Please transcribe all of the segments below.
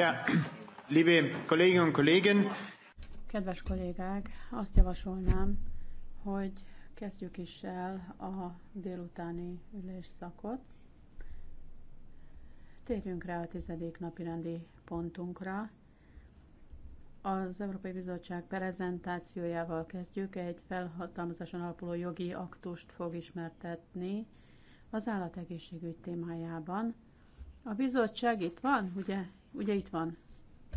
Ja, liebe Kolleginnen und Kollegen. Kedves kollégák, azt javasolnám, hogy kezdjük is el a délutáni ülésszakot. Térjünk rá a tizedik napi rendi pontunkra. Az Európai Bizottság prezentációjával kezdjük, egy felhatalmazáson alapuló jogi aktust fog ismertetni az állategészségügy témájában. A bizottság itt van, ugye? Ugye itt van?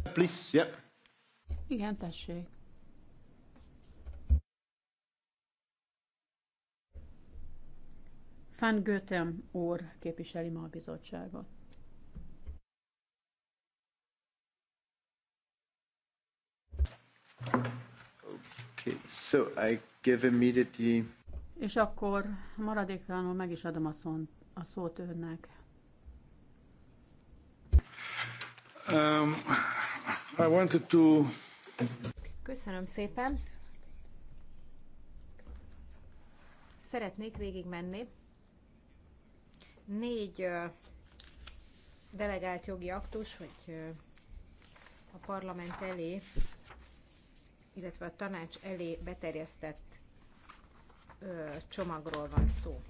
Please, yep. Igen, tessék. Van Götem úr képviseli ma a bizottságot. Okay, so I give immediately... És akkor maradéktalanul meg is adom a, szont, a szót önnek. Um, I wanted to... Köszönöm szépen. Szeretnék végigmenni négy delegált jogi aktus, hogy a parlament elé, illetve a tanács elé beterjesztett csomagról van szó.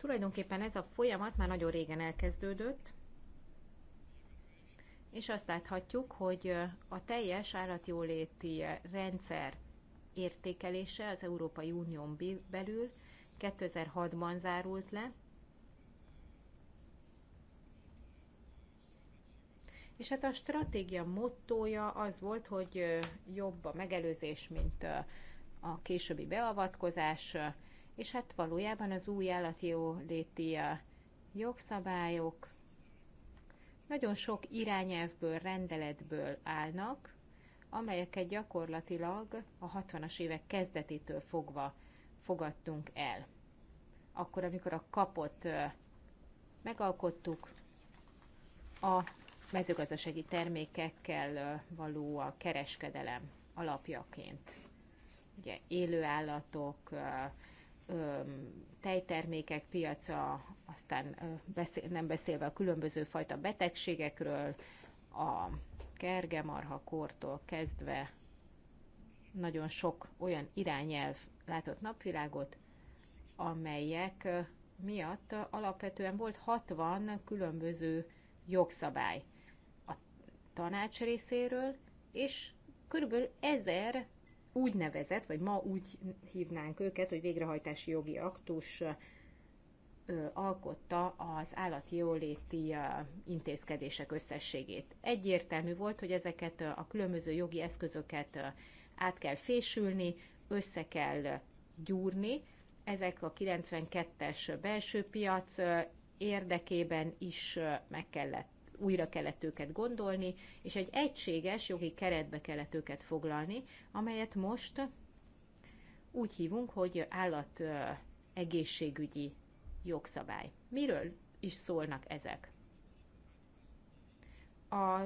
Tulajdonképpen ez a folyamat már nagyon régen elkezdődött, és azt láthatjuk, hogy a teljes állatjóléti rendszer értékelése az Európai Unión belül 2006-ban zárult le, És hát a stratégia mottója az volt, hogy jobb a megelőzés, mint a későbbi beavatkozás, és hát valójában az új állatjóléti jogszabályok nagyon sok irányelvből, rendeletből állnak, amelyeket gyakorlatilag a 60-as évek kezdetétől fogva fogadtunk el. Akkor, amikor a kapot megalkottuk, a mezőgazdasági termékekkel való a kereskedelem alapjaként. Ugye élő állatok, tejtermékek piaca, aztán beszél, nem beszélve a különböző fajta betegségekről, a kergemarha kortól kezdve nagyon sok olyan irányelv látott napvilágot, amelyek miatt alapvetően volt 60 különböző jogszabály a tanács részéről, és körülbelül ezer úgy nevezett, vagy ma úgy hívnánk őket, hogy végrehajtási jogi aktus alkotta az állatjóléti intézkedések összességét. Egyértelmű volt, hogy ezeket a különböző jogi eszközöket át kell fésülni, össze kell gyúrni. Ezek a 92-es belső piac érdekében is meg kellett újra kellett őket gondolni, és egy egységes jogi keretbe kellett őket foglalni, amelyet most úgy hívunk, hogy állat egészségügyi jogszabály. Miről is szólnak ezek? A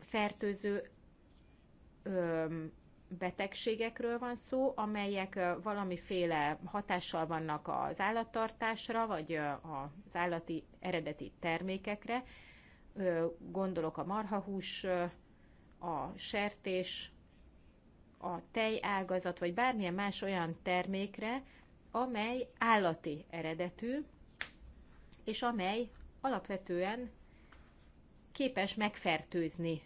fertőző betegségekről van szó, amelyek valamiféle hatással vannak az állattartásra, vagy az állati eredeti termékekre, gondolok a marhahús, a sertés, a tejágazat, vagy bármilyen más olyan termékre, amely állati eredetű, és amely alapvetően képes megfertőzni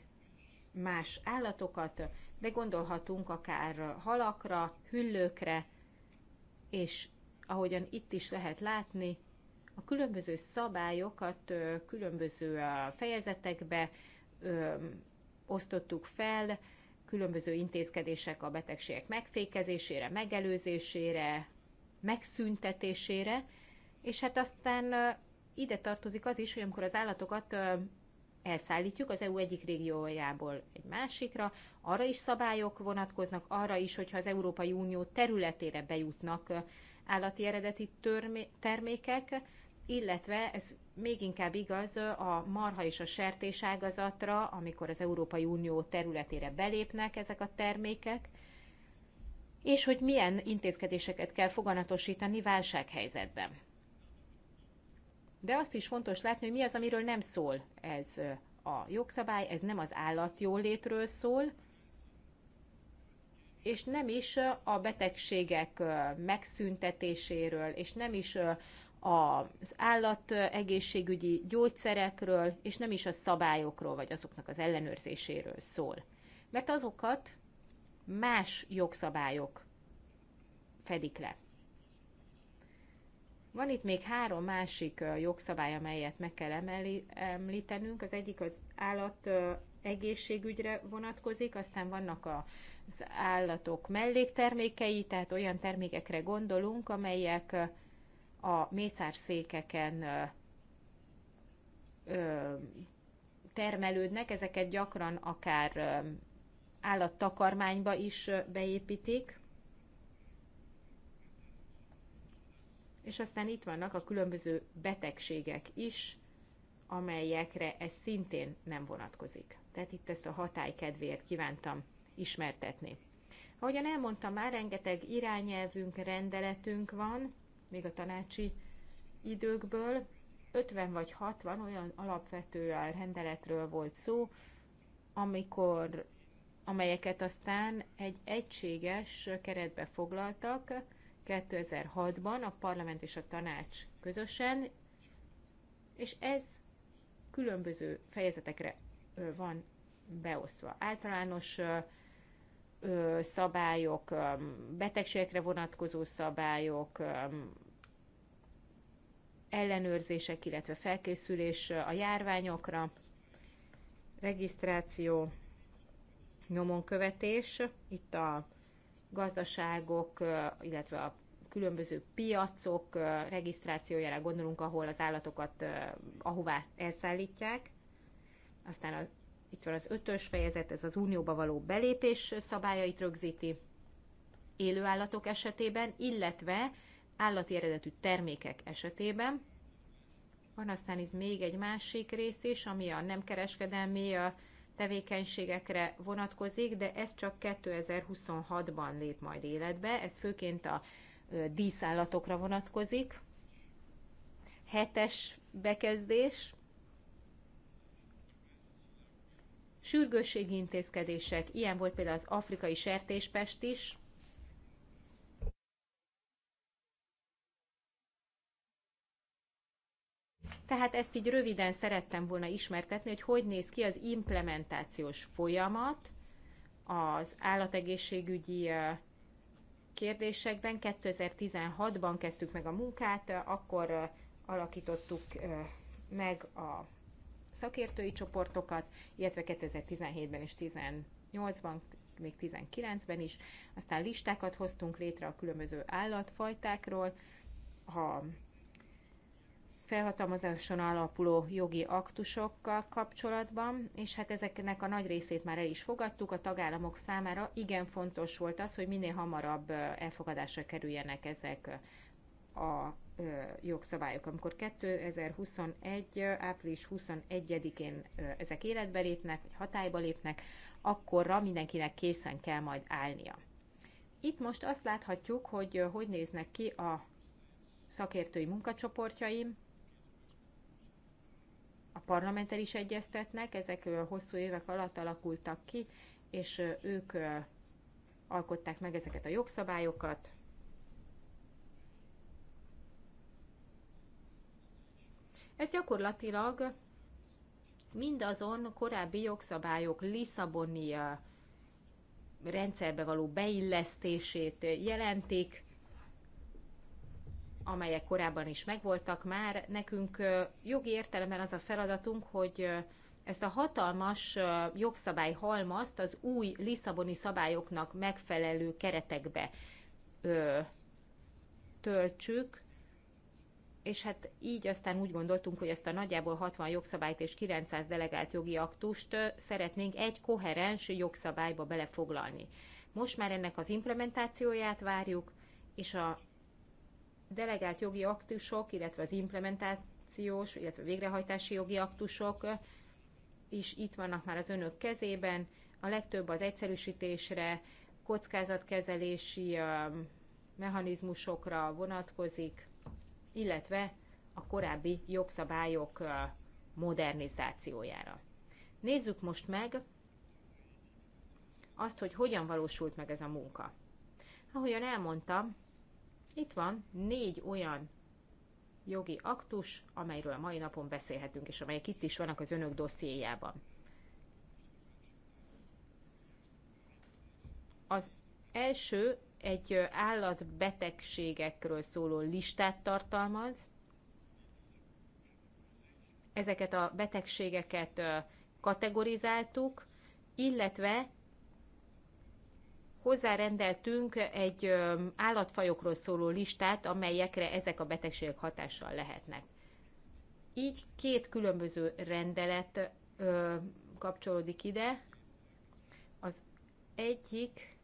más állatokat, de gondolhatunk akár halakra, hüllőkre, és ahogyan itt is lehet látni, a különböző szabályokat különböző fejezetekbe osztottuk fel, különböző intézkedések a betegségek megfékezésére, megelőzésére, megszüntetésére, és hát aztán ide tartozik az is, hogy amikor az állatokat elszállítjuk az EU egyik régiójából egy másikra, arra is szabályok vonatkoznak, arra is, hogyha az Európai Unió területére bejutnak állati eredeti törmé- termékek, illetve ez még inkább igaz a marha és a sertés ágazatra, amikor az Európai Unió területére belépnek ezek a termékek, és hogy milyen intézkedéseket kell foganatosítani válsághelyzetben. De azt is fontos látni, hogy mi az, amiről nem szól ez a jogszabály, ez nem az állatjólétről szól, és nem is a betegségek megszüntetéséről, és nem is az egészségügyi gyógyszerekről, és nem is a szabályokról, vagy azoknak az ellenőrzéséről szól. Mert azokat más jogszabályok fedik le. Van itt még három másik jogszabály, amelyet meg kell említenünk. Az egyik az állat egészségügyre vonatkozik, aztán vannak az állatok melléktermékei, tehát olyan termékekre gondolunk, amelyek a mészárszékeken termelődnek, ezeket gyakran akár állattakarmányba is beépítik. És aztán itt vannak a különböző betegségek is, amelyekre ez szintén nem vonatkozik. Tehát itt ezt a hatály kedvéért kívántam ismertetni. Ahogyan elmondtam már, rengeteg irányelvünk, rendeletünk van, még a tanácsi időkből. 50 vagy 60 olyan alapvető rendeletről volt szó, amikor, amelyeket aztán egy egységes keretbe foglaltak 2006-ban a parlament és a tanács közösen, és ez különböző fejezetekre van beosztva. Általános szabályok, betegségekre vonatkozó szabályok, ellenőrzések, illetve felkészülés a járványokra, regisztráció, nyomonkövetés, itt a gazdaságok, illetve a különböző piacok regisztrációjára gondolunk, ahol az állatokat ahová elszállítják, aztán a itt van az ötös fejezet, ez az unióba való belépés szabályait rögzíti élőállatok esetében, illetve állati eredetű termékek esetében. Van aztán itt még egy másik rész is, ami a nem kereskedelmi a tevékenységekre vonatkozik, de ez csak 2026-ban lép majd életbe. Ez főként a díszállatokra vonatkozik. Hetes bekezdés. sürgősségi intézkedések, ilyen volt például az afrikai sertéspest is, Tehát ezt így röviden szerettem volna ismertetni, hogy hogy néz ki az implementációs folyamat az állategészségügyi kérdésekben. 2016-ban kezdtük meg a munkát, akkor alakítottuk meg a szakértői csoportokat, illetve 2017-ben és 2018-ban, még 19-ben is. Aztán listákat hoztunk létre a különböző állatfajtákról, a felhatalmazáson alapuló jogi aktusokkal kapcsolatban, és hát ezeknek a nagy részét már el is fogadtuk. A tagállamok számára igen fontos volt az, hogy minél hamarabb elfogadásra kerüljenek ezek a jogszabályok. Amikor 2021. április 21-én ezek életbe lépnek, vagy hatályba lépnek, akkorra mindenkinek készen kell majd állnia. Itt most azt láthatjuk, hogy hogy néznek ki a szakértői munkacsoportjaim, a parlamenttel is egyeztetnek, ezek hosszú évek alatt alakultak ki, és ők alkották meg ezeket a jogszabályokat, Ez gyakorlatilag mindazon korábbi jogszabályok Lisszaboni rendszerbe való beillesztését jelentik, amelyek korábban is megvoltak már. Nekünk jogi értelemben az a feladatunk, hogy ezt a hatalmas jogszabály halmazt az új Lisszaboni szabályoknak megfelelő keretekbe ö, töltsük, és hát így aztán úgy gondoltunk, hogy ezt a nagyjából 60 jogszabályt és 900 delegált jogi aktust szeretnénk egy koherens jogszabályba belefoglalni. Most már ennek az implementációját várjuk, és a delegált jogi aktusok, illetve az implementációs, illetve végrehajtási jogi aktusok is itt vannak már az önök kezében. A legtöbb az egyszerűsítésre, kockázatkezelési mechanizmusokra vonatkozik, illetve a korábbi jogszabályok modernizációjára. Nézzük most meg azt, hogy hogyan valósult meg ez a munka. Ahogyan elmondtam, itt van négy olyan jogi aktus, amelyről a mai napon beszélhetünk, és amelyek itt is vannak az önök dossziéjában. Az első egy állatbetegségekről szóló listát tartalmaz. Ezeket a betegségeket kategorizáltuk, illetve hozzárendeltünk egy állatfajokról szóló listát, amelyekre ezek a betegségek hatással lehetnek. Így két különböző rendelet kapcsolódik ide. Az egyik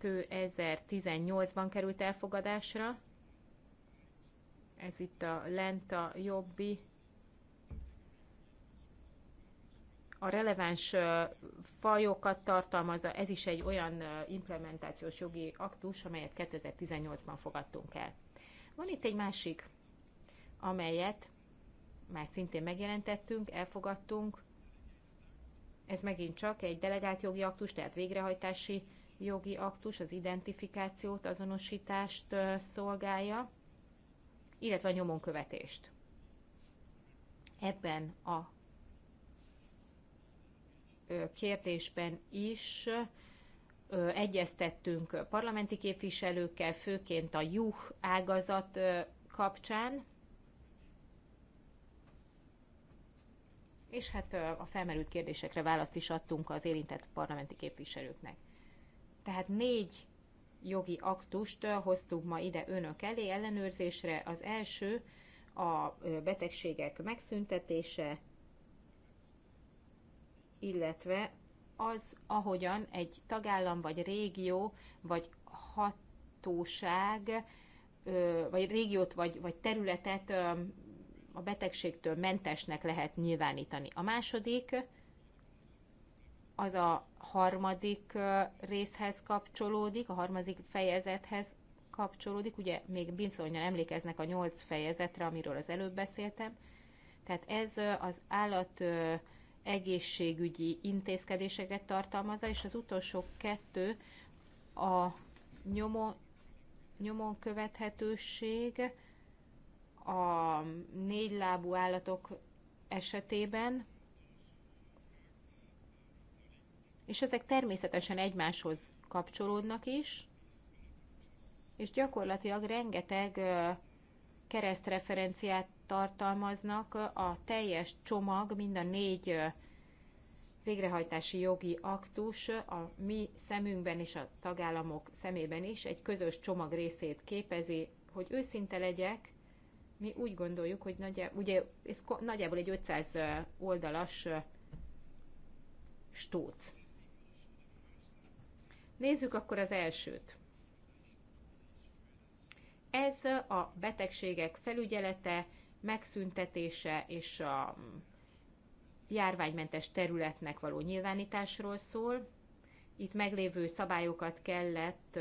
2018-ban került elfogadásra. Ez itt a lent a jobbi. A releváns fajokat tartalmazza, ez is egy olyan implementációs jogi aktus, amelyet 2018-ban fogadtunk el. Van itt egy másik, amelyet már szintén megjelentettünk, elfogadtunk, ez megint csak egy delegált jogi aktus, tehát végrehajtási jogi aktus, az identifikációt, azonosítást szolgálja, illetve a nyomonkövetést. Ebben a kérdésben is egyeztettünk parlamenti képviselőkkel, főként a juh ágazat kapcsán, és hát a felmerült kérdésekre választ is adtunk az érintett parlamenti képviselőknek. Tehát négy jogi aktust hoztuk ma ide önök elé ellenőrzésre. Az első a betegségek megszüntetése, illetve az, ahogyan egy tagállam, vagy régió, vagy hatóság, vagy régiót, vagy, vagy területet a betegségtől mentesnek lehet nyilvánítani. A második, az a harmadik részhez kapcsolódik, a harmadik fejezethez kapcsolódik, ugye még bizonyan emlékeznek a nyolc fejezetre, amiről az előbb beszéltem. Tehát ez az állat egészségügyi intézkedéseket tartalmazza, és az utolsó kettő a nyomon, nyomon követhetőség, a négylábú állatok esetében, és ezek természetesen egymáshoz kapcsolódnak is, és gyakorlatilag rengeteg keresztreferenciát tartalmaznak a teljes csomag, mind a négy végrehajtási jogi aktus a mi szemünkben és a tagállamok szemében is egy közös csomag részét képezi. Hogy őszinte legyek, mi úgy gondoljuk, hogy nagyjából, ugye ez nagyjából egy 500 oldalas stóc. Nézzük akkor az elsőt. Ez a betegségek felügyelete, megszüntetése és a mm, járványmentes területnek való nyilvánításról szól. Itt meglévő szabályokat kellett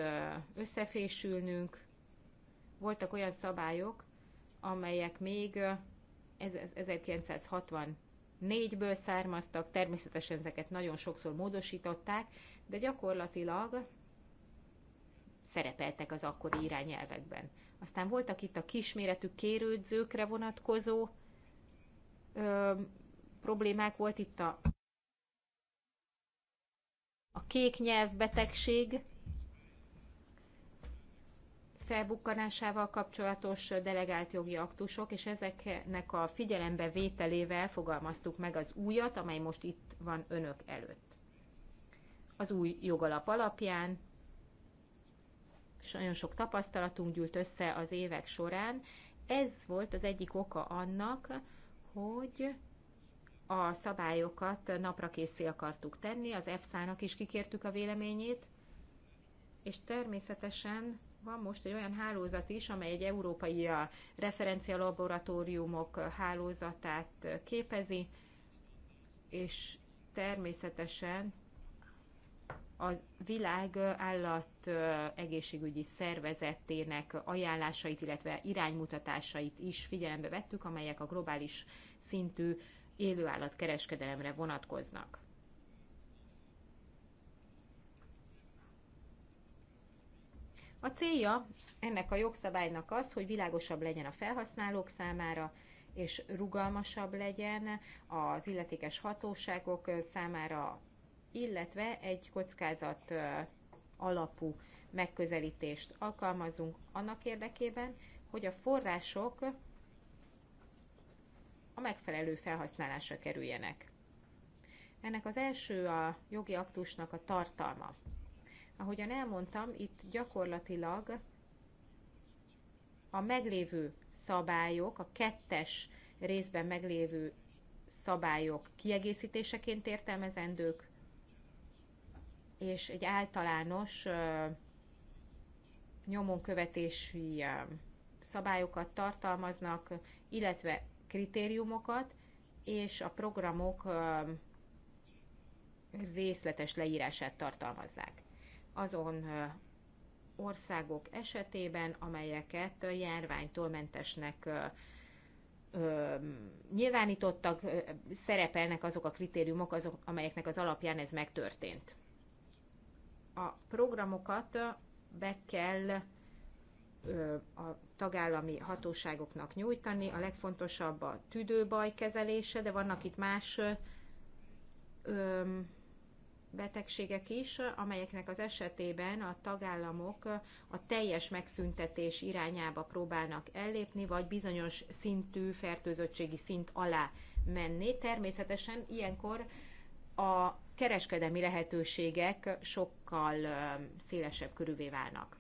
összefésülnünk. Voltak olyan szabályok, amelyek még 1964-ből származtak, természetesen ezeket nagyon sokszor módosították, de gyakorlatilag szerepeltek az akkori irányelvekben. Aztán voltak itt a kisméretű kérődzőkre vonatkozó ö, problémák, volt itt a, a kék nyelvbetegség, felbukkanásával kapcsolatos delegált jogi aktusok, és ezeknek a figyelembe vételével fogalmaztuk meg az újat, amely most itt van önök előtt. Az új jogalap alapján és nagyon sok tapasztalatunk gyűlt össze az évek során. Ez volt az egyik oka annak, hogy a szabályokat napra készé akartuk tenni, az EFSA-nak is kikértük a véleményét, és természetesen van most egy olyan hálózat is, amely egy európai referencialaboratóriumok hálózatát képezi, és természetesen a világ állat egészségügyi szervezetének ajánlásait, illetve iránymutatásait is figyelembe vettük, amelyek a globális szintű élőállatkereskedelemre vonatkoznak. A célja ennek a jogszabálynak az, hogy világosabb legyen a felhasználók számára, és rugalmasabb legyen az illetékes hatóságok számára, illetve egy kockázat alapú megközelítést alkalmazunk annak érdekében, hogy a források a megfelelő felhasználásra kerüljenek. Ennek az első a jogi aktusnak a tartalma. Ahogyan elmondtam, itt gyakorlatilag a meglévő szabályok, a kettes részben meglévő szabályok kiegészítéseként értelmezendők, és egy általános nyomonkövetési szabályokat tartalmaznak, illetve kritériumokat, és a programok részletes leírását tartalmazzák azon országok esetében, amelyeket járványtól mentesnek nyilvánítottak, szerepelnek azok a kritériumok, azok, amelyeknek az alapján ez megtörtént. A programokat be kell a tagállami hatóságoknak nyújtani, a legfontosabb a tüdőbaj kezelése, de vannak itt más betegségek is, amelyeknek az esetében a tagállamok a teljes megszüntetés irányába próbálnak ellépni, vagy bizonyos szintű fertőzöttségi szint alá menni. Természetesen ilyenkor a kereskedelmi lehetőségek sokkal szélesebb körűvé válnak.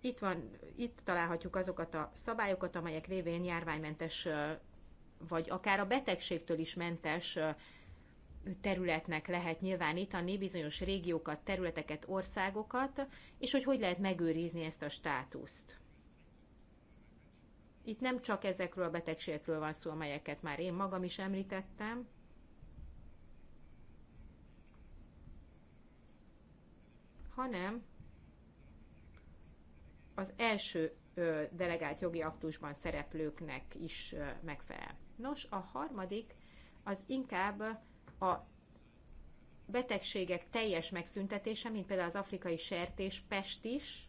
Itt, van, itt találhatjuk azokat a szabályokat, amelyek révén járványmentes vagy akár a betegségtől is mentes területnek lehet nyilvánítani bizonyos régiókat, területeket, országokat, és hogy hogy lehet megőrizni ezt a státuszt. Itt nem csak ezekről a betegségekről van szó, amelyeket már én magam is említettem, hanem az első delegált jogi aktusban szereplőknek is megfelel. Nos, a harmadik az inkább a betegségek teljes megszüntetése, mint például az afrikai sertés, pest is.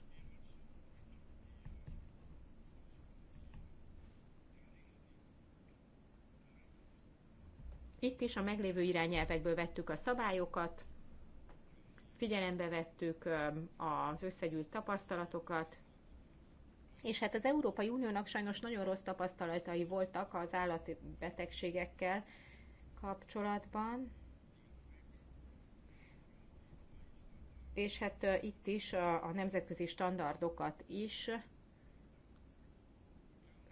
Itt is a meglévő irányelvekből vettük a szabályokat, figyelembe vettük az összegyűlt tapasztalatokat, és hát az Európai Uniónak sajnos nagyon rossz tapasztalatai voltak az állati betegségekkel kapcsolatban, és hát itt is a, a nemzetközi standardokat is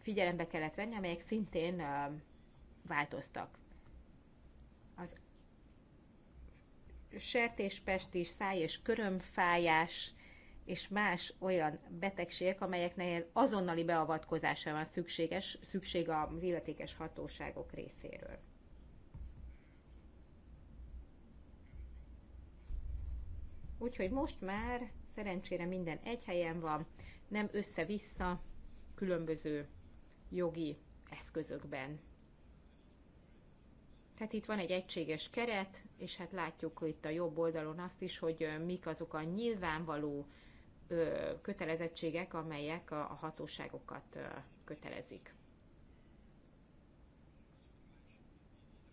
figyelembe kellett venni, amelyek szintén változtak. Az is, száj és körömfájás és más olyan betegségek, amelyeknél azonnali beavatkozásra van szükséges, szükség az illetékes hatóságok részéről. Úgyhogy most már szerencsére minden egy helyen van, nem össze-vissza különböző jogi eszközökben. Tehát itt van egy egységes keret, és hát látjuk itt a jobb oldalon azt is, hogy mik azok a nyilvánvaló kötelezettségek, amelyek a hatóságokat kötelezik.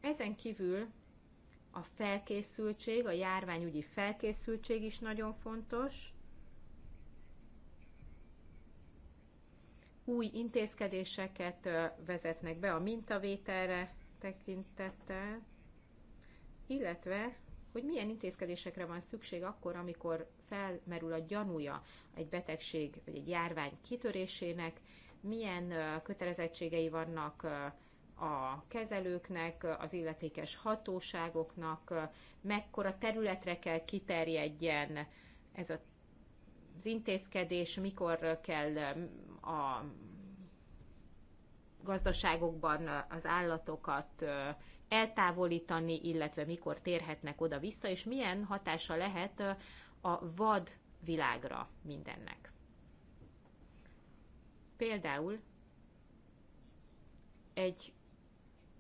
Ezen kívül a felkészültség, a járványügyi felkészültség is nagyon fontos. Új intézkedéseket vezetnek be a mintavételre tekintettel, illetve hogy milyen intézkedésekre van szükség akkor, amikor felmerül a gyanúja egy betegség vagy egy járvány kitörésének, milyen kötelezettségei vannak a kezelőknek, az illetékes hatóságoknak, mekkora területre kell kiterjedjen ez a, az intézkedés, mikor kell a gazdaságokban az állatokat eltávolítani, illetve mikor térhetnek oda-vissza, és milyen hatása lehet a vad világra mindennek. Például egy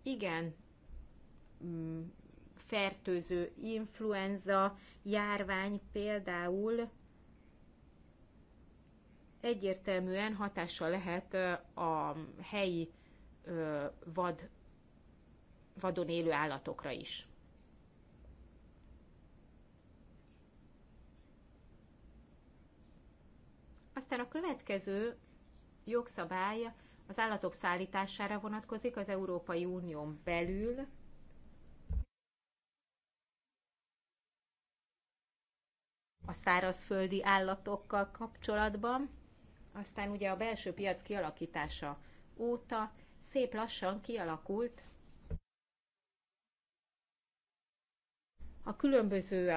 igen mm, fertőző influenza járvány például egyértelműen hatása lehet a helyi vad vadon élő állatokra is. Aztán a következő jogszabály az állatok szállítására vonatkozik az Európai Unión belül. a szárazföldi állatokkal kapcsolatban. Aztán ugye a belső piac kialakítása óta szép lassan kialakult a különböző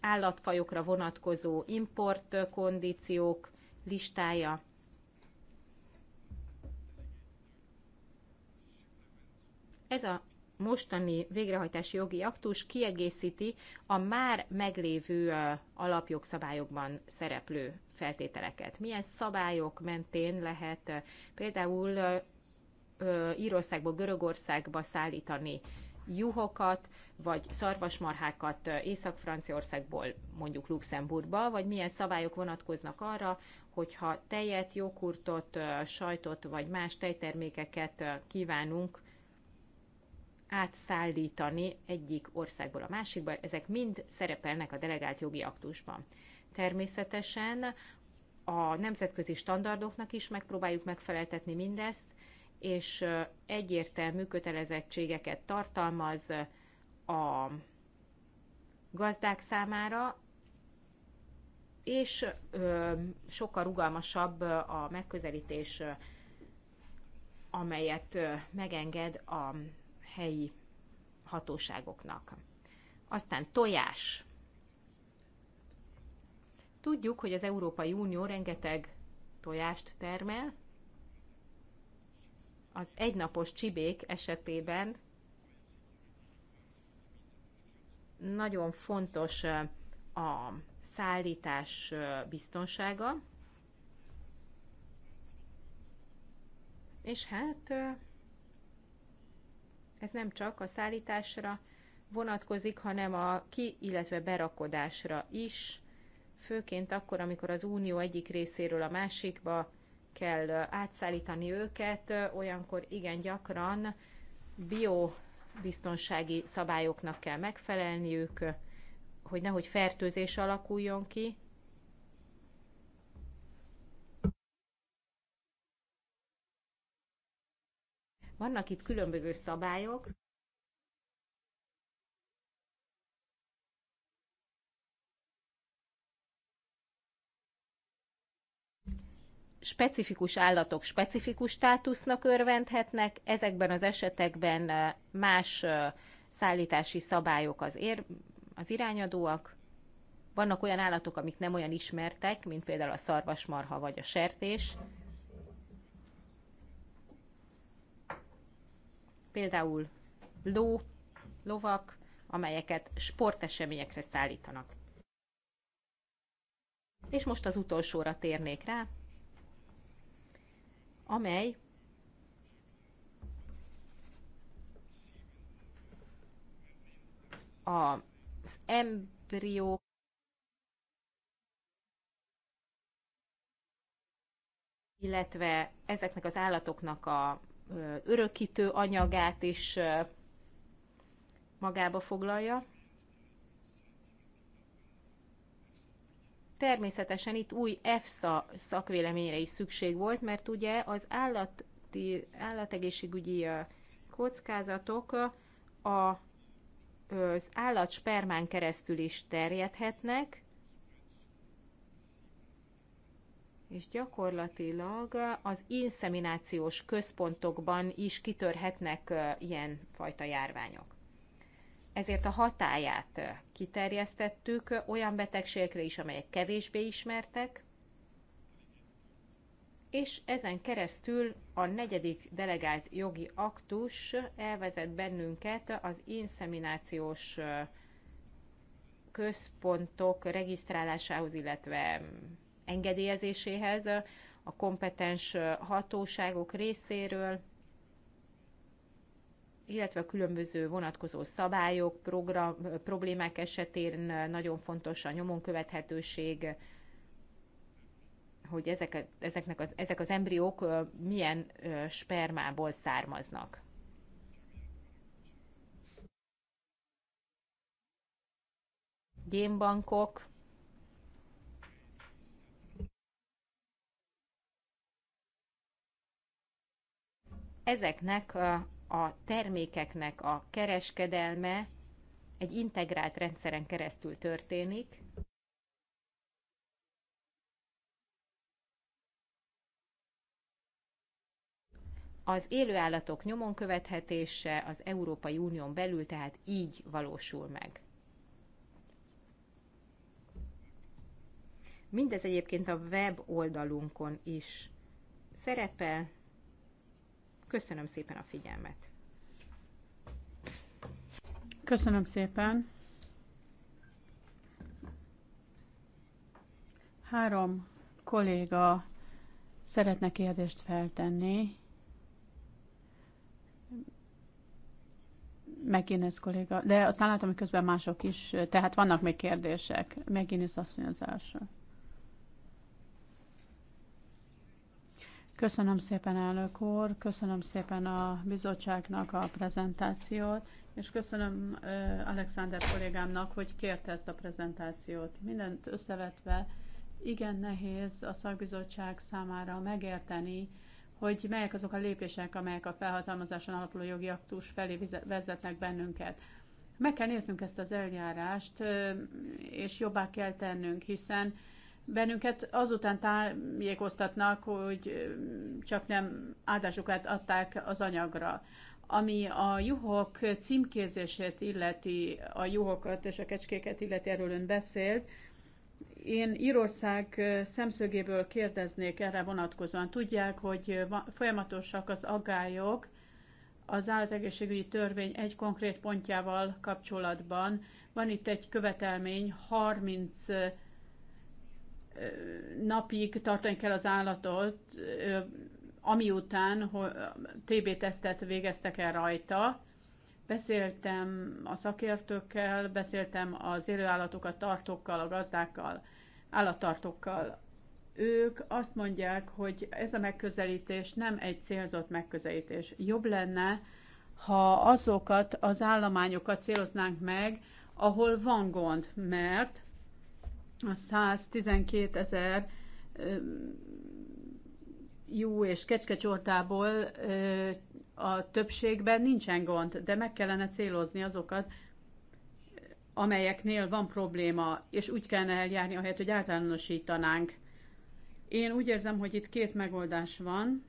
állatfajokra vonatkozó importkondíciók listája. Ez a mostani végrehajtási jogi aktus kiegészíti a már meglévő alapjogszabályokban szereplő feltételeket. Milyen szabályok mentén lehet például Írországból Görögországba szállítani juhokat, vagy szarvasmarhákat Észak-Franciaországból mondjuk Luxemburgba, vagy milyen szabályok vonatkoznak arra, hogyha tejet, joghurtot, sajtot vagy más tejtermékeket kívánunk átszállítani egyik országból a másikba, ezek mind szerepelnek a delegált jogi aktusban. Természetesen a nemzetközi standardoknak is megpróbáljuk megfeleltetni mindezt, és egyértelmű kötelezettségeket tartalmaz a gazdák számára, és sokkal rugalmasabb a megközelítés, amelyet megenged a helyi hatóságoknak. Aztán tojás. Tudjuk, hogy az Európai Unió rengeteg tojást termel, az egynapos csibék esetében nagyon fontos a szállítás biztonsága, és hát ez nem csak a szállításra vonatkozik, hanem a ki, illetve berakodásra is, főként akkor, amikor az unió egyik részéről a másikba kell átszállítani őket, olyankor igen gyakran biobiztonsági szabályoknak kell megfelelniük, hogy nehogy fertőzés alakuljon ki. Vannak itt különböző szabályok, specifikus állatok specifikus státusznak örvendhetnek, ezekben az esetekben más szállítási szabályok az, ér, az irányadóak. Vannak olyan állatok, amik nem olyan ismertek, mint például a szarvasmarha vagy a sertés. Például ló, lovak, amelyeket sporteseményekre szállítanak. És most az utolsóra térnék rá, amely az embrió illetve ezeknek az állatoknak a örökítő anyagát is magába foglalja. Természetesen itt új EFSA szakvéleményre is szükség volt, mert ugye az állati, állategészségügyi kockázatok a az állat spermán keresztül is terjedhetnek, és gyakorlatilag az inszeminációs központokban is kitörhetnek ilyen fajta járványok ezért a hatáját kiterjesztettük olyan betegségekre is, amelyek kevésbé ismertek, és ezen keresztül a negyedik delegált jogi aktus elvezet bennünket az inszeminációs központok regisztrálásához, illetve engedélyezéséhez a kompetens hatóságok részéről, illetve a különböző vonatkozó szabályok, program, problémák esetén nagyon fontos a nyomon követhetőség, hogy ezek, ezeknek az, ezek az embriók milyen spermából származnak. Génbankok, ezeknek a termékeknek a kereskedelme egy integrált rendszeren keresztül történik. Az élőállatok nyomon követhetése az Európai Unión belül tehát így valósul meg. Mindez egyébként a web oldalunkon is szerepel, Köszönöm szépen a figyelmet! Köszönöm szépen! Három kolléga szeretne kérdést feltenni. Megines kolléga, de aztán látom, hogy közben mások is, tehát vannak még kérdések. azt mondja az első. Köszönöm szépen, elnök úr, köszönöm szépen a bizottságnak a prezentációt, és köszönöm Alexander kollégámnak, hogy kérte ezt a prezentációt. Mindent összevetve igen nehéz a szakbizottság számára megérteni, hogy melyek azok a lépések, amelyek a felhatalmazáson alapuló jogi aktus felé vezetnek bennünket. Meg kell néznünk ezt az eljárást, és jobbá kell tennünk, hiszen Bennünket azután tájékoztatnak, hogy csak nem áldásukat adták az anyagra. Ami a juhok címkézését illeti, a juhokat és a kecskéket illeti, erről ön beszélt, én Írország szemszögéből kérdeznék erre vonatkozóan. Tudják, hogy folyamatosak az aggályok az állategészségügyi törvény egy konkrét pontjával kapcsolatban. Van itt egy követelmény 30 napig tartani kell az állatot, ami után TB-tesztet végeztek el rajta. Beszéltem a szakértőkkel, beszéltem az élőállatokat tartókkal, a gazdákkal, állattartókkal. Ők azt mondják, hogy ez a megközelítés nem egy célzott megközelítés. Jobb lenne, ha azokat az állományokat céloznánk meg, ahol van gond, mert a 112 ezer jó és kecskecsortából a többségben nincsen gond, de meg kellene célozni azokat, amelyeknél van probléma, és úgy kellene eljárni, ahelyett, hogy általánosítanánk. Én úgy érzem, hogy itt két megoldás van.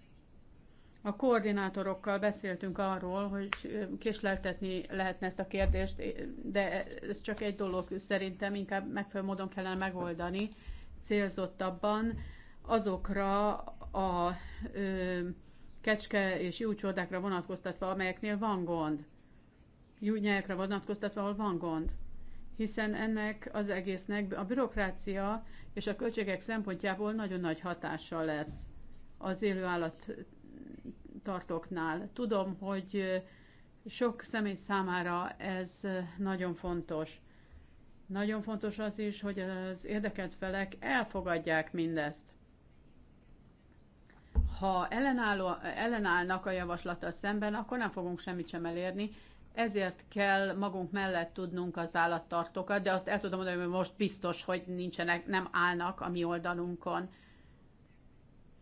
A koordinátorokkal beszéltünk arról, hogy késleltetni lehetne ezt a kérdést, de ez csak egy dolog szerintem, inkább megfelelő módon kellene megoldani, célzottabban azokra a ö, kecske és júcsordákra vonatkoztatva, amelyeknél van gond. Júnyákra vonatkoztatva, ahol van gond. Hiszen ennek az egésznek a bürokrácia és a költségek szempontjából nagyon nagy hatással lesz az élőállat tartóknál. Tudom, hogy sok személy számára ez nagyon fontos. Nagyon fontos az is, hogy az érdekelt felek elfogadják mindezt. Ha ellenálló, ellenállnak a javaslattal szemben, akkor nem fogunk semmit sem elérni, ezért kell magunk mellett tudnunk az állattartókat, de azt el tudom mondani, hogy most biztos, hogy nincsenek, nem állnak a mi oldalunkon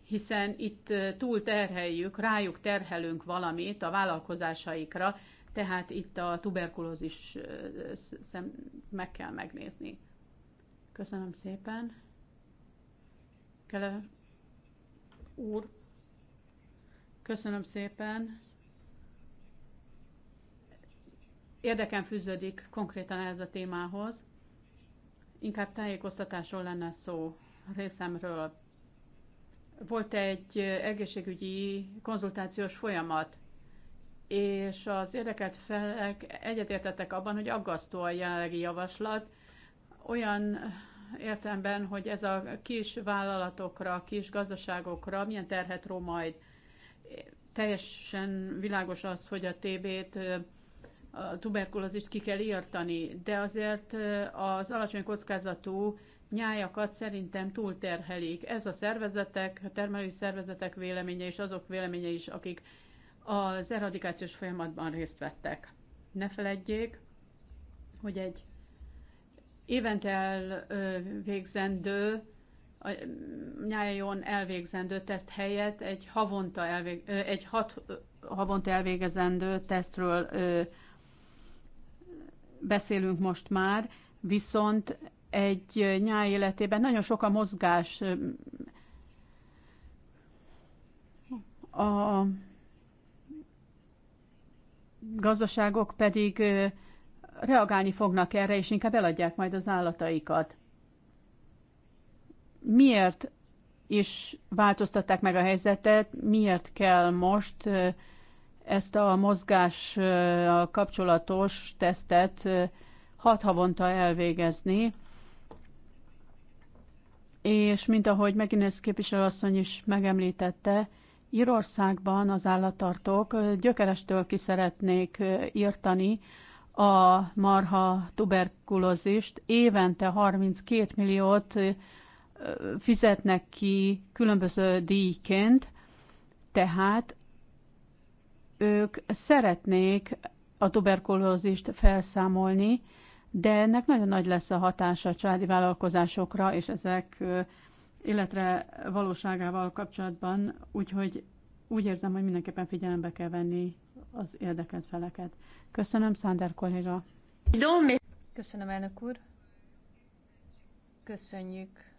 hiszen itt túl terheljük, rájuk terhelünk valamit a vállalkozásaikra, tehát itt a tuberkulózis meg kell megnézni. Köszönöm szépen. Kele úr, köszönöm szépen. Érdekem fűződik konkrétan ez a témához. Inkább tájékoztatásról lenne szó részemről volt egy egészségügyi konzultációs folyamat, és az érdekelt felek egyetértettek abban, hogy aggasztó a jelenlegi javaslat, olyan értelemben, hogy ez a kis vállalatokra, kis gazdaságokra milyen terhet ró majd. Teljesen világos az, hogy a TB-t, a tuberkulózist ki kell írtani, de azért az alacsony kockázatú nyájakat szerintem túlterhelik. Ez a szervezetek, a termelői szervezetek véleménye és azok véleménye is, akik az eradikációs folyamatban részt vettek. Ne feledjék, hogy egy évente elvégzendő, nyájon elvégzendő teszt helyett egy havonta elvég, egy hat havonta elvégezendő tesztről beszélünk most már, viszont egy nyáj életében nagyon sok a mozgás. A gazdaságok pedig reagálni fognak erre, és inkább eladják majd az állataikat. Miért is változtatták meg a helyzetet, miért kell most ezt a mozgással kapcsolatos tesztet hat havonta elvégezni, és mint ahogy Megines képviselőasszony is megemlítette, Írországban az állattartók gyökerestől ki szeretnék írtani a marha tuberkulózist. Évente 32 milliót fizetnek ki különböző díjként, tehát ők szeretnék a tuberkulózist felszámolni, de ennek nagyon nagy lesz a hatása a családi vállalkozásokra és ezek illetve valóságával kapcsolatban, úgyhogy úgy érzem, hogy mindenképpen figyelembe kell venni az érdekelt feleket. Köszönöm, Szánder kolléga. Köszönöm, elnök úr. Köszönjük,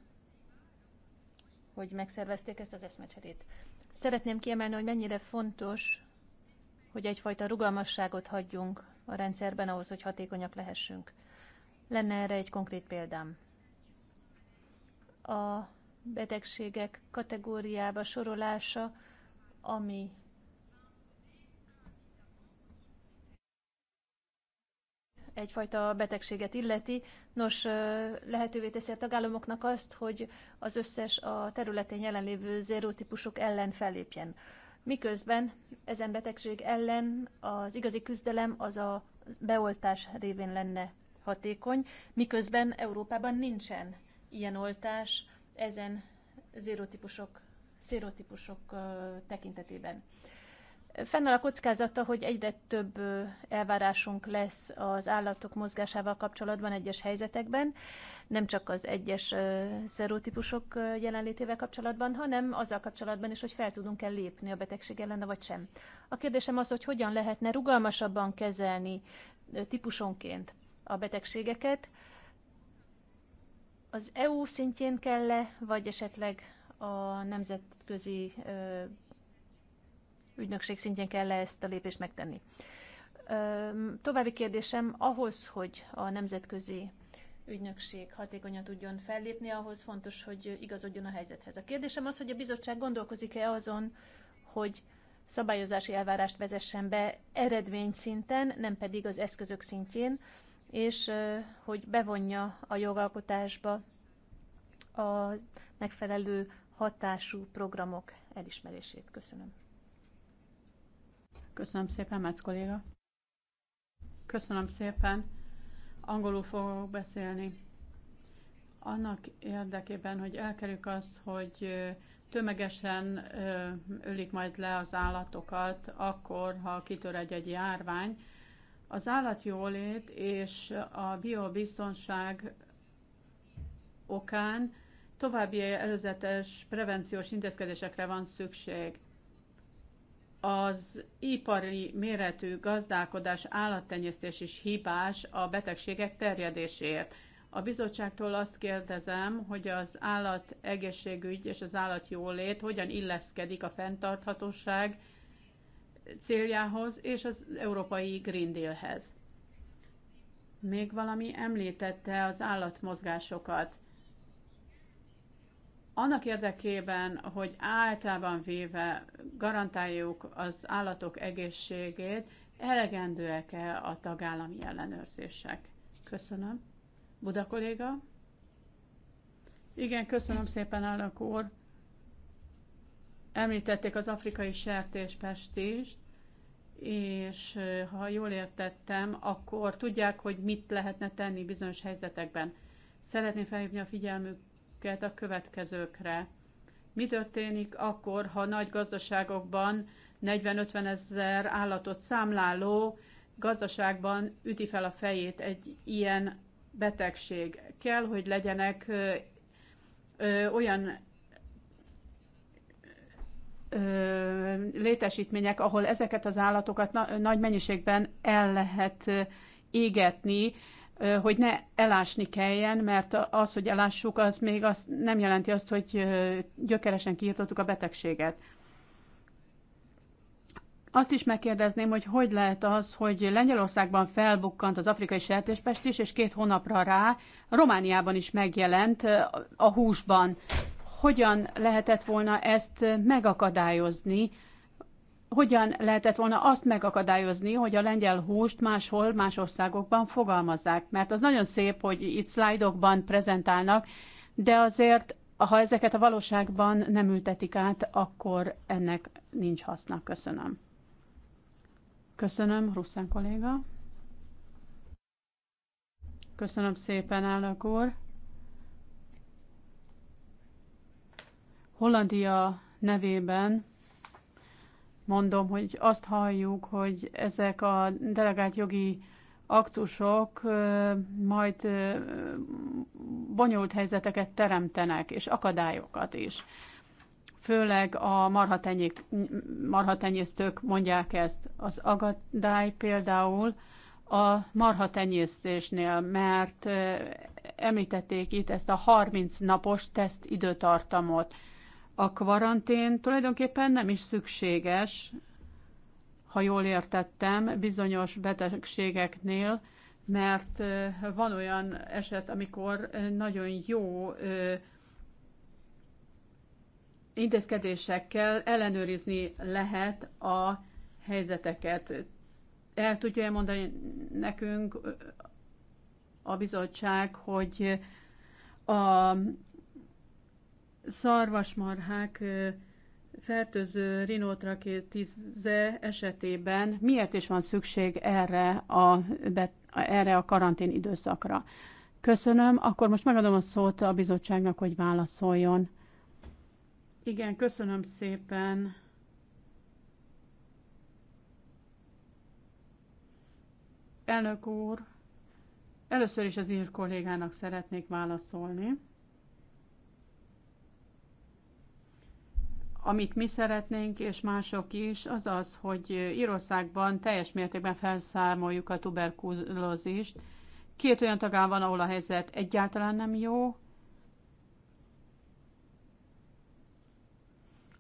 hogy megszervezték ezt az eszmecserét. Szeretném kiemelni, hogy mennyire fontos, hogy egyfajta rugalmasságot hagyjunk a rendszerben ahhoz, hogy hatékonyak lehessünk. Lenne erre egy konkrét példám. A betegségek kategóriába sorolása, ami egyfajta betegséget illeti. Nos, lehetővé teszi a tagállamoknak azt, hogy az összes a területén jelenlévő zérótípusok ellen fellépjen. Miközben ezen betegség ellen az igazi küzdelem az a beoltás révén lenne hatékony, miközben Európában nincsen ilyen oltás ezen zérotípusok, szérotípusok tekintetében. Fennáll a kockázata, hogy egyre több elvárásunk lesz az állatok mozgásával kapcsolatban egyes helyzetekben, nem csak az egyes szerotípusok jelenlétével kapcsolatban, hanem azzal kapcsolatban is, hogy fel tudunk-e lépni a betegség ellen, vagy sem. A kérdésem az, hogy hogyan lehetne rugalmasabban kezelni típusonként a betegségeket. Az EU szintjén kell -e, vagy esetleg a nemzetközi ö, ügynökség szintjén kell -e ezt a lépést megtenni? Ö, további kérdésem, ahhoz, hogy a nemzetközi ügynökség hatékonyan tudjon fellépni, ahhoz fontos, hogy igazodjon a helyzethez. A kérdésem az, hogy a bizottság gondolkozik-e azon, hogy szabályozási elvárást vezessen be eredmény szinten, nem pedig az eszközök szintjén, és hogy bevonja a jogalkotásba a megfelelő hatású programok elismerését. Köszönöm. Köszönöm szépen, Mácz kolléga. Köszönöm szépen. Angolul fogok beszélni. Annak érdekében, hogy elkerüljük azt, hogy tömegesen ölik majd le az állatokat, akkor, ha kitör egy-egy járvány, az állatjólét és a biobiztonság okán további előzetes prevenciós intézkedésekre van szükség. Az ipari méretű gazdálkodás állattenyésztés is hibás a betegségek terjedéséért. A bizottságtól azt kérdezem, hogy az állat egészségügy és az állat jólét hogyan illeszkedik a fenntarthatóság céljához és az európai Green Dealhez. Még valami említette az állatmozgásokat. Annak érdekében, hogy általában véve garantáljuk az állatok egészségét, elegendőek-e a tagállami ellenőrzések? Köszönöm. Buda kolléga? Igen, köszönöm szépen, állnak úr. Említették az afrikai sertéspestést, és ha jól értettem, akkor tudják, hogy mit lehetne tenni bizonyos helyzetekben. Szeretném felhívni a figyelmüket a következőkre. Mi történik akkor, ha nagy gazdaságokban 40-50 ezer állatot számláló gazdaságban üti fel a fejét egy ilyen betegség? Kell, hogy legyenek olyan létesítmények, ahol ezeket az állatokat na, nagy mennyiségben el lehet égetni, hogy ne elásni kelljen, mert az, hogy elássuk, az még azt nem jelenti azt, hogy gyökeresen kiirtottuk a betegséget. Azt is megkérdezném, hogy hogy lehet az, hogy Lengyelországban felbukkant az afrikai sertéspest is, és két hónapra rá Romániában is megjelent a húsban hogyan lehetett volna ezt megakadályozni, hogyan lehetett volna azt megakadályozni, hogy a lengyel húst máshol, más országokban fogalmazzák. Mert az nagyon szép, hogy itt szlájdokban prezentálnak, de azért, ha ezeket a valóságban nem ültetik át, akkor ennek nincs haszna. Köszönöm. Köszönöm, Russzán kolléga. Köszönöm szépen, elnök úr. Hollandia nevében mondom, hogy azt halljuk, hogy ezek a delegált jogi aktusok majd bonyolult helyzeteket teremtenek, és akadályokat is. Főleg a marhatenyésztők mondják ezt. Az akadály például a marhatenyésztésnél, mert említették itt ezt a 30 napos teszt időtartamot. A karantén tulajdonképpen nem is szükséges, ha jól értettem, bizonyos betegségeknél, mert van olyan eset, amikor nagyon jó intézkedésekkel ellenőrizni lehet a helyzeteket. El tudja -e mondani nekünk a bizottság, hogy a szarvasmarhák fertőző rinótrakétize esetében miért is van szükség erre a, erre a karantén időszakra? Köszönöm, akkor most megadom a szót a bizottságnak, hogy válaszoljon. Igen, köszönöm szépen. Elnök úr, először is az ír kollégának szeretnék válaszolni. Amit mi szeretnénk, és mások is, az az, hogy Írországban teljes mértékben felszámoljuk a tuberkulózist. Két olyan tagán van, ahol a helyzet egyáltalán nem jó.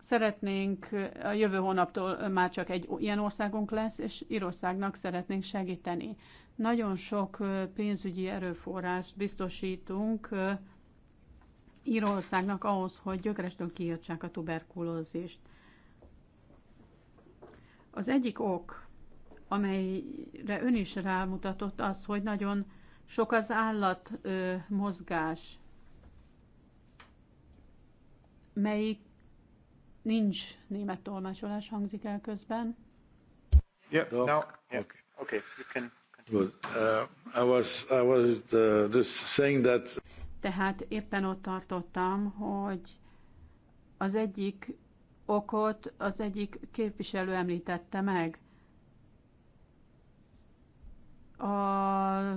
Szeretnénk, a jövő hónaptól már csak egy ilyen országunk lesz, és Írországnak szeretnénk segíteni. Nagyon sok pénzügyi erőforrást biztosítunk Írországnak ahhoz, hogy gyökerestől kiírtsák a tuberkulózist. Az egyik ok, amelyre ön is rámutatott, az, hogy nagyon sok az állat ö, mozgás, melyik nincs német tolmácsolás hangzik el közben. Yeah, no, now, yeah. okay. okay, you can. Good. Uh, I was I was uh, just saying that. Tehát éppen ott tartottam, hogy az egyik okot az egyik képviselő említette meg. A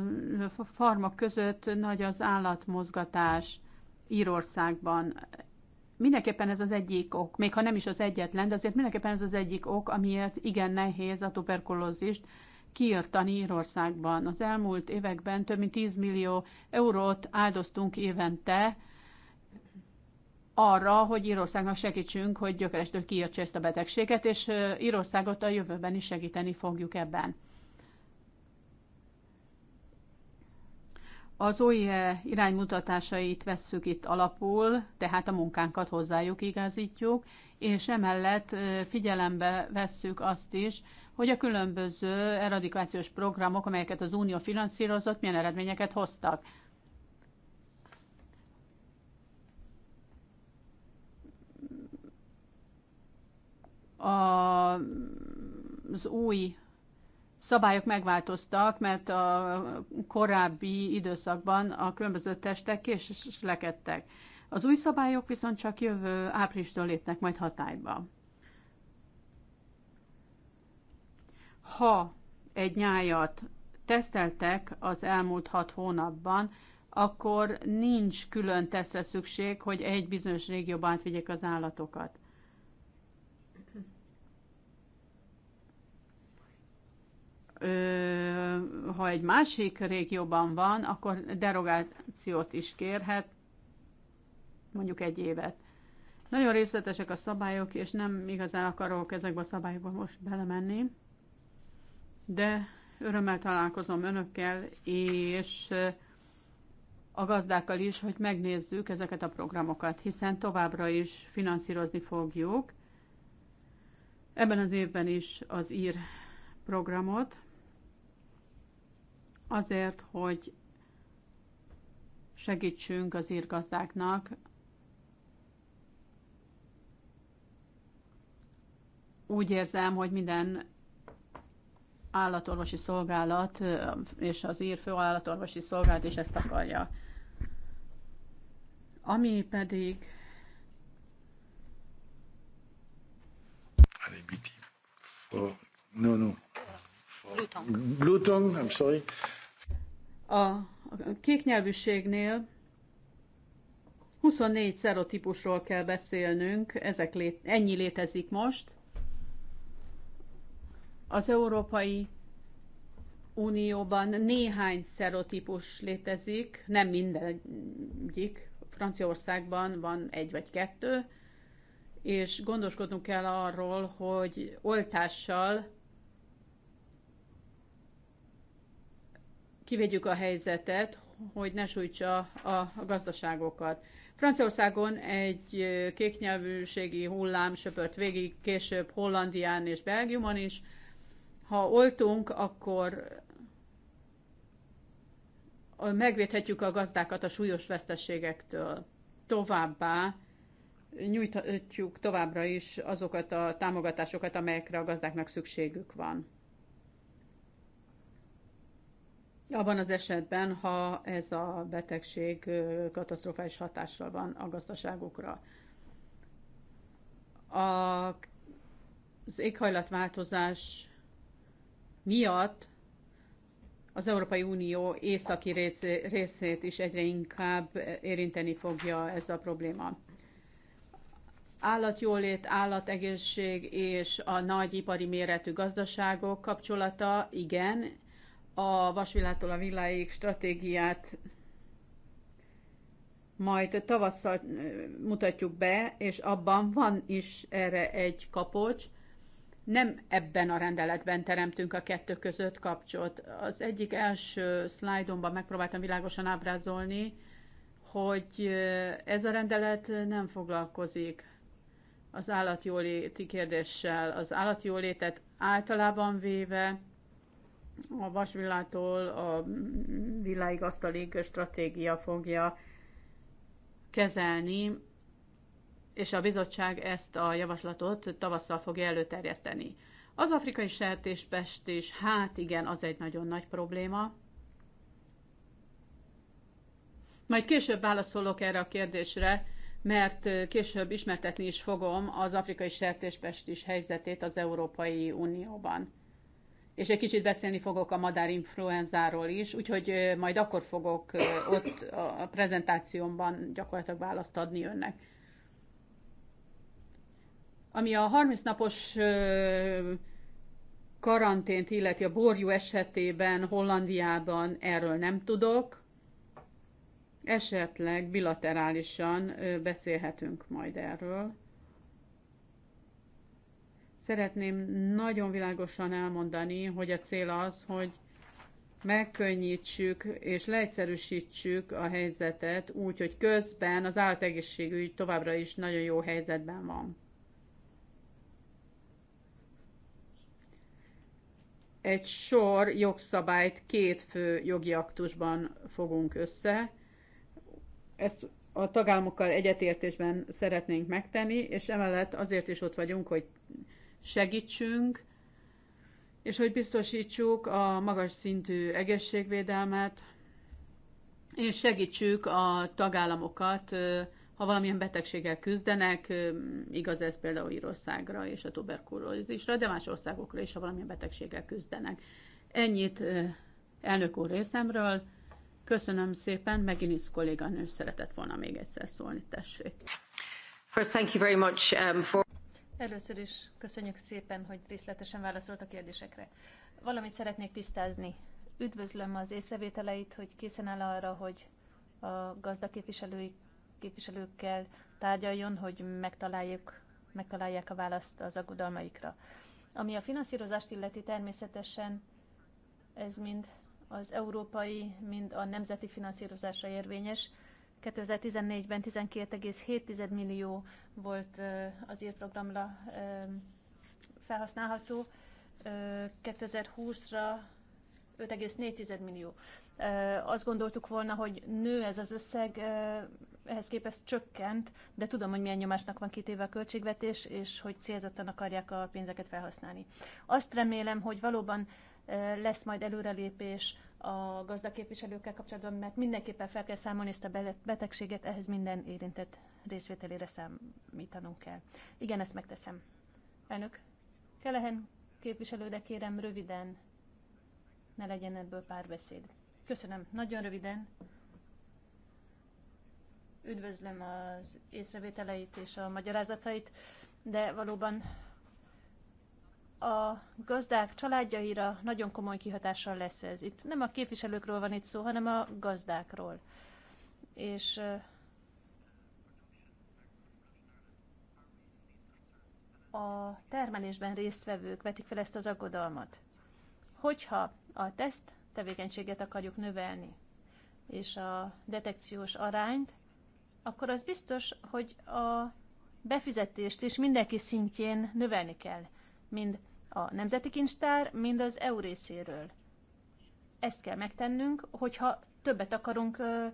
farmak között nagy az állatmozgatás Írországban. Mindenképpen ez az egyik ok, még ha nem is az egyetlen, de azért mindenképpen ez az egyik ok, amiért igen nehéz a tuberkulózist kiirtani Írországban. Az elmúlt években több mint 10 millió eurót áldoztunk évente arra, hogy Írországnak segítsünk, hogy gyökerestől kiírtsa ezt a betegséget, és Írországot a jövőben is segíteni fogjuk ebben. Az OIE iránymutatásait vesszük itt alapul, tehát a munkánkat hozzájuk igazítjuk, és emellett figyelembe vesszük azt is, hogy a különböző eradikációs programok, amelyeket az Unió finanszírozott, milyen eredményeket hoztak. A, az új szabályok megváltoztak, mert a korábbi időszakban a különböző testek késlekedtek. Az új szabályok viszont csak jövő áprilistól lépnek majd hatályba. ha egy nyájat teszteltek az elmúlt hat hónapban, akkor nincs külön tesztre szükség, hogy egy bizonyos régióban átvigyek az állatokat. Ö, ha egy másik régióban van, akkor derogációt is kérhet, mondjuk egy évet. Nagyon részletesek a szabályok, és nem igazán akarok ezekbe a szabályokba most belemenni de örömmel találkozom önökkel, és eh, a gazdákkal is, hogy megnézzük ezeket a programokat, hiszen továbbra is finanszírozni fogjuk ebben az évben is az ír programot, azért, hogy segítsünk az ír gazdáknak úgy érzem, hogy minden állatorvosi szolgálat és az ír főállatorvosi szolgálat is ezt akarja. Ami pedig no, no. Glutong. I'm sorry. A kéknyelvűségnél 24 szerotípusról kell beszélnünk, ezek lé, ennyi létezik most. Az Európai Unióban néhány szerotípus létezik, nem mindegyik. Franciaországban van egy vagy kettő, és gondoskodnunk kell arról, hogy oltással kivegyük a helyzetet, hogy ne sújtsa a gazdaságokat. Franciaországon egy kéknyelvűségi hullám söpört végig, később Hollandián és Belgiumon is, ha oltunk, akkor megvédhetjük a gazdákat a súlyos vesztességektől. Továbbá nyújthatjuk továbbra is azokat a támogatásokat, amelyekre a gazdáknak szükségük van. Abban az esetben, ha ez a betegség katasztrofális hatással van a gazdaságukra. A, az éghajlatváltozás miatt az Európai Unió északi részét is egyre inkább érinteni fogja ez a probléma. Állatjólét, állategészség és a nagy ipari méretű gazdaságok kapcsolata, igen, a vasvilától a villáig stratégiát majd tavasszal mutatjuk be, és abban van is erre egy kapocs, nem ebben a rendeletben teremtünk a kettő között kapcsolat. Az egyik első szlájdomban megpróbáltam világosan ábrázolni, hogy eh, ez a rendelet nem foglalkozik az állatjóléti kérdéssel. Az állatjólétet általában véve a vasvillától a világig asztalig stratégia fogja kezelni, és a bizottság ezt a javaslatot tavasszal fogja előterjeszteni. Az afrikai sertéspest is, hát igen, az egy nagyon nagy probléma. Majd később válaszolok erre a kérdésre, mert később ismertetni is fogom az afrikai sertéspest is helyzetét az Európai Unióban. És egy kicsit beszélni fogok a madárinfluenzáról is, úgyhogy majd akkor fogok ott a prezentációmban gyakorlatilag választ adni önnek. Ami a 30 napos karantént illeti a borjú esetében Hollandiában, erről nem tudok. Esetleg bilaterálisan beszélhetünk majd erről. Szeretném nagyon világosan elmondani, hogy a cél az, hogy megkönnyítsük és leegyszerűsítsük a helyzetet úgy, hogy közben az állategészségügy továbbra is nagyon jó helyzetben van. egy sor jogszabályt két fő jogi aktusban fogunk össze. Ezt a tagállamokkal egyetértésben szeretnénk megtenni, és emellett azért is ott vagyunk, hogy segítsünk, és hogy biztosítsuk a magas szintű egészségvédelmet, és segítsük a tagállamokat ha valamilyen betegséggel küzdenek, igaz ez például Írországra és a tuberkulózisra, de más országokra is, ha valamilyen betegséggel küzdenek. Ennyit elnök úr részemről. Köszönöm szépen, Meginis kolléganő szeretett volna még egyszer szólni, tessék. First, thank you very much, um, for... Először is köszönjük szépen, hogy részletesen válaszolt a kérdésekre. Valamit szeretnék tisztázni. Üdvözlöm az észrevételeit, hogy készen áll arra, hogy a gazdaképviselői képviselőkkel tárgyaljon, hogy megtaláljuk, megtalálják a választ az aggodalmaikra. Ami a finanszírozást illeti, természetesen ez mind az európai, mind a nemzeti finanszírozásra érvényes. 2014-ben 12,7 millió volt az írprogramra felhasználható, 2020-ra 5,4 millió. Azt gondoltuk volna, hogy nő ez az összeg, ehhez képest csökkent, de tudom, hogy milyen nyomásnak van kitéve a költségvetés, és hogy célzottan akarják a pénzeket felhasználni. Azt remélem, hogy valóban lesz majd előrelépés a gazdaképviselőkkel kapcsolatban, mert mindenképpen fel kell számolni ezt a betegséget, ehhez minden érintett részvételére számítanunk kell. Igen, ezt megteszem. Elnök, Kelehen képviselő, de kérem röviden, ne legyen ebből párbeszéd. Köszönöm, nagyon röviden. Üdvözlöm az észrevételeit és a magyarázatait, de valóban a gazdák családjaira nagyon komoly kihatással lesz ez. Itt nem a képviselőkről van itt szó, hanem a gazdákról. És a termelésben résztvevők vetik fel ezt az aggodalmat. Hogyha a teszt tevékenységet akarjuk növelni, és a detekciós arányt, akkor az biztos, hogy a befizetést is mindenki szintjén növelni kell, mind a Nemzeti Kincstár, mind az EU részéről. Ezt kell megtennünk, hogyha többet akarunk ö,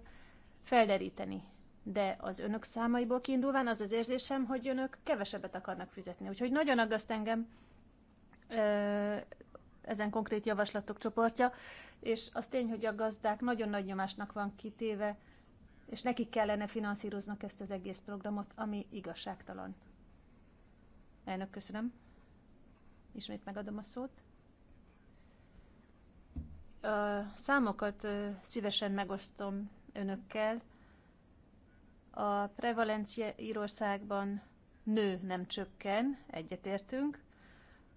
felderíteni. De az önök számaiból kiindulván az az érzésem, hogy önök kevesebbet akarnak fizetni. Úgyhogy nagyon aggaszt engem ö, ezen konkrét javaslatok csoportja, és az tény, hogy a gazdák nagyon nagy nyomásnak van kitéve, és nekik kellene finanszíroznak ezt az egész programot, ami igazságtalan. Elnök, köszönöm. Ismét megadom a szót. A számokat szívesen megosztom önökkel. A prevalencia Írországban nő, nem csökken, egyetértünk.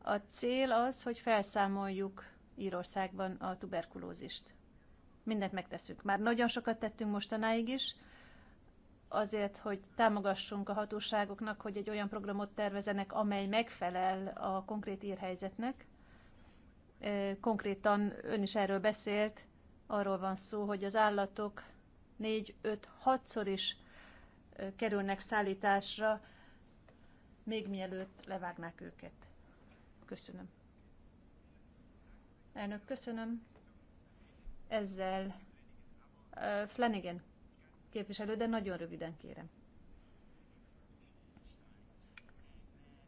A cél az, hogy felszámoljuk Írországban a tuberkulózist mindent megteszünk. Már nagyon sokat tettünk mostanáig is, azért, hogy támogassunk a hatóságoknak, hogy egy olyan programot tervezenek, amely megfelel a konkrét írhelyzetnek. Konkrétan ön is erről beszélt, arról van szó, hogy az állatok 4-5-6-szor is kerülnek szállításra, még mielőtt levágnák őket. Köszönöm. Elnök, köszönöm. Ezzel Flanagan képviselő, de nagyon röviden kérem.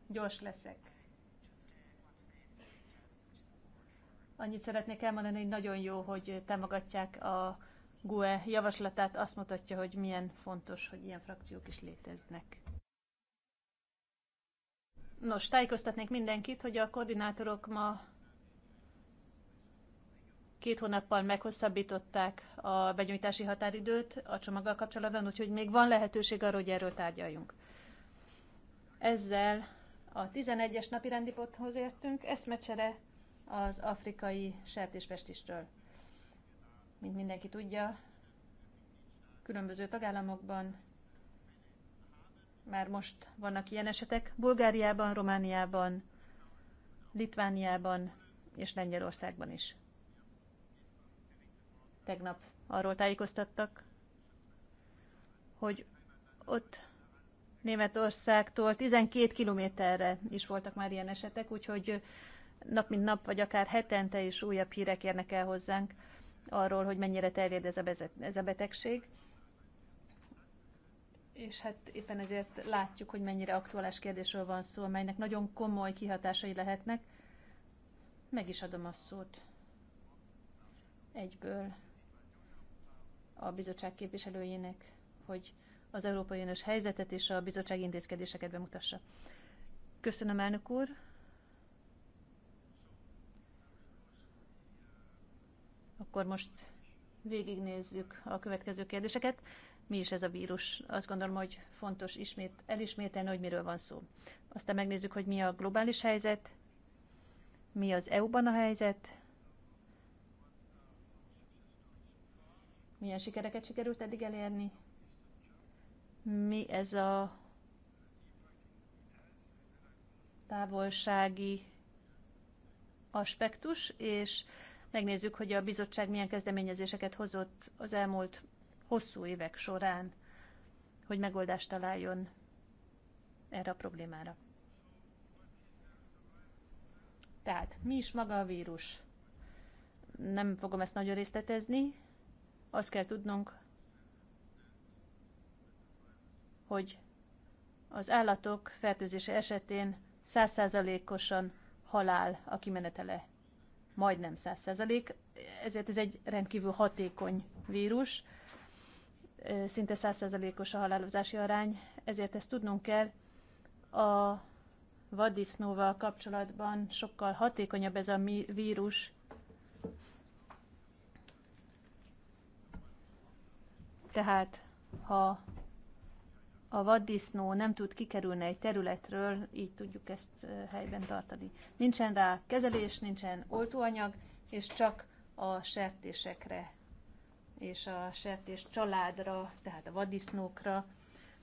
Gyors leszek. Annyit szeretnék elmondani, hogy nagyon jó, hogy támogatják a GUE javaslatát. Azt mutatja, hogy milyen fontos, hogy ilyen frakciók is léteznek. Nos, tájékoztatnék mindenkit, hogy a koordinátorok ma Két hónappal meghosszabbították a begyújtási határidőt a csomaggal kapcsolatban, úgyhogy még van lehetőség arra, hogy erről tárgyaljunk. Ezzel a 11-es napi rendi ponthoz értünk, eszmecsere az afrikai sertéspestistről. Mint mindenki tudja, különböző tagállamokban már most vannak ilyen esetek. Bulgáriában, Romániában, Litvániában és Lengyelországban is. Tegnap arról tájékoztattak, hogy ott Németországtól 12 kilométerre is voltak már ilyen esetek, úgyhogy nap mint nap, vagy akár hetente is újabb hírek érnek el hozzánk arról, hogy mennyire terjed ez a, ez a betegség. És hát éppen ezért látjuk, hogy mennyire aktuális kérdésről van szó, melynek nagyon komoly kihatásai lehetnek. Meg is adom a szót egyből a bizottság képviselőjének, hogy az Európai Uniós helyzetet és a bizottság intézkedéseket bemutassa. Köszönöm, elnök úr! Akkor most végignézzük a következő kérdéseket. Mi is ez a vírus? Azt gondolom, hogy fontos ismét, elismételni, hogy miről van szó. Aztán megnézzük, hogy mi a globális helyzet, mi az EU-ban a helyzet, milyen sikereket sikerült eddig elérni, mi ez a távolsági aspektus, és megnézzük, hogy a bizottság milyen kezdeményezéseket hozott az elmúlt hosszú évek során, hogy megoldást találjon erre a problémára. Tehát, mi is maga a vírus? Nem fogom ezt nagyon részletezni, azt kell tudnunk, hogy az állatok fertőzése esetén százszázalékosan halál a kimenetele. Majdnem százszázalék, ezért ez egy rendkívül hatékony vírus, szinte százszázalékos a halálozási arány, ezért ezt tudnunk kell. A vaddisznóval kapcsolatban sokkal hatékonyabb ez a vírus, Tehát, ha a vaddisznó nem tud kikerülni egy területről, így tudjuk ezt helyben tartani. Nincsen rá kezelés, nincsen oltóanyag, és csak a sertésekre és a sertés családra, tehát a vaddisznókra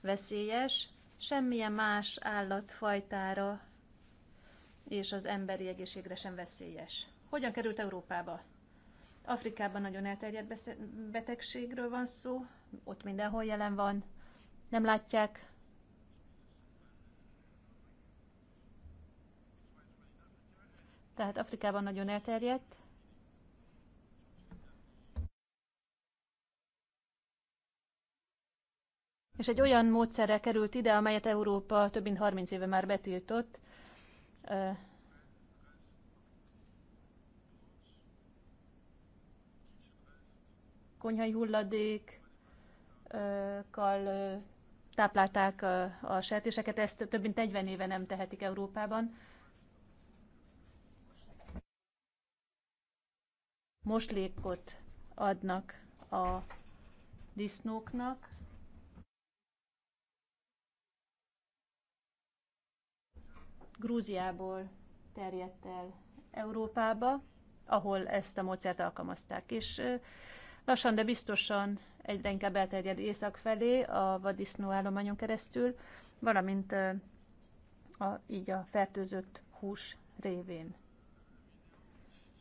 veszélyes, semmilyen más állatfajtára és az emberi egészségre sem veszélyes. Hogyan került Európába? Afrikában nagyon elterjedt betegségről van szó, ott mindenhol jelen van, nem látják. Tehát Afrikában nagyon elterjedt. És egy olyan módszerrel került ide, amelyet Európa több mint 30 éve már betiltott, konyhai hulladékkal táplálták a sertéseket, ezt több mint 40 éve nem tehetik Európában. Moslékot adnak a disznóknak, Grúziából terjedt el Európába, ahol ezt a módszert alkalmazták. És Lassan, de biztosan egyre inkább elterjed észak felé, a vadisznó állományon keresztül, valamint a, így a fertőzött hús révén.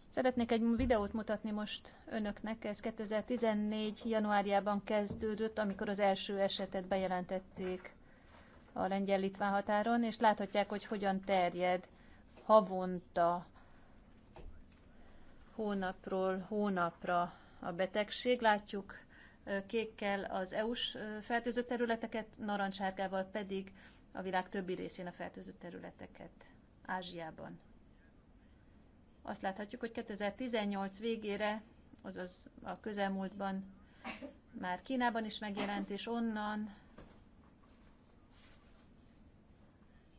Szeretnék egy videót mutatni most önöknek. Ez 2014. januárjában kezdődött, amikor az első esetet bejelentették a lengyel-litván határon, és láthatják, hogy hogyan terjed havonta, hónapról hónapra a betegség. Látjuk kékkel az EU-s fertőzött területeket, narancssárgával pedig a világ többi részén a fertőzött területeket, Ázsiában. Azt láthatjuk, hogy 2018 végére, azaz a közelmúltban már Kínában is megjelent, és onnan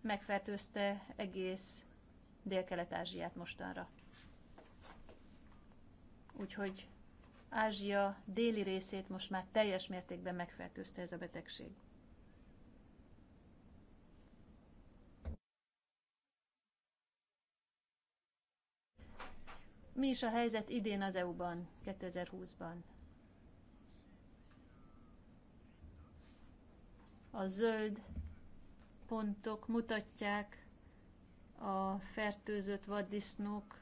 megfertőzte egész Dél-Kelet-Ázsiát mostanra. Úgyhogy Ázsia déli részét most már teljes mértékben megfertőzte ez a betegség. Mi is a helyzet idén az EU-ban, 2020-ban? A zöld pontok mutatják a fertőzött vaddisznók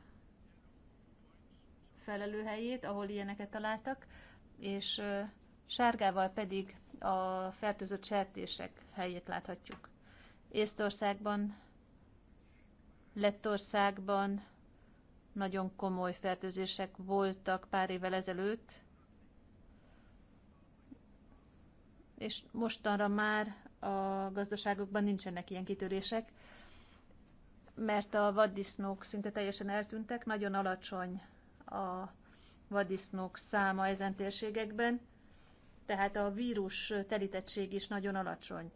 megfelelő helyét, ahol ilyeneket találtak, és sárgával pedig a fertőzött sertések helyét láthatjuk. Észtországban, Lettországban nagyon komoly fertőzések voltak pár évvel ezelőtt, és mostanra már a gazdaságokban nincsenek ilyen kitörések, mert a vaddisznók szinte teljesen eltűntek, nagyon alacsony a vadisznók száma ezen térségekben, tehát a vírus telítettség is nagyon alacsony,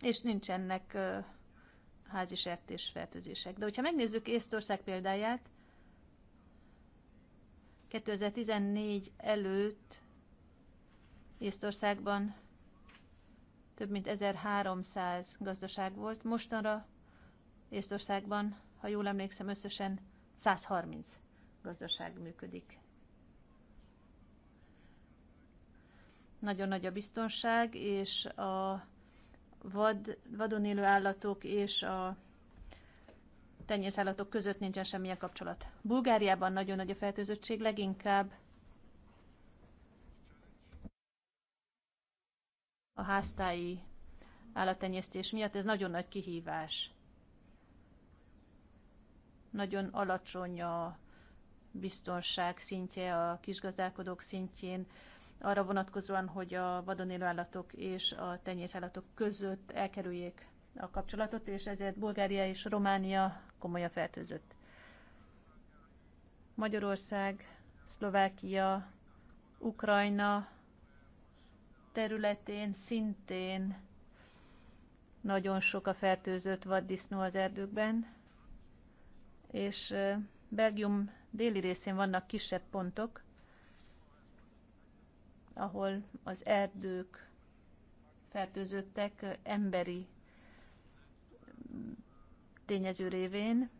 és nincsenek házi sertés fertőzések. De hogyha megnézzük Észtország példáját, 2014 előtt Észtországban több mint 1300 gazdaság volt, mostanra Észtországban, ha jól emlékszem, összesen 130 gazdaság működik. Nagyon nagy a biztonság, és a vad, vadon élő állatok és a tenyészállatok között nincsen semmilyen kapcsolat. Bulgáriában nagyon nagy a fertőzöttség, leginkább a háztáji állattenyésztés miatt. Ez nagyon nagy kihívás. Nagyon alacsony a biztonság szintje a kisgazdálkodók szintjén, arra vonatkozóan, hogy a vadon élő állatok és a tenyészállatok között elkerüljék a kapcsolatot, és ezért Bulgária és Románia komolyan fertőzött. Magyarország, Szlovákia, Ukrajna területén szintén nagyon sok a fertőzött vaddisznó az erdőkben, és Belgium déli részén vannak kisebb pontok, ahol az erdők fertőzöttek emberi tényező révén.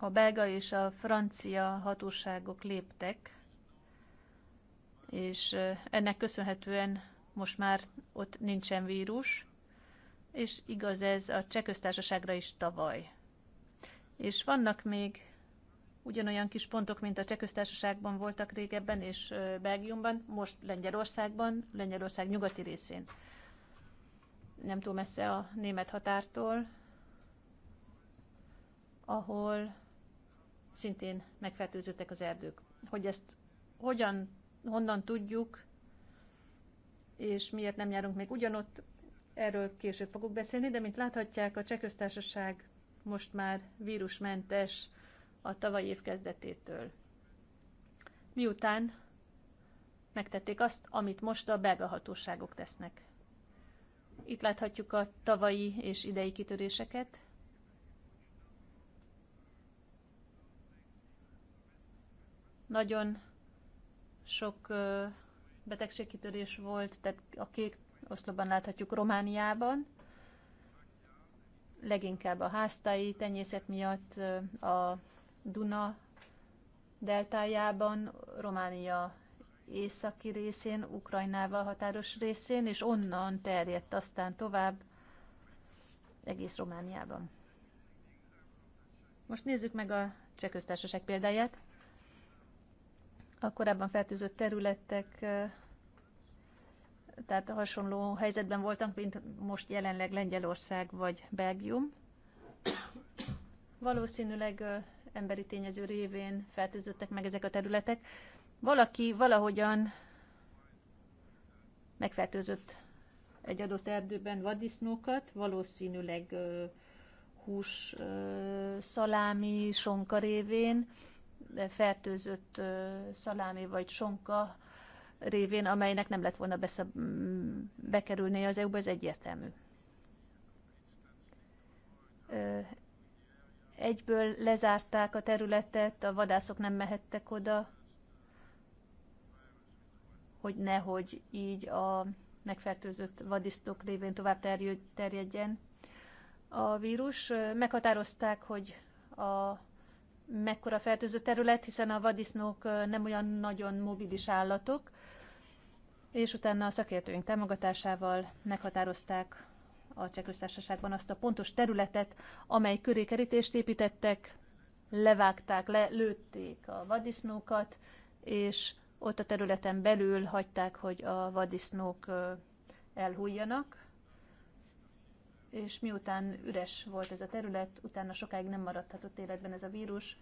A belga és a francia hatóságok léptek, és ennek köszönhetően most már ott nincsen vírus, és igaz ez a cseh köztársaságra is tavaly. És vannak még ugyanolyan kis pontok, mint a Csehköztársaságban voltak régebben és Belgiumban, most Lengyelországban, Lengyelország nyugati részén. Nem túl messze a német határtól, ahol szintén megfertőzöttek az erdők. Hogy ezt hogyan, honnan tudjuk, és miért nem járunk még ugyanott, erről később fogok beszélni, de mint láthatják, a Csehköztársaság most már vírusmentes a tavalyi év kezdetétől. Miután megtették azt, amit most a belga hatóságok tesznek. Itt láthatjuk a tavalyi és idei kitöréseket. Nagyon sok betegségkitörés volt, tehát a kék oszlopban láthatjuk Romániában, leginkább a háztai tenyészet miatt, a Duna deltájában, Románia északi részén, Ukrajnával határos részén, és onnan terjedt aztán tovább egész Romániában. Most nézzük meg a cseh köztársaság példáját. A korábban fertőzött területek, tehát hasonló helyzetben voltak, mint most jelenleg Lengyelország vagy Belgium. Valószínűleg emberi tényező révén fertőzöttek meg ezek a területek. Valaki valahogyan megfertőzött egy adott erdőben vaddisznókat, valószínűleg hús, szalámi, sonka révén, fertőzött szalámi vagy sonka révén, amelynek nem lett volna beszab- bekerülni az EU-ba, ez egyértelmű egyből lezárták a területet, a vadászok nem mehettek oda, hogy nehogy így a megfertőzött vadisztok révén tovább terjedjen a vírus. Meghatározták, hogy a mekkora fertőzött terület, hiszen a vadisznók nem olyan nagyon mobilis állatok, és utána a szakértőink támogatásával meghatározták a Csehköztársaságban azt a pontos területet, amely köré kerítést építettek, levágták, lelőtték a vadisznókat, és ott a területen belül hagyták, hogy a vadisznók elhújjanak, és miután üres volt ez a terület, utána sokáig nem maradhatott életben ez a vírus,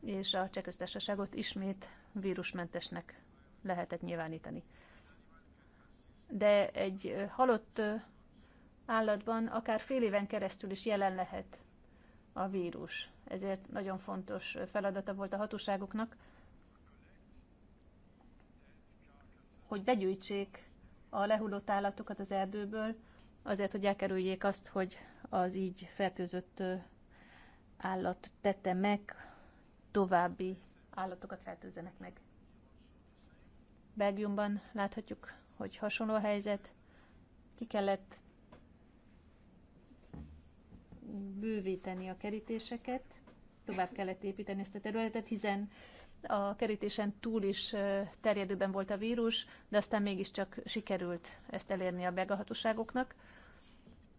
és a csehköztársaságot ismét vírusmentesnek lehetett nyilvánítani. De egy halott állatban akár fél éven keresztül is jelen lehet a vírus. Ezért nagyon fontos feladata volt a hatóságoknak, hogy begyűjtsék a lehullott állatokat az erdőből, azért, hogy elkerüljék azt, hogy az így fertőzött állat tette meg, további állatokat fertőzenek meg. Belgiumban láthatjuk, hogy hasonló a helyzet. Ki kellett bővíteni a kerítéseket, tovább kellett építeni ezt a területet, hiszen a kerítésen túl is terjedőben volt a vírus, de aztán mégiscsak sikerült ezt elérni a belgahatóságoknak.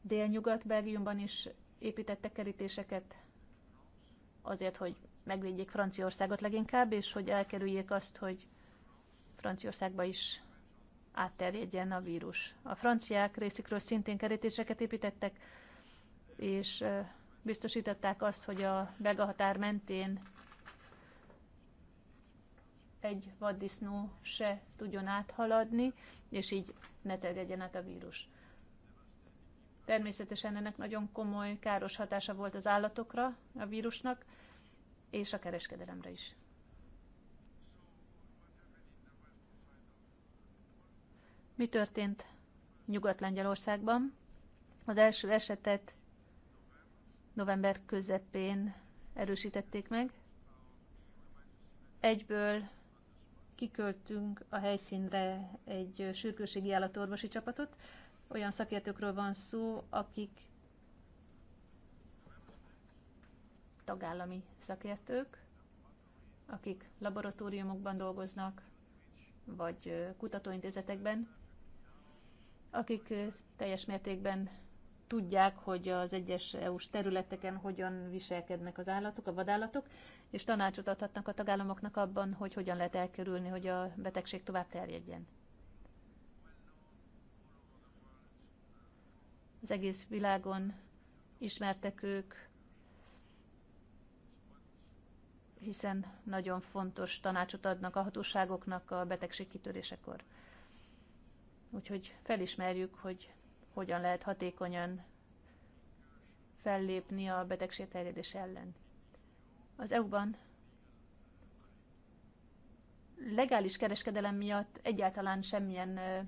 Délnyugat Belgiumban is építettek kerítéseket azért, hogy megvédjék Franciaországot leginkább, és hogy elkerüljék azt, hogy Franciaországba is átterjedjen a vírus. A franciák részükről szintén kerítéseket építettek, és biztosították azt, hogy a Begahatár mentén egy vaddisznó se tudjon áthaladni, és így ne terjedjen át a vírus. Természetesen ennek nagyon komoly káros hatása volt az állatokra, a vírusnak, és a kereskedelemre is. Mi történt Nyugat-Lengyelországban? Az első esetet november közepén erősítették meg. Egyből kiköltünk a helyszínre egy sürgőségi állatorvosi csapatot. Olyan szakértőkről van szó, akik tagállami szakértők, akik laboratóriumokban dolgoznak, vagy kutatóintézetekben, akik teljes mértékben tudják, hogy az egyes EU-s területeken hogyan viselkednek az állatok, a vadállatok, és tanácsot adhatnak a tagállamoknak abban, hogy hogyan lehet elkerülni, hogy a betegség tovább terjedjen. Az egész világon ismertek ők, hiszen nagyon fontos tanácsot adnak a hatóságoknak a betegség kitörésekor. Úgyhogy felismerjük, hogy hogyan lehet hatékonyan fellépni a betegség terjedés ellen. Az EU-ban legális kereskedelem miatt egyáltalán semmilyen ö,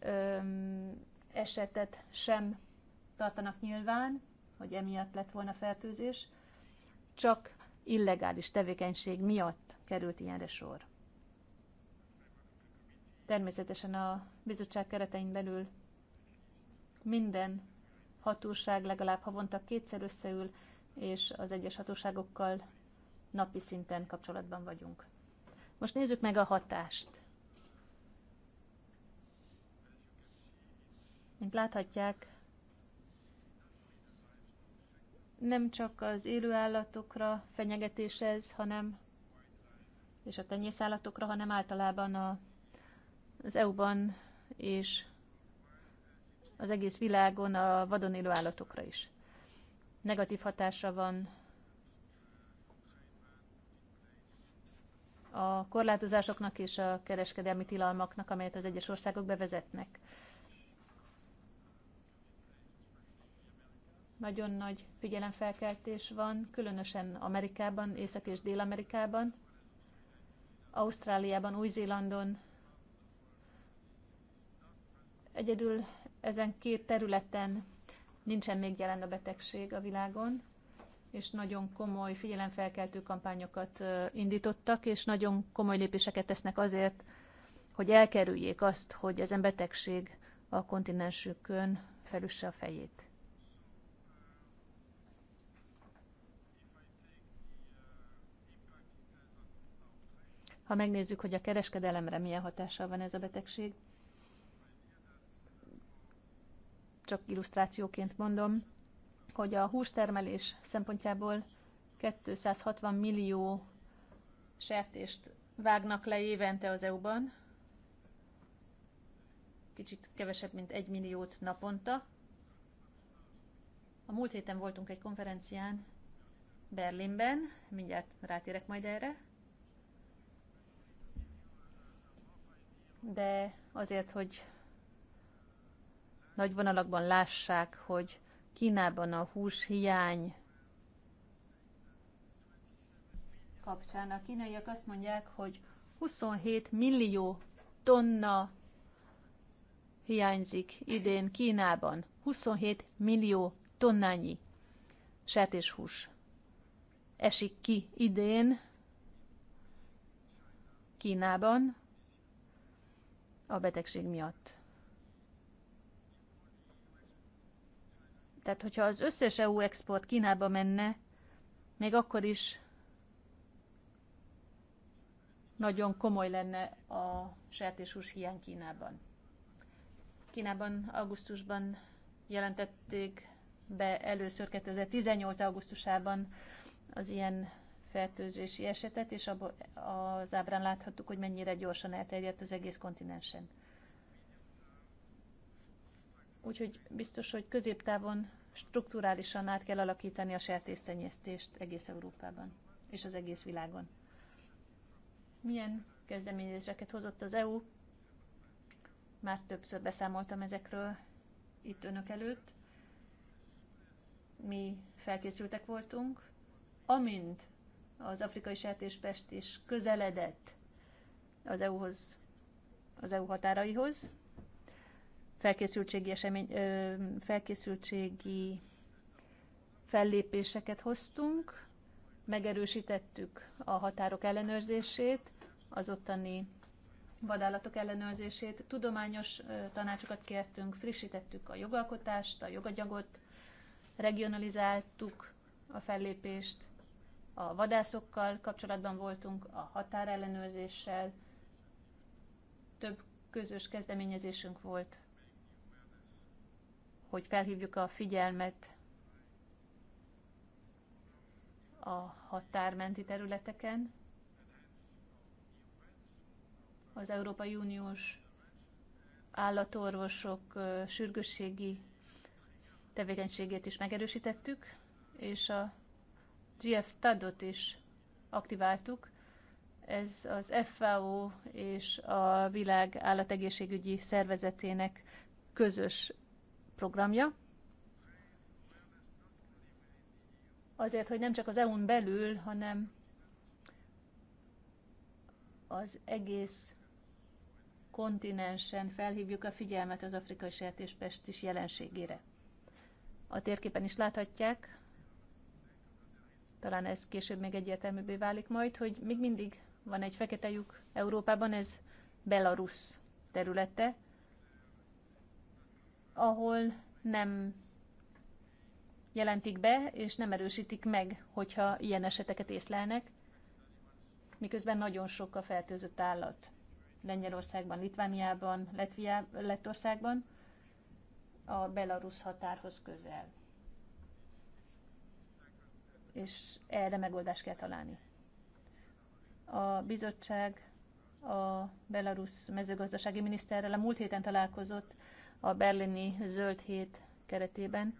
ö, esetet sem tartanak nyilván, hogy emiatt lett volna fertőzés, csak illegális tevékenység miatt került ilyenre sor. Természetesen a bizottság keretein belül minden hatóság legalább havonta kétszer összeül, és az egyes hatóságokkal napi szinten kapcsolatban vagyunk. Most nézzük meg a hatást. Mint láthatják, nem csak az élő állatokra fenyegetés ez, hanem és a tenyészállatokra, hanem általában a, az EU-ban és az egész világon a vadon élő állatokra is. Negatív hatása van a korlátozásoknak és a kereskedelmi tilalmaknak, amelyet az egyes országok bevezetnek. Nagyon nagy figyelemfelkeltés van, különösen Amerikában, Észak- és Dél-Amerikában, Ausztráliában, Új-Zélandon. Egyedül ezen két területen nincsen még jelen a betegség a világon, és nagyon komoly figyelemfelkeltő kampányokat indítottak, és nagyon komoly lépéseket tesznek azért, hogy elkerüljék azt, hogy ezen betegség a kontinensükön felüsse a fejét. Ha megnézzük, hogy a kereskedelemre milyen hatással van ez a betegség, csak illusztrációként mondom, hogy a hústermelés szempontjából 260 millió sertést vágnak le évente az EU-ban, kicsit kevesebb, mint egy milliót naponta. A múlt héten voltunk egy konferencián Berlinben, mindjárt rátérek majd erre, de azért, hogy nagy vonalakban lássák, hogy Kínában a hús hiány kapcsán a kínaiak azt mondják, hogy 27 millió tonna hiányzik idén Kínában. 27 millió tonnányi sertéshús esik ki idén Kínában a betegség miatt. Tehát, hogyha az összes EU export Kínába menne, még akkor is nagyon komoly lenne a sertéshús hiány Kínában. Kínában augusztusban jelentették be először 2018. augusztusában az ilyen fertőzési esetet, és az ábrán láthattuk, hogy mennyire gyorsan elterjedt az egész kontinensen. Úgyhogy biztos, hogy középtávon strukturálisan át kell alakítani a sertésztenyésztést egész Európában és az egész világon. Milyen kezdeményezéseket hozott az EU? Már többször beszámoltam ezekről itt önök előtt. Mi felkészültek voltunk. Amint az afrikai sertéspest is közeledett az EU-hoz, az EU határaihoz, felkészültségi, esemény, ö, felkészültségi fellépéseket hoztunk, megerősítettük a határok ellenőrzését, az ottani vadállatok ellenőrzését, tudományos tanácsokat kértünk, frissítettük a jogalkotást, a jogagyagot, regionalizáltuk a fellépést, a vadászokkal kapcsolatban voltunk, a határellenőrzéssel, több közös kezdeményezésünk volt hogy felhívjuk a figyelmet a határmenti területeken, az Európai Uniós állatorvosok sürgősségi tevékenységét is megerősítettük, és a GF TAD-ot is aktiváltuk. Ez az FAO és a világ állategészségügyi szervezetének közös programja, azért, hogy nem csak az EU-n belül, hanem az egész kontinensen felhívjuk a figyelmet az afrikai sertéspest is jelenségére. A térképen is láthatják, talán ez később még egyértelműbbé válik majd, hogy még mindig van egy fekete lyuk Európában, ez Belarus területe, ahol nem jelentik be, és nem erősítik meg, hogyha ilyen eseteket észlelnek, miközben nagyon sok a fertőzött állat. Lengyelországban, Litvániában, Letviá, Lettországban, a belarusz határhoz közel. És erre megoldást kell találni. A bizottság a belarusz mezőgazdasági miniszterrel a múlt héten találkozott, a berlini zöld hét keretében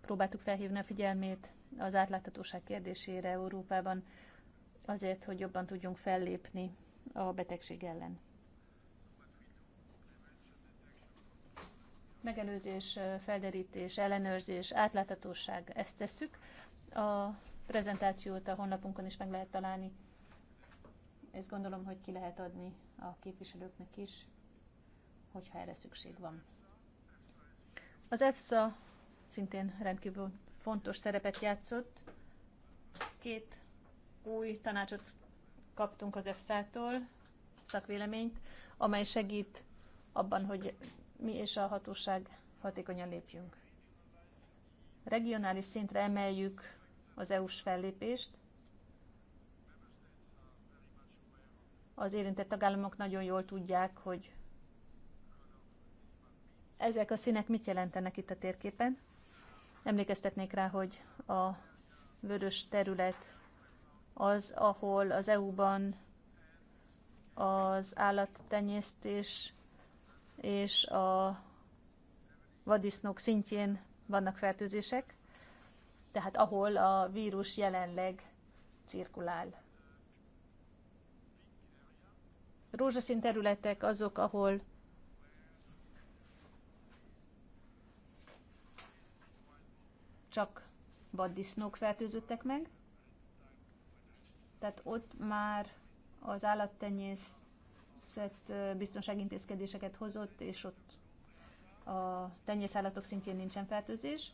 próbáltuk felhívni a figyelmét az átláthatóság kérdésére Európában, azért, hogy jobban tudjunk fellépni a betegség ellen. Megelőzés, felderítés, ellenőrzés, átláthatóság, ezt tesszük. A prezentációt a honlapunkon is meg lehet találni ezt gondolom, hogy ki lehet adni a képviselőknek is, hogyha erre szükség van. Az EFSA szintén rendkívül fontos szerepet játszott. Két új tanácsot kaptunk az EFSA-tól, szakvéleményt, amely segít abban, hogy mi és a hatóság hatékonyan lépjünk. Regionális szintre emeljük az EU-s fellépést, Az érintett tagállamok nagyon jól tudják, hogy ezek a színek mit jelentenek itt a térképen. Emlékeztetnék rá, hogy a vörös terület az, ahol az EU-ban az állattenyésztés és a vadisznók szintjén vannak fertőzések, tehát ahol a vírus jelenleg cirkulál rózsaszín területek azok, ahol csak vaddisznók fertőzöttek meg, tehát ott már az állattenyészet biztonságintézkedéseket hozott, és ott a tenyészállatok szintjén nincsen fertőzés.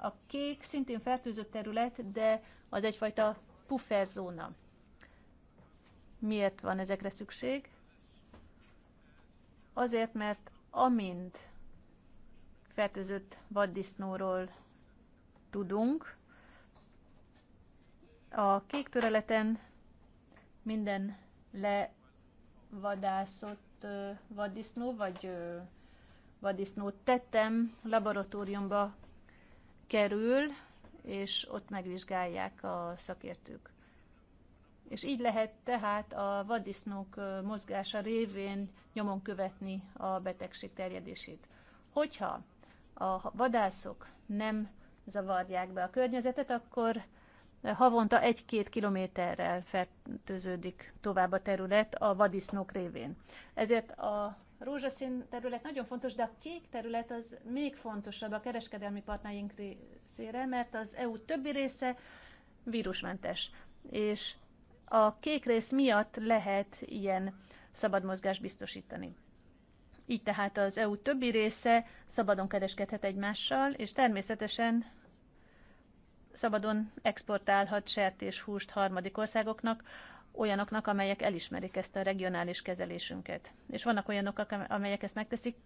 A kék szintén fertőzött terület, de az egyfajta pufferzóna. Miért van ezekre szükség? Azért, mert amint fertőzött vaddisznóról tudunk, a kék töreleten minden levadászott vaddisznó, vagy vaddisznót tettem, laboratóriumba kerül, és ott megvizsgálják a szakértők. És így lehet tehát a vaddisznók mozgása révén nyomon követni a betegség terjedését. Hogyha a vadászok nem zavarják be a környezetet, akkor havonta egy-két kilométerrel fertőződik tovább a terület a vadisznók révén. Ezért a rózsaszín terület nagyon fontos, de a kék terület az még fontosabb a kereskedelmi partnáink részére, mert az EU többi része vírusmentes. És a kék rész miatt lehet ilyen szabad mozgást biztosítani. Így tehát az EU többi része szabadon kereskedhet egymással, és természetesen szabadon exportálhat sertéshúst harmadik országoknak, olyanoknak, amelyek elismerik ezt a regionális kezelésünket. És vannak olyanok, amelyek ezt megteszik,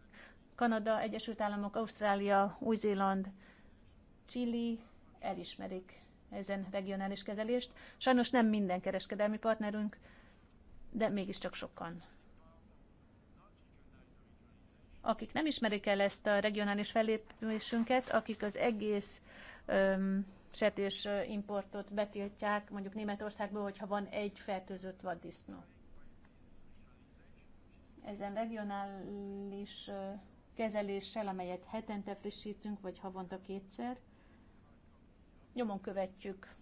Kanada, Egyesült Államok, Ausztrália, Új-Zéland, Chili elismerik ezen regionális kezelést. Sajnos nem minden kereskedelmi partnerünk de mégiscsak sokan. Akik nem ismerik el ezt a regionális fellépésünket, akik az egész öm, sertés importot betiltják, mondjuk Németországból, hogyha van egy fertőzött vaddisznó. Ezen regionális kezeléssel, amelyet hetente frissítünk, vagy havonta kétszer, nyomon követjük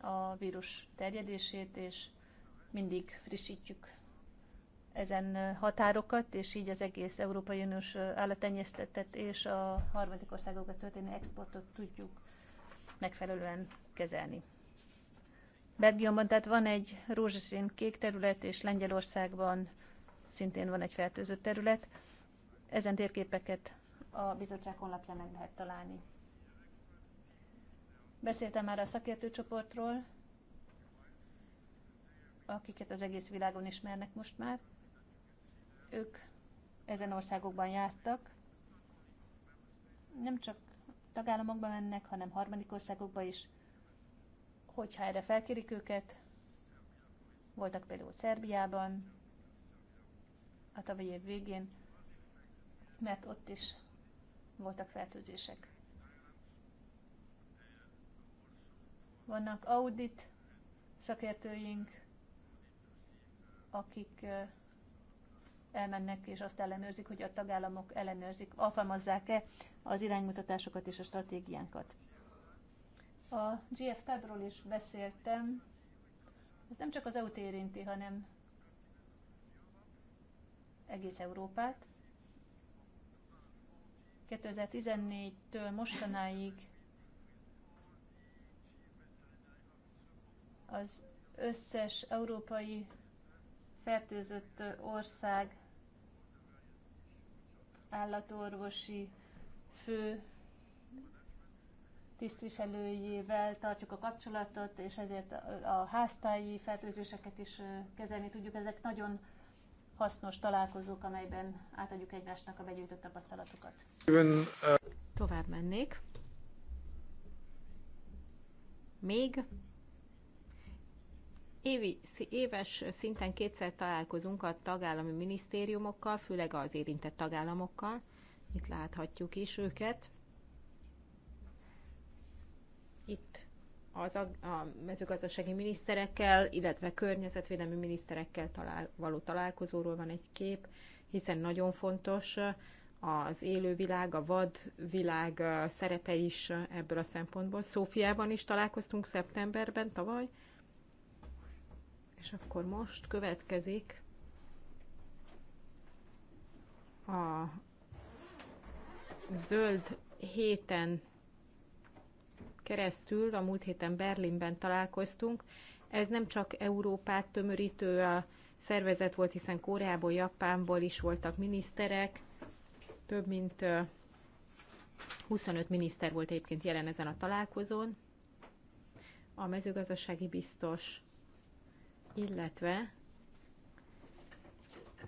a vírus terjedését, és mindig frissítjük ezen határokat, és így az egész Európai Uniós állattenyésztetet és a harmadik országokat történő exportot tudjuk megfelelően kezelni. Belgiumban tehát van egy rózsaszín kék terület, és Lengyelországban szintén van egy fertőzött terület. Ezen térképeket a bizottság honlapján meg lehet találni. Beszéltem már a szakértőcsoportról, akiket az egész világon ismernek most már. Ők ezen országokban jártak. Nem csak tagállamokba mennek, hanem harmadik országokba is. Hogyha erre felkérik őket, voltak például Szerbiában, a tavalyi év végén, mert ott is voltak fertőzések. Vannak audit szakértőink, akik elmennek és azt ellenőrzik, hogy a tagállamok ellenőrzik, alkalmazzák-e az iránymutatásokat és a stratégiánkat. A GF tabról is beszéltem. Ez nem csak az EU-t érinti, hanem egész Európát. 2014-től mostanáig az összes európai fertőzött ország állatorvosi fő tisztviselőjével tartjuk a kapcsolatot, és ezért a háztáji fertőzéseket is kezelni tudjuk. Ezek nagyon hasznos találkozók, amelyben átadjuk egymásnak a begyűjtött tapasztalatokat. Tovább mennék. Még Évi, éves szinten kétszer találkozunk a tagállami minisztériumokkal, főleg az érintett tagállamokkal. Itt láthatjuk is őket. Itt az a, a mezőgazdasági miniszterekkel, illetve környezetvédelmi miniszterekkel talál, való találkozóról van egy kép, hiszen nagyon fontos az élővilág, a vadvilág szerepe is ebből a szempontból. Szófiában is találkoztunk szeptemberben tavaly, és akkor most következik a zöld héten keresztül, a múlt héten Berlinben találkoztunk. Ez nem csak Európát tömörítő a szervezet volt, hiszen Koreából, Japánból is voltak miniszterek, több mint 25 miniszter volt egyébként jelen ezen a találkozón. A mezőgazdasági biztos, illetve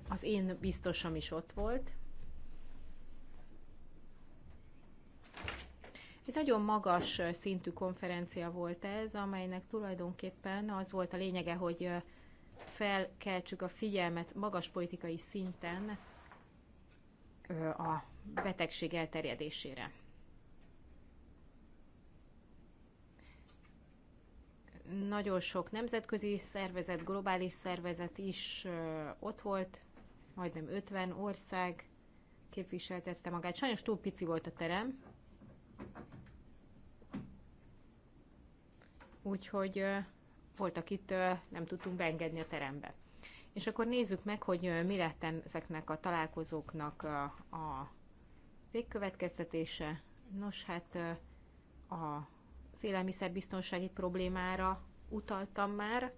az én biztosam is ott volt. Egy nagyon magas szintű konferencia volt ez, amelynek tulajdonképpen az volt a lényege, hogy felkeltsük a figyelmet magas politikai szinten a betegség elterjedésére. nagyon sok nemzetközi szervezet, globális szervezet is ott volt, majdnem 50 ország képviseltette magát. Sajnos túl pici volt a terem, úgyhogy voltak itt, nem tudtunk beengedni a terembe. És akkor nézzük meg, hogy mi lett ezeknek a találkozóknak a végkövetkeztetése. Nos, hát a az élelmiszerbiztonsági problémára utaltam már,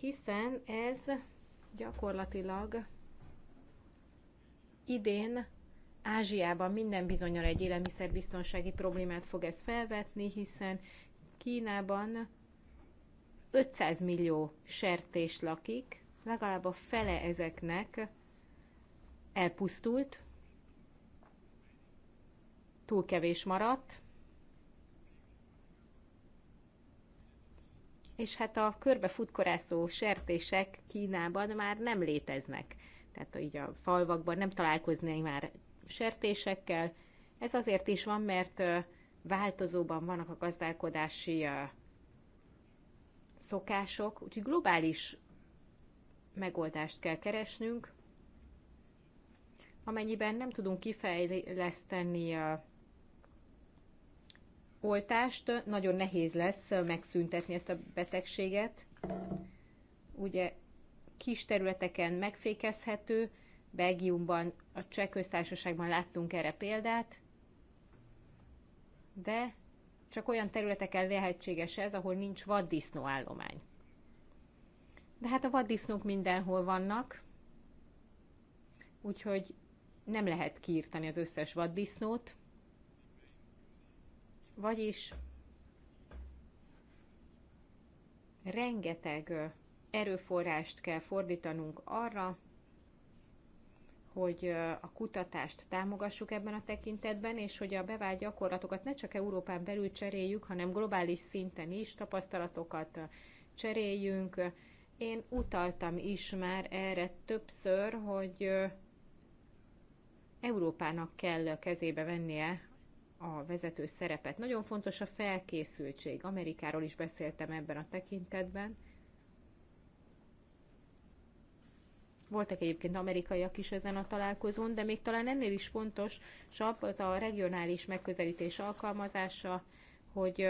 hiszen ez gyakorlatilag idén Ázsiában minden bizonyal egy élelmiszerbiztonsági problémát fog ez felvetni, hiszen Kínában 500 millió sertés lakik, legalább a fele ezeknek elpusztult, túl kevés maradt. És hát a körbefutkorászó sertések Kínában már nem léteznek. Tehát így a falvakban nem találkozni már sertésekkel. Ez azért is van, mert változóban vannak a gazdálkodási szokások, úgyhogy globális megoldást kell keresnünk, amennyiben nem tudunk kifejleszteni a oltást, nagyon nehéz lesz megszüntetni ezt a betegséget. Ugye kis területeken megfékezhető, Belgiumban, a Cseh köztársaságban láttunk erre példát, de csak olyan területeken lehetséges ez, ahol nincs állomány. De hát a vaddisznók mindenhol vannak, úgyhogy nem lehet kiírtani az összes vaddisznót, vagyis rengeteg erőforrást kell fordítanunk arra, hogy a kutatást támogassuk ebben a tekintetben, és hogy a bevált gyakorlatokat ne csak Európán belül cseréljük, hanem globális szinten is tapasztalatokat cseréljünk. Én utaltam is már erre többször, hogy Európának kell kezébe vennie a vezető szerepet. Nagyon fontos a felkészültség. Amerikáról is beszéltem ebben a tekintetben. Voltak egyébként amerikaiak is ezen a találkozón, de még talán ennél is fontosabb az a regionális megközelítés alkalmazása, hogy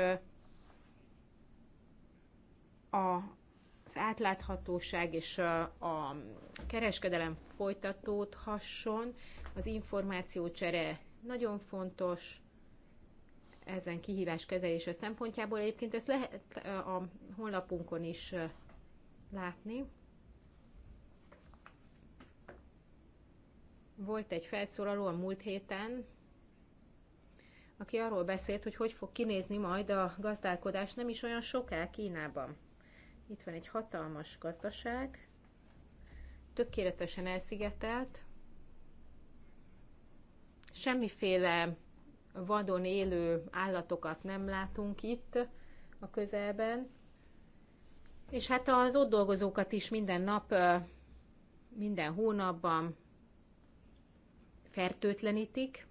a, az átláthatóság és a kereskedelem folytatódhasson, az információcsere nagyon fontos, ezen kihívás kezelése szempontjából. Egyébként ezt lehet a honlapunkon is látni. Volt egy felszólaló a múlt héten, aki arról beszélt, hogy hogy fog kinézni majd a gazdálkodás nem is olyan soká Kínában. Itt van egy hatalmas gazdaság, tökéletesen elszigetelt, semmiféle vadon élő állatokat nem látunk itt a közelben. És hát az ott dolgozókat is minden nap, minden hónapban fertőtlenítik.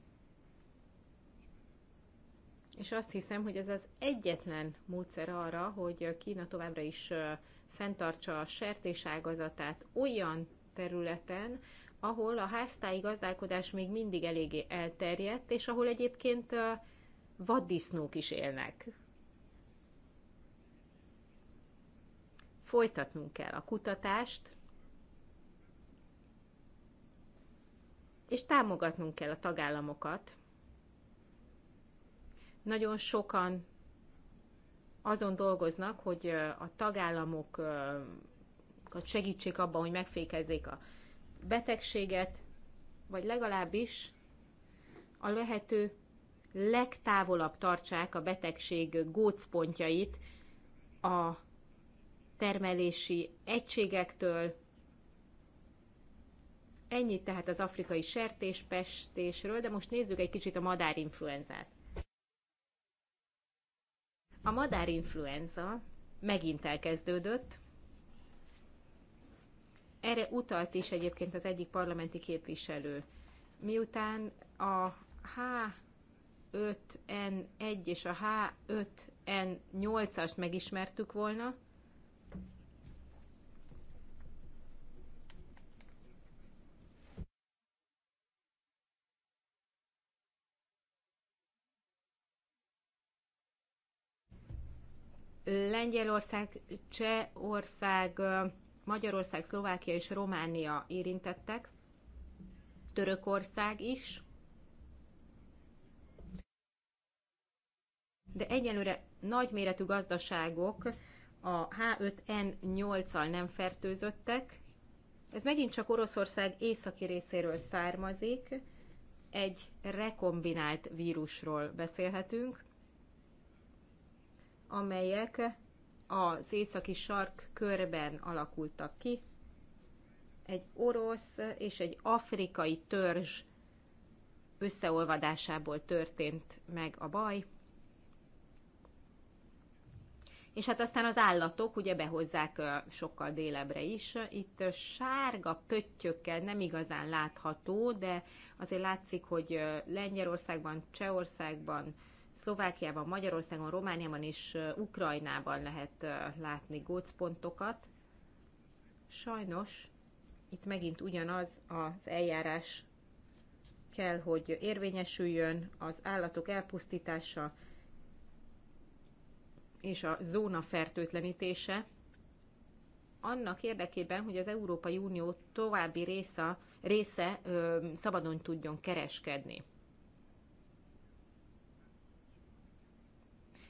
És azt hiszem, hogy ez az egyetlen módszer arra, hogy Kína továbbra is fenntartsa a sertés ágazatát olyan területen, ahol a háztáji gazdálkodás még mindig eléggé elterjedt, és ahol egyébként vaddisznók is élnek. Folytatnunk kell a kutatást, és támogatnunk kell a tagállamokat. Nagyon sokan azon dolgoznak, hogy a tagállamokat segítsék abban, hogy megfékezzék a betegséget, vagy legalábbis a lehető legtávolabb tartsák a betegség gócpontjait a termelési egységektől. Ennyit tehát az afrikai sertéspestésről, de most nézzük egy kicsit a madárinfluenzát. A madárinfluenza megint elkezdődött, erre utalt is egyébként az egyik parlamenti képviselő. Miután a H5N1 és a H5N8-ast megismertük volna, Lengyelország, Csehország, Magyarország, Szlovákia és Románia érintettek, Törökország is, de egyelőre nagyméretű gazdaságok a H5N8-al nem fertőzöttek. Ez megint csak Oroszország északi részéről származik, egy rekombinált vírusról beszélhetünk, amelyek az északi sark körben alakultak ki. Egy orosz és egy afrikai törzs összeolvadásából történt meg a baj. És hát aztán az állatok ugye behozzák sokkal délebbre is. Itt sárga pöttyökkel nem igazán látható, de azért látszik, hogy Lengyelországban, Csehországban, Szlovákiában, Magyarországon, Romániában és Ukrajnában lehet látni gócpontokat. Sajnos itt megint ugyanaz az eljárás kell, hogy érvényesüljön az állatok elpusztítása és a zóna fertőtlenítése, annak érdekében, hogy az Európai Unió további része, része ö, szabadon tudjon kereskedni.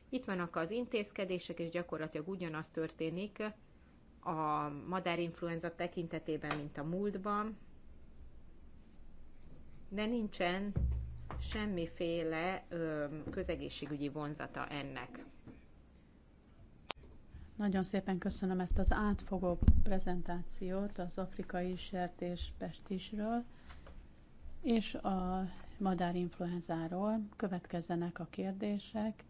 Itt vannak az intézkedések, és gyakorlatilag ugyanaz történik a madárinfluenza tekintetében, mint a múltban, de nincsen semmiféle ö, közegészségügyi vonzata ennek. Nagyon szépen köszönöm ezt az átfogó prezentációt az afrikai pestisről és a madárinfluenzáról. Következzenek a kérdések.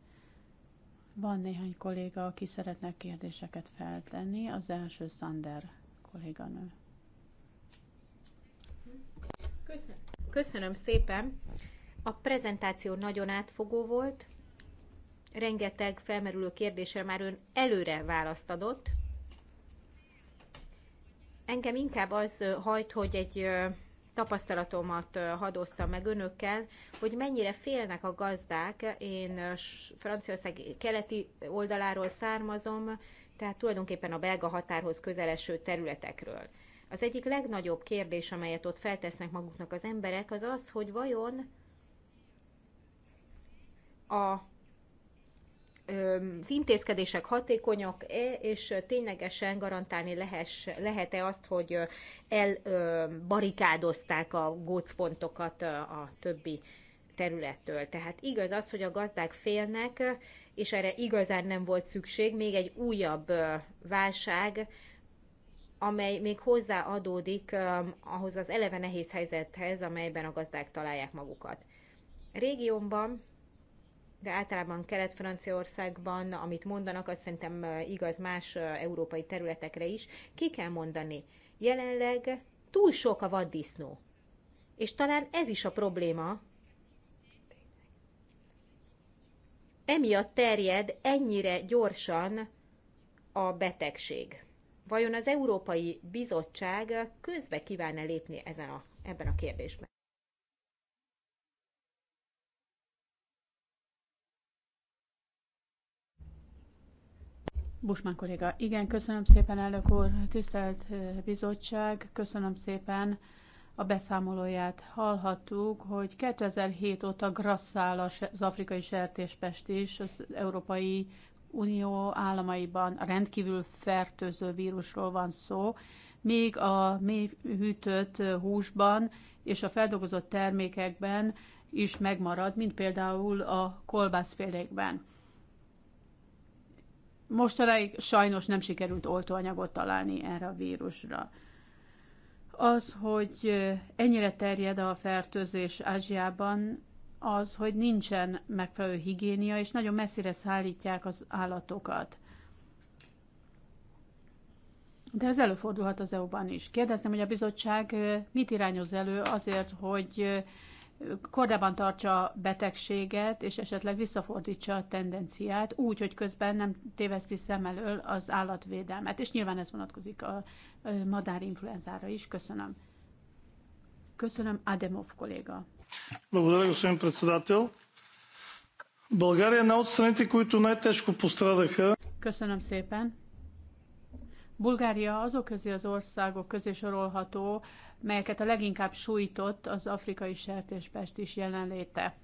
Van néhány kolléga, aki szeretne kérdéseket feltenni. Az első Sander kolléganő. Köszönöm. Köszönöm szépen. A prezentáció nagyon átfogó volt. Rengeteg felmerülő kérdésre már ön előre választ adott. Engem inkább az hajt, hogy egy tapasztalatomat hadoztam meg önökkel, hogy mennyire félnek a gazdák. Én Franciaország keleti oldaláról származom, tehát tulajdonképpen a belga határhoz közeleső területekről. Az egyik legnagyobb kérdés, amelyet ott feltesznek maguknak az emberek, az az, hogy vajon a az intézkedések hatékonyak-e, és ténylegesen garantálni lehet-e azt, hogy elbarikádozták a gócpontokat a többi területtől. Tehát igaz az, hogy a gazdák félnek, és erre igazán nem volt szükség, még egy újabb válság, amely még hozzáadódik ahhoz az eleve nehéz helyzethez, amelyben a gazdák találják magukat. Régiónban de általában Kelet-Franciaországban, amit mondanak, azt szerintem igaz más európai területekre is, ki kell mondani. Jelenleg túl sok a vaddisznó. És talán ez is a probléma. Emiatt terjed ennyire gyorsan a betegség. Vajon az Európai Bizottság közbe kíván-e lépni ezen a, ebben a kérdésben? Busman kolléga, igen, köszönöm szépen, elnök úr, tisztelt bizottság, köszönöm szépen a beszámolóját. Hallhattuk, hogy 2007 óta grasszál az afrikai sertéspest is az Európai Unió államaiban a rendkívül fertőző vírusról van szó, még a mély hűtött húsban és a feldolgozott termékekben is megmarad, mint például a kolbászfélékben. Mostanáig sajnos nem sikerült oltóanyagot találni erre a vírusra. Az, hogy ennyire terjed a fertőzés Ázsiában, az, hogy nincsen megfelelő higiénia, és nagyon messzire szállítják az állatokat. De ez előfordulhat az EU-ban is. Kérdeztem, hogy a bizottság mit irányoz elő azért, hogy kordában tartsa betegséget, és esetleg visszafordítsa a tendenciát, úgy, hogy közben nem téveszti szem elől az állatvédelmet. És nyilván ez vonatkozik a madárinfluenzára is. Köszönöm. Köszönöm, Ademov kolléga. Köszönöm szépen. Bulgária azok közé az országok közé sorolható, melyeket a leginkább sújtott az afrikai sertéspest is jelenléte.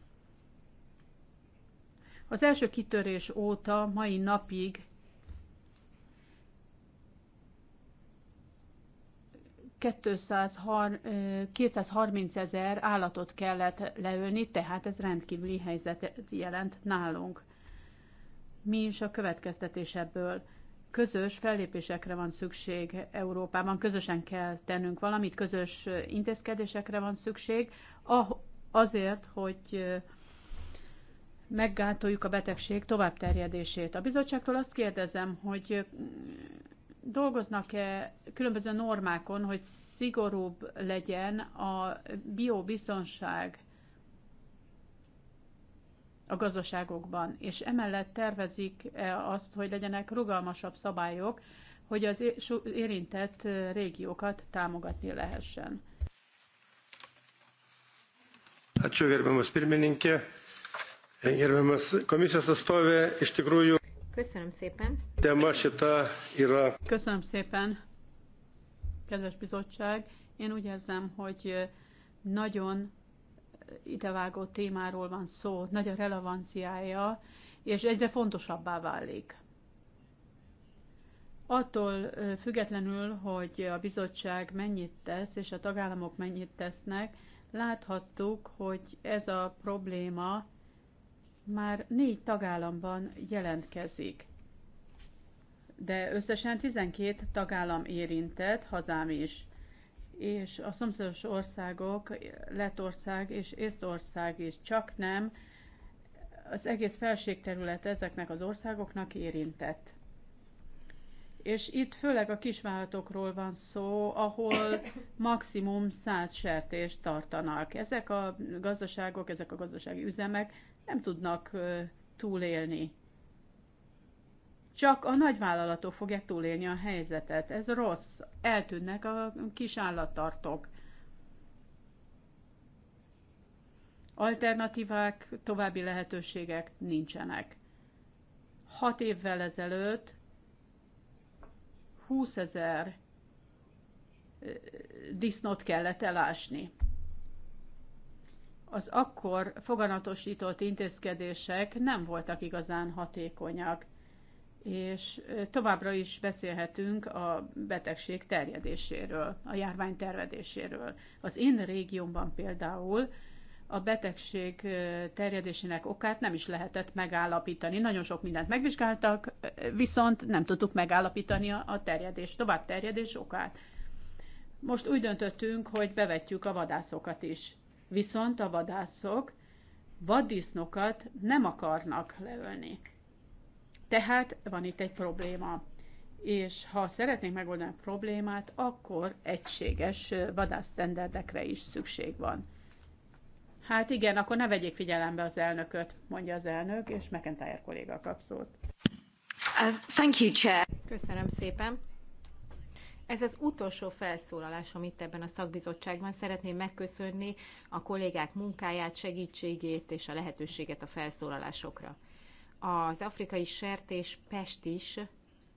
Az első kitörés óta, mai napig 230 ezer állatot kellett leölni, tehát ez rendkívüli helyzetet jelent nálunk. Mi is a következtetés ebből? közös fellépésekre van szükség Európában, közösen kell tennünk valamit, közös intézkedésekre van szükség, ah, azért, hogy meggátoljuk a betegség tovább terjedését. A bizottságtól azt kérdezem, hogy dolgoznak-e különböző normákon, hogy szigorúbb legyen a biobiztonság a gazdaságokban, és emellett tervezik -e azt, hogy legyenek rugalmasabb szabályok, hogy az érintett eh, régiókat támogatni lehessen. Köszönöm szépen. Köszönöm szépen, kedves bizottság. Én úgy érzem, hogy eh, nagyon idevágó témáról van szó, nagy a relevanciája, és egyre fontosabbá válik. Attól függetlenül, hogy a bizottság mennyit tesz, és a tagállamok mennyit tesznek, láthattuk, hogy ez a probléma már négy tagállamban jelentkezik. De összesen 12 tagállam érintett, hazám is és a szomszédos országok, Letország és Észtország is, csak nem az egész felségterület ezeknek az országoknak érintett. És itt főleg a kisvállalatokról van szó, ahol maximum 100 sertést tartanak. Ezek a gazdaságok, ezek a gazdasági üzemek nem tudnak túlélni. Csak a nagyvállalatok fogják túlélni a helyzetet. Ez rossz. Eltűnnek a kis állattartók. Alternatívák, további lehetőségek nincsenek. Hat évvel ezelőtt 20 ezer disznót kellett elásni. Az akkor foganatosított intézkedések nem voltak igazán hatékonyak és továbbra is beszélhetünk a betegség terjedéséről, a járvány terjedéséről. Az én régiómban például a betegség terjedésének okát nem is lehetett megállapítani. Nagyon sok mindent megvizsgáltak, viszont nem tudtuk megállapítani a terjedés, tovább terjedés okát. Most úgy döntöttünk, hogy bevetjük a vadászokat is. Viszont a vadászok vaddisznokat nem akarnak leölni tehát van itt egy probléma. És ha szeretnénk megoldani a problémát, akkor egységes vadásztenderdekre is szükség van. Hát igen, akkor ne vegyék figyelembe az elnököt, mondja az elnök, és McIntyre kolléga kap szót. Uh, thank you, Chair. Köszönöm szépen. Ez az utolsó felszólalás, amit ebben a szakbizottságban szeretném megköszönni a kollégák munkáját, segítségét és a lehetőséget a felszólalásokra az afrikai sertés pest is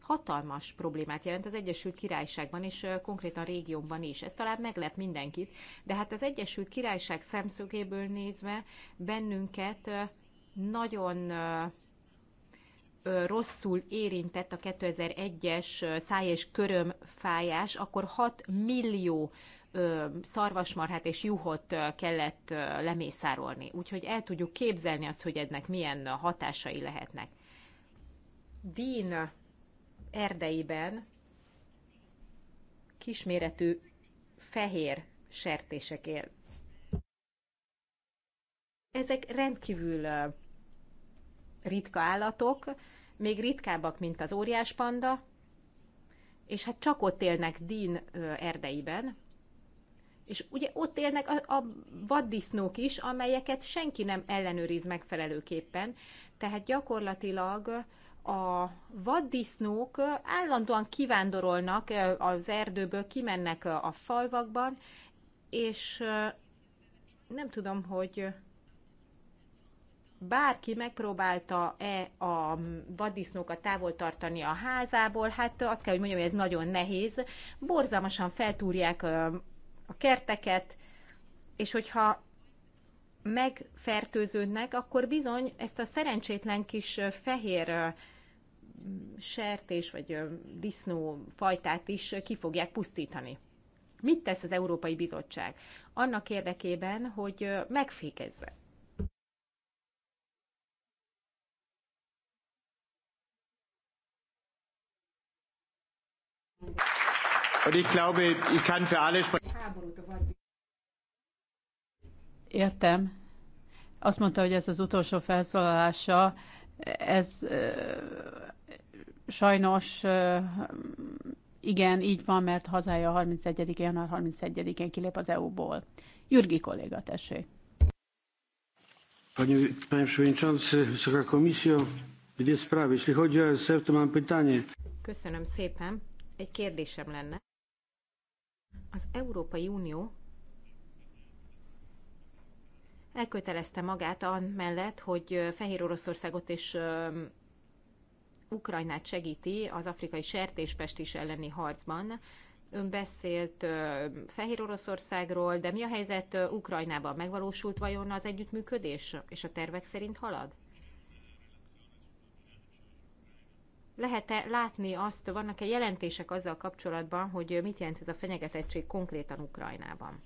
hatalmas problémát jelent az Egyesült Királyságban és konkrétan régiónban is. Ez talán meglep mindenkit, de hát az Egyesült Királyság szemszögéből nézve bennünket nagyon rosszul érintett a 2001-es száj és körömfájás, akkor 6 millió szarvasmarhát és juhot kellett lemészárolni. Úgyhogy el tudjuk képzelni azt, hogy ennek milyen hatásai lehetnek. Dín erdeiben kisméretű fehér sertések él. Ezek rendkívül ritka állatok, még ritkábbak, mint az panda, és hát csak ott élnek Dín erdeiben, és ugye ott élnek a, a vaddisznók is, amelyeket senki nem ellenőriz megfelelőképpen. Tehát gyakorlatilag a vaddisznók állandóan kivándorolnak az erdőből, kimennek a falvakban, és nem tudom, hogy bárki megpróbálta-e a vaddisznókat távol tartani a házából, hát azt kell, hogy mondjam, hogy ez nagyon nehéz. Borzalmasan feltúrják a kerteket, és hogyha megfertőződnek, akkor bizony ezt a szerencsétlen kis fehér sertés vagy disznó fajtát is ki fogják pusztítani. Mit tesz az Európai Bizottság? Annak érdekében, hogy megfékezze Und ich glaube, ich kann für alle sprechen háborút vagy. Értem. Azt mondta, hogy ez az utolsó felszólalása. Ez ö, sajnos ö, igen, így van, mert hazája 31. január 31-én kilép az EU-ból. Jürgi kolléga, tessék. Panie, panie Przewodniczący, Wysoka Komisjo, dwie sprawy. jeśli chodzi o ASF, to mam pytanie. Köszönöm szépen. Egy kérdésem lenne. Az Európai Unió elkötelezte magát amellett, hogy Fehér Oroszországot és Ukrajnát segíti az afrikai sertéspest is elleni harcban. Ön beszélt Fehér Oroszországról, de mi a helyzet Ukrajnában? Megvalósult vajon az együttműködés, és a tervek szerint halad? lehet-e látni azt, vannak-e jelentések azzal kapcsolatban, hogy mit jelent ez a fenyegetettség konkrétan Ukrajnában?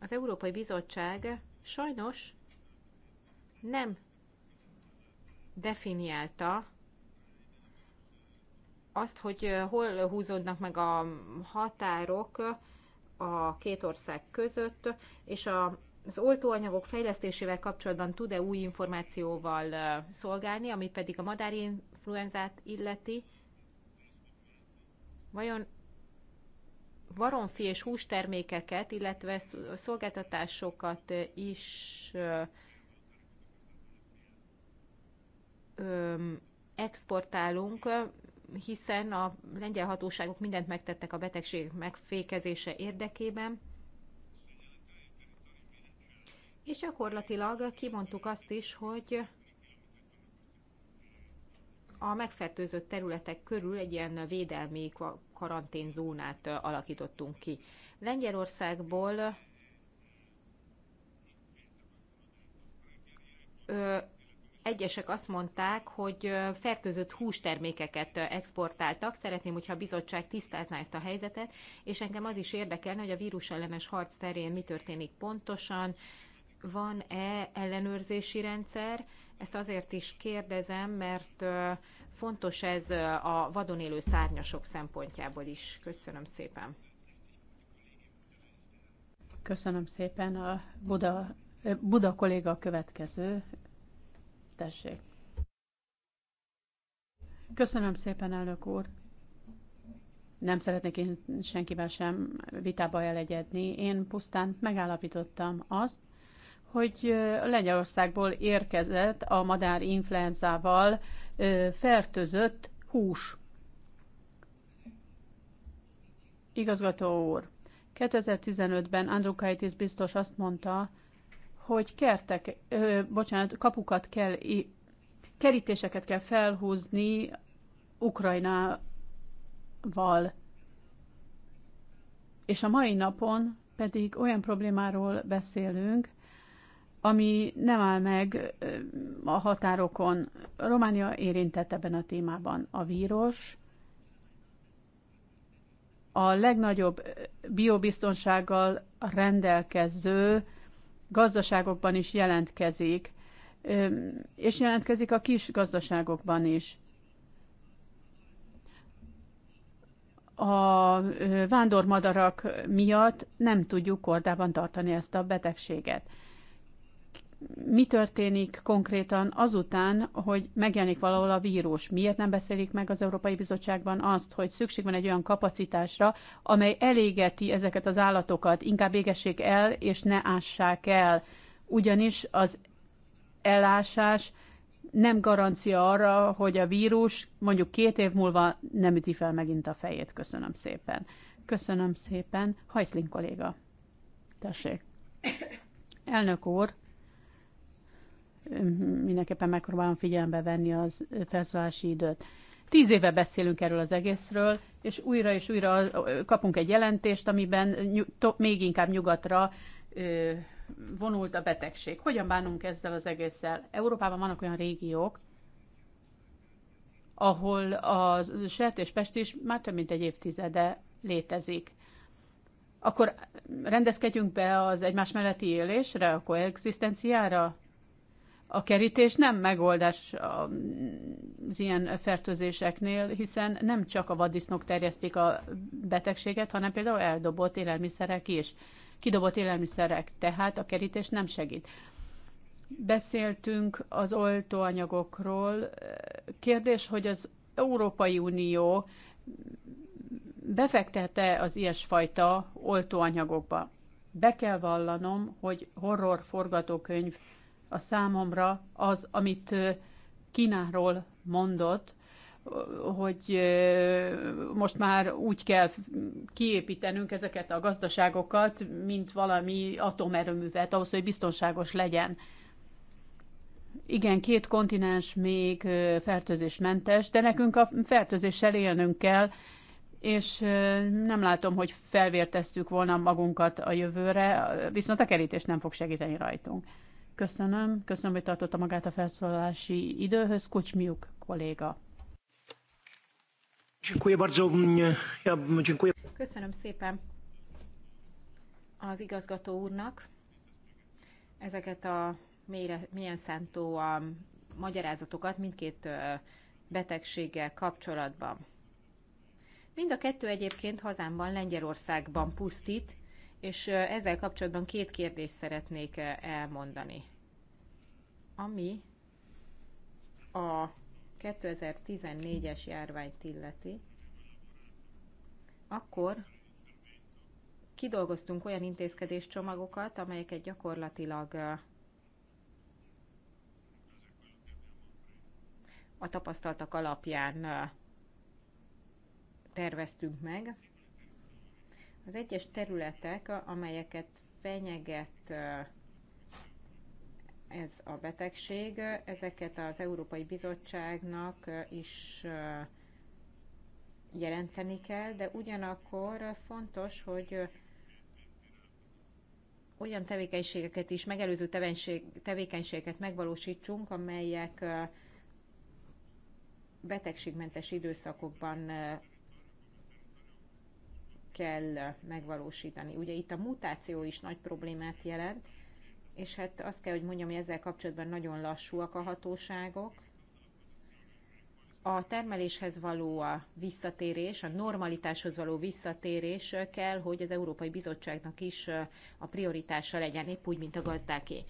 Az Európai Bizottság sajnos nem definiálta azt, hogy hol húzódnak meg a határok a két ország között, és a az oltóanyagok fejlesztésével kapcsolatban tud-e új információval szolgálni, ami pedig a madárinfluenzát illeti? Vajon varonfi és hústermékeket, illetve szolgáltatásokat is exportálunk, hiszen a lengyel hatóságok mindent megtettek a betegség megfékezése érdekében. És gyakorlatilag kimondtuk azt is, hogy a megfertőzött területek körül egy ilyen védelmi karanténzónát alakítottunk ki. Lengyelországból ö, egyesek azt mondták, hogy fertőzött hústermékeket exportáltak. Szeretném, hogyha a bizottság tisztázná ezt a helyzetet, és engem az is érdekelne, hogy a vírusellenes harc terén mi történik pontosan, van-e ellenőrzési rendszer? Ezt azért is kérdezem, mert fontos ez a vadon élő szárnyasok szempontjából is. Köszönöm szépen. Köszönöm szépen. A Buda, Buda kolléga a következő. Tessék. Köszönöm szépen, elnök úr. Nem szeretnék én senkivel sem vitába elegyedni. Én pusztán megállapítottam azt, hogy Lengyelországból érkezett a madár influenzával fertőzött hús. Igazgató úr, 2015-ben Andrukaitis biztos azt mondta, hogy kertek, ö, bocsánat, kapukat kell, kerítéseket kell felhúzni Ukrajnával. És a mai napon pedig olyan problémáról beszélünk, ami nem áll meg a határokon. Románia érintett ebben a témában a vírus. A legnagyobb biobiztonsággal rendelkező gazdaságokban is jelentkezik, és jelentkezik a kis gazdaságokban is. A vándormadarak miatt nem tudjuk kordában tartani ezt a betegséget mi történik konkrétan azután, hogy megjelenik valahol a vírus? Miért nem beszélik meg az Európai Bizottságban azt, hogy szükség van egy olyan kapacitásra, amely elégeti ezeket az állatokat, inkább égessék el, és ne ássák el? Ugyanis az elásás nem garancia arra, hogy a vírus mondjuk két év múlva nem üti fel megint a fejét. Köszönöm szépen. Köszönöm szépen. Hajszlin kolléga. Tessék. Elnök úr, mindenképpen megpróbálom figyelembe venni az felszólási időt. Tíz éve beszélünk erről az egészről, és újra és újra kapunk egy jelentést, amiben még inkább nyugatra vonult a betegség. Hogyan bánunk ezzel az egésszel? Európában vannak olyan régiók, ahol a sertéspest is már több mint egy évtizede létezik. Akkor rendezkedjünk be az egymás melletti élésre, a koexisztenciára? A kerítés nem megoldás az ilyen fertőzéseknél, hiszen nem csak a vaddisznók terjesztik a betegséget, hanem például eldobott élelmiszerek is, kidobott élelmiszerek, tehát a kerítés nem segít. Beszéltünk az oltóanyagokról. Kérdés, hogy az Európai Unió befektette az ilyesfajta oltóanyagokba. Be kell vallanom, hogy horror forgatókönyv a számomra az, amit Kínáról mondott, hogy most már úgy kell kiépítenünk ezeket a gazdaságokat, mint valami atomerőművet, ahhoz, hogy biztonságos legyen. Igen, két kontinens még fertőzésmentes, de nekünk a fertőzéssel élnünk kell, és nem látom, hogy felvérteztük volna magunkat a jövőre, viszont a kerítés nem fog segíteni rajtunk. Köszönöm, köszönöm, hogy tartotta magát a felszólalási időhöz. Kucsmiuk kolléga. Köszönöm szépen az igazgató úrnak ezeket a mélyre, milyen szántó a magyarázatokat mindkét betegséggel kapcsolatban. Mind a kettő egyébként hazámban, Lengyelországban pusztít, és ezzel kapcsolatban két kérdést szeretnék elmondani. Ami a 2014-es járványt illeti, akkor kidolgoztunk olyan intézkedéscsomagokat, amelyeket gyakorlatilag a tapasztaltak alapján terveztünk meg, az egyes területek, amelyeket fenyeget ez a betegség, ezeket az Európai Bizottságnak is jelenteni kell, de ugyanakkor fontos, hogy olyan tevékenységeket is, megelőző tevékenységeket megvalósítsunk, amelyek betegségmentes időszakokban kell megvalósítani. Ugye itt a mutáció is nagy problémát jelent, és hát azt kell, hogy mondjam, hogy ezzel kapcsolatban nagyon lassúak a hatóságok. A termeléshez való a visszatérés, a normalitáshoz való visszatérés kell, hogy az Európai Bizottságnak is a prioritása legyen, épp úgy, mint a gazdáké.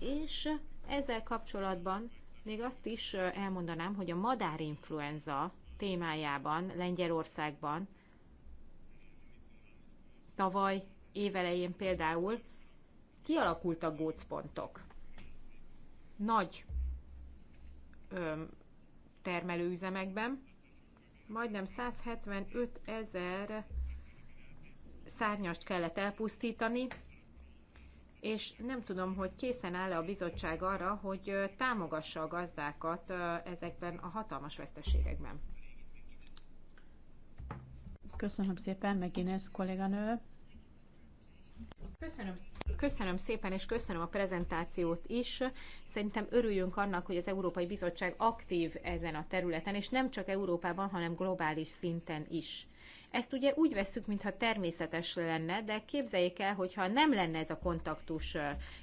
És ezzel kapcsolatban még azt is elmondanám, hogy a madárinfluenza témájában Lengyelországban tavaly évelején például kialakultak gócpontok. Nagy öm, termelőüzemekben majdnem 175 ezer szárnyast kellett elpusztítani, és nem tudom, hogy készen áll-e a bizottság arra, hogy támogassa a gazdákat ezekben a hatalmas veszteségekben. Köszönöm szépen, Megines kolléganő. Köszönöm, köszönöm szépen, és köszönöm a prezentációt is. Szerintem örüljünk annak, hogy az Európai Bizottság aktív ezen a területen, és nem csak Európában, hanem globális szinten is. Ezt ugye úgy vesszük, mintha természetes lenne, de képzeljék el, hogyha nem lenne ez a kontaktus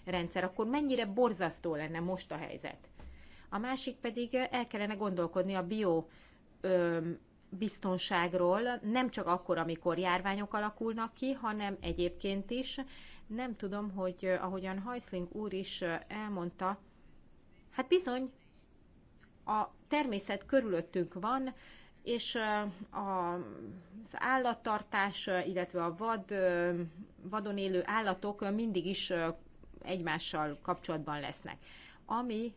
rendszer, akkor mennyire borzasztó lenne most a helyzet. A másik pedig el kellene gondolkodni a bio biztonságról, nem csak akkor, amikor járványok alakulnak ki, hanem egyébként is. Nem tudom, hogy eh, ahogyan Hajszling úr is eh, elmondta, hát bizony a természet körülöttünk van, és eh, az állattartás, illetve a vad, vadon élő állatok mindig is egymással kapcsolatban lesznek. Ami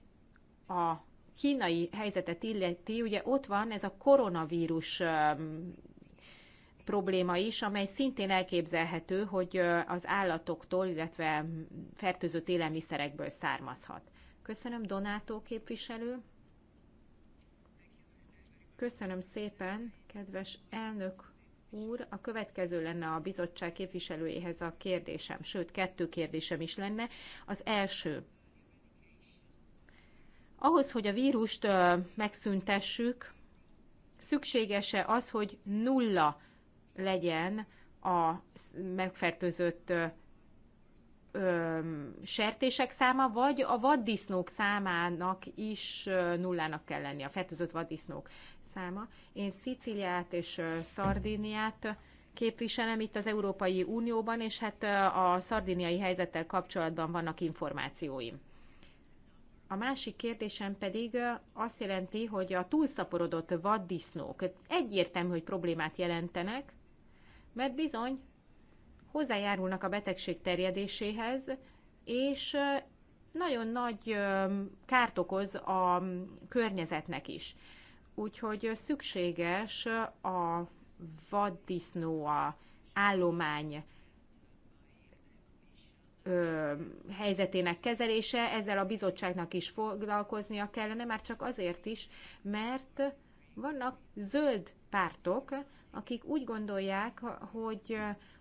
a kínai helyzetet illeti, ugye ott van ez a koronavírus probléma is, amely szintén elképzelhető, hogy az állatoktól, illetve fertőzött élelmiszerekből származhat. Köszönöm, Donátó képviselő. Köszönöm szépen, kedves elnök úr. A következő lenne a bizottság képviselőjéhez a kérdésem, sőt, kettő kérdésem is lenne. Az első, ahhoz, hogy a vírust megszüntessük, szükséges-e az, hogy nulla legyen a megfertőzött ö, sertések száma, vagy a vaddisznók számának is nullának kell lenni, a fertőzött vaddisznók száma. Én Sziciliát és Szardíniát képviselem itt az Európai Unióban, és hát a szardíniai helyzettel kapcsolatban vannak információim. A másik kérdésem pedig azt jelenti, hogy a túlszaporodott vaddisznók egyértelmű, hogy problémát jelentenek, mert bizony hozzájárulnak a betegség terjedéséhez, és nagyon nagy kárt okoz a környezetnek is. Úgyhogy szükséges a vaddisznó állomány helyzetének kezelése, ezzel a bizottságnak is foglalkoznia kellene, már csak azért is, mert vannak zöld pártok, akik úgy gondolják, hogy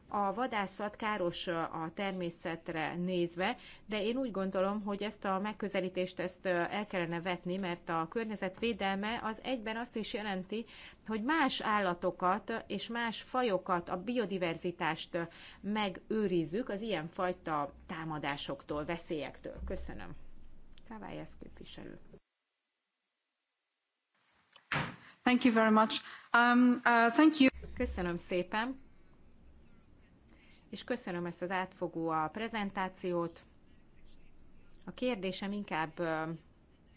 a vadászat káros a természetre nézve, de én úgy gondolom, hogy ezt a megközelítést ezt el kellene vetni, mert a környezetvédelme az egyben azt is jelenti, hogy más állatokat és más fajokat, a biodiverzitást megőrizzük az ilyen fajta támadásoktól, veszélyektől. Köszönöm. Kávályász képviselő. Thank you very much. Um, uh, thank you. Köszönöm szépen és köszönöm ezt az átfogó a prezentációt. A kérdésem inkább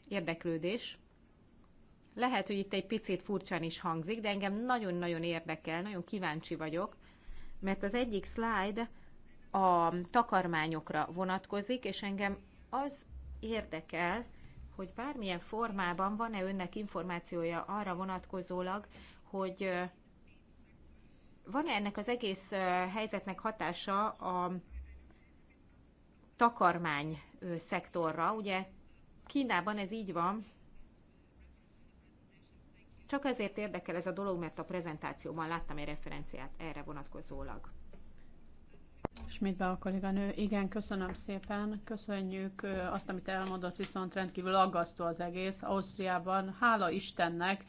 érdeklődés. Lehet, hogy itt egy picit furcsán is hangzik, de engem nagyon-nagyon érdekel, nagyon kíváncsi vagyok, mert az egyik slide a takarmányokra vonatkozik, és engem az érdekel, hogy bármilyen formában van-e önnek információja arra vonatkozólag, hogy van-e ennek az egész helyzetnek hatása a takarmány szektorra? Ugye Kínában ez így van, csak ezért érdekel ez a dolog, mert a prezentációban láttam egy referenciát erre vonatkozólag. Smitbe a kolléganő, igen, köszönöm szépen, köszönjük azt, amit elmondott, viszont rendkívül aggasztó az egész. Ausztriában, hála Istennek,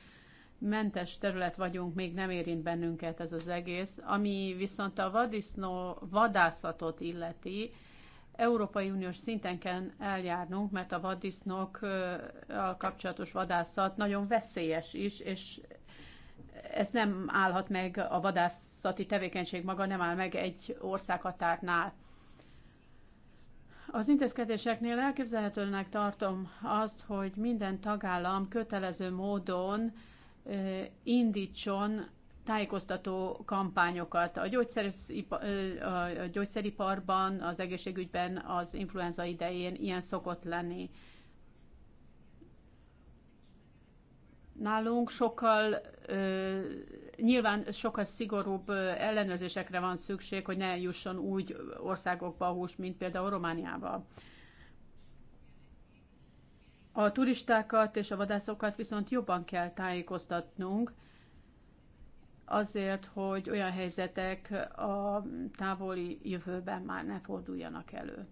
mentes terület vagyunk, még nem érint bennünket ez az egész. Ami viszont a vadisznó vadászatot illeti, Európai Uniós szinten kell eljárnunk, mert a vaddisznókkal kapcsolatos vadászat nagyon veszélyes is, és ez nem állhat meg, a vadászati tevékenység maga nem áll meg egy országhatárnál. Az intézkedéseknél elképzelhetőnek tartom azt, hogy minden tagállam kötelező módon indítson tájékoztató kampányokat a, a gyógyszeriparban, az egészségügyben az influenza idején ilyen szokott lenni. Nálunk sokkal, nyilván sokkal szigorúbb ellenőrzésekre van szükség, hogy ne jusson úgy országokba a hús, mint például Romániába. A turistákat és a vadászokat viszont jobban kell tájékoztatnunk, azért, hogy olyan helyzetek a távoli jövőben már ne forduljanak elő.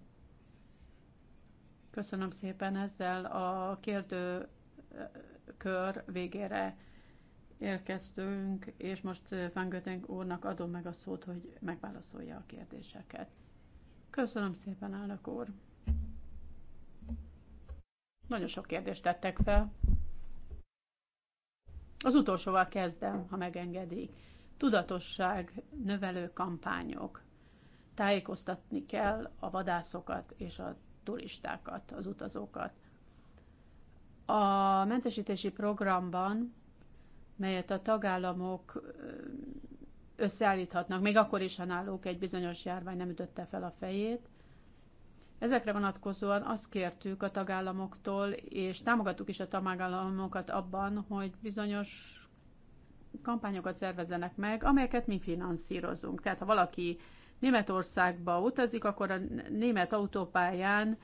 Köszönöm szépen ezzel a kérdőkör végére érkeztünk, és most Van Göteng úrnak adom meg a szót, hogy megválaszolja a kérdéseket. Köszönöm szépen, elnök úr! Nagyon sok kérdést tettek fel. Az utolsóval kezdem, ha megengedi. Tudatosság, növelő kampányok. Tájékoztatni kell a vadászokat és a turistákat, az utazókat. A mentesítési programban, melyet a tagállamok összeállíthatnak, még akkor is, ha náluk egy bizonyos járvány nem ütötte fel a fejét, Ezekre vonatkozóan azt kértük a tagállamoktól, és támogattuk is a tagállamokat abban, hogy bizonyos kampányokat szervezzenek meg, amelyeket mi finanszírozunk. Tehát ha valaki Németországba utazik, akkor a német autópályán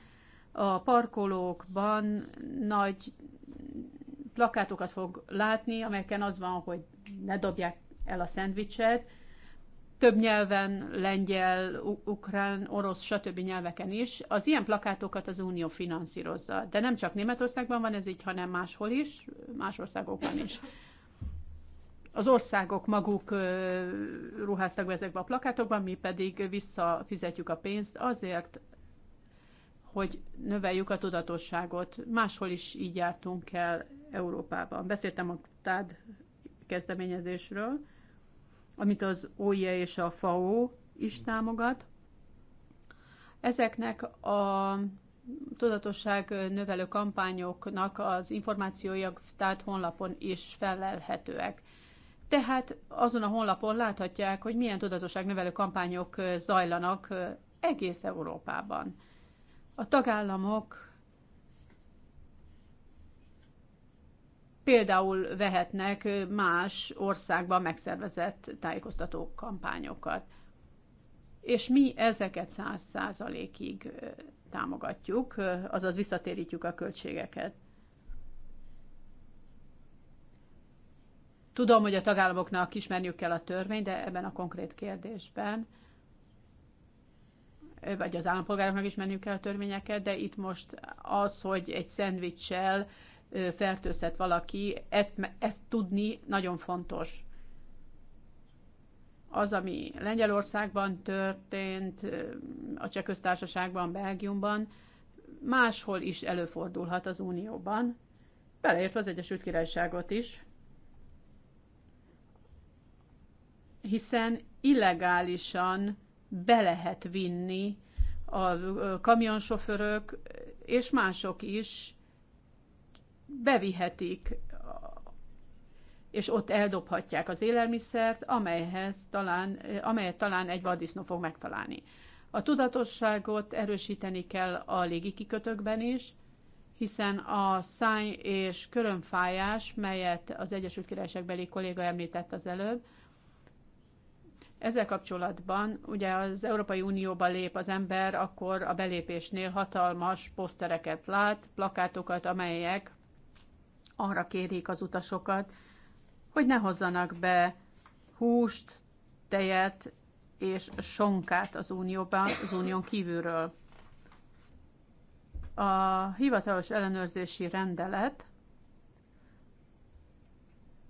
a parkolókban nagy plakátokat fog látni, amelyeken az van, hogy ne dobják el a szendvicset, több nyelven, lengyel, ukrán, orosz, stb. nyelveken is. Az ilyen plakátokat az Unió finanszírozza. De nem csak Németországban van ez így, hanem máshol is, más országokban is. Az országok maguk ruháztak be ezekbe a plakátokban, mi pedig visszafizetjük a pénzt azért, hogy növeljük a tudatosságot. Máshol is így jártunk el Európában. Beszéltem a TAD kezdeményezésről, amit az OIE és a FAO is mm. támogat. Ezeknek a tudatosság növelő kampányoknak az információja tehát honlapon is felelhetőek. Tehát azon a honlapon láthatják, hogy milyen tudatosság növelő kampányok zajlanak egész Európában. A tagállamok például vehetnek más országban megszervezett tájékoztató kampányokat. És mi ezeket száz százalékig támogatjuk, azaz visszatérítjük a költségeket. Tudom, hogy a tagállamoknak ismerniük kell a törvényt, de ebben a konkrét kérdésben, vagy az állampolgároknak ismerniük kell a törvényeket, de itt most az, hogy egy szendvicssel fertőzhet valaki, ezt, ezt tudni nagyon fontos. Az, ami Lengyelországban történt, a Cseh Köztársaságban, Belgiumban, máshol is előfordulhat az Unióban, beleértve az Egyesült Királyságot is, hiszen illegálisan be lehet vinni a kamionsofőrök és mások is bevihetik, és ott eldobhatják az élelmiszert, amelyhez talán, amelyet talán egy vaddisznó fog megtalálni. A tudatosságot erősíteni kell a légikikötőkben is, hiszen a száj és körömfájás, melyet az Egyesült Királyságbeli kolléga említett az előbb, ezzel kapcsolatban ugye az Európai Unióba lép az ember, akkor a belépésnél hatalmas posztereket lát, plakátokat, amelyek arra kérik az utasokat, hogy ne hozzanak be húst, tejet és sonkát az unióba, az unión kívülről. A hivatalos ellenőrzési rendelet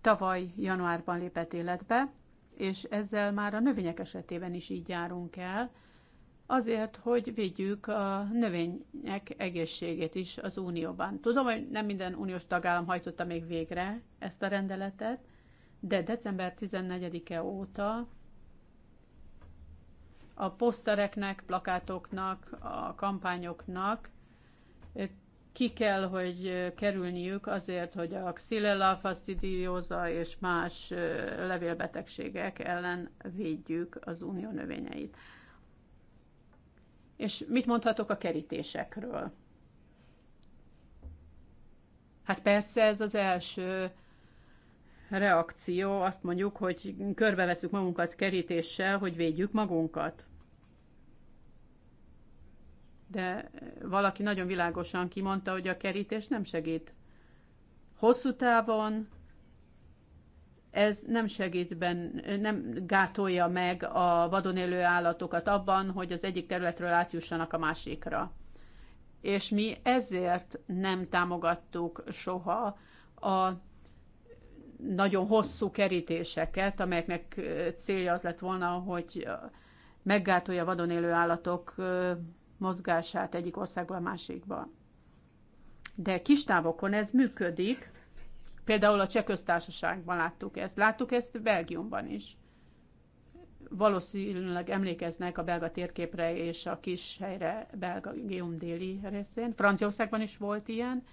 tavaly januárban lépett életbe, és ezzel már a növények esetében is így járunk el – azért, hogy védjük a növények egészségét is az Unióban. Tudom, hogy nem minden uniós tagállam hajtotta még végre ezt a rendeletet, de december 14-e óta a posztereknek, plakátoknak, a kampányoknak ki kell, hogy kerülniük azért, hogy a xylella fastidiosa és más levélbetegségek ellen védjük az unió növényeit. És mit mondhatok a kerítésekről? Hát persze ez az első reakció, azt mondjuk, hogy körbeveszünk magunkat kerítéssel, hogy védjük magunkat. De valaki nagyon világosan kimondta, hogy a kerítés nem segít. Hosszú távon ez nem segít ben, nem gátolja meg a vadon élő állatokat abban, hogy az egyik területről átjussanak a másikra. És mi ezért nem támogattuk soha a nagyon hosszú kerítéseket, amelyeknek célja az lett volna, hogy meggátolja a vadon élő állatok mozgását egyik országból a másikba. De kis távokon ez működik, Például a Csehköztársaságban láttuk ezt. Láttuk ezt Belgiumban is. Valószínűleg emlékeznek a belga térképre és a kis helyre Belgium déli részén. Franciaországban is volt ilyen.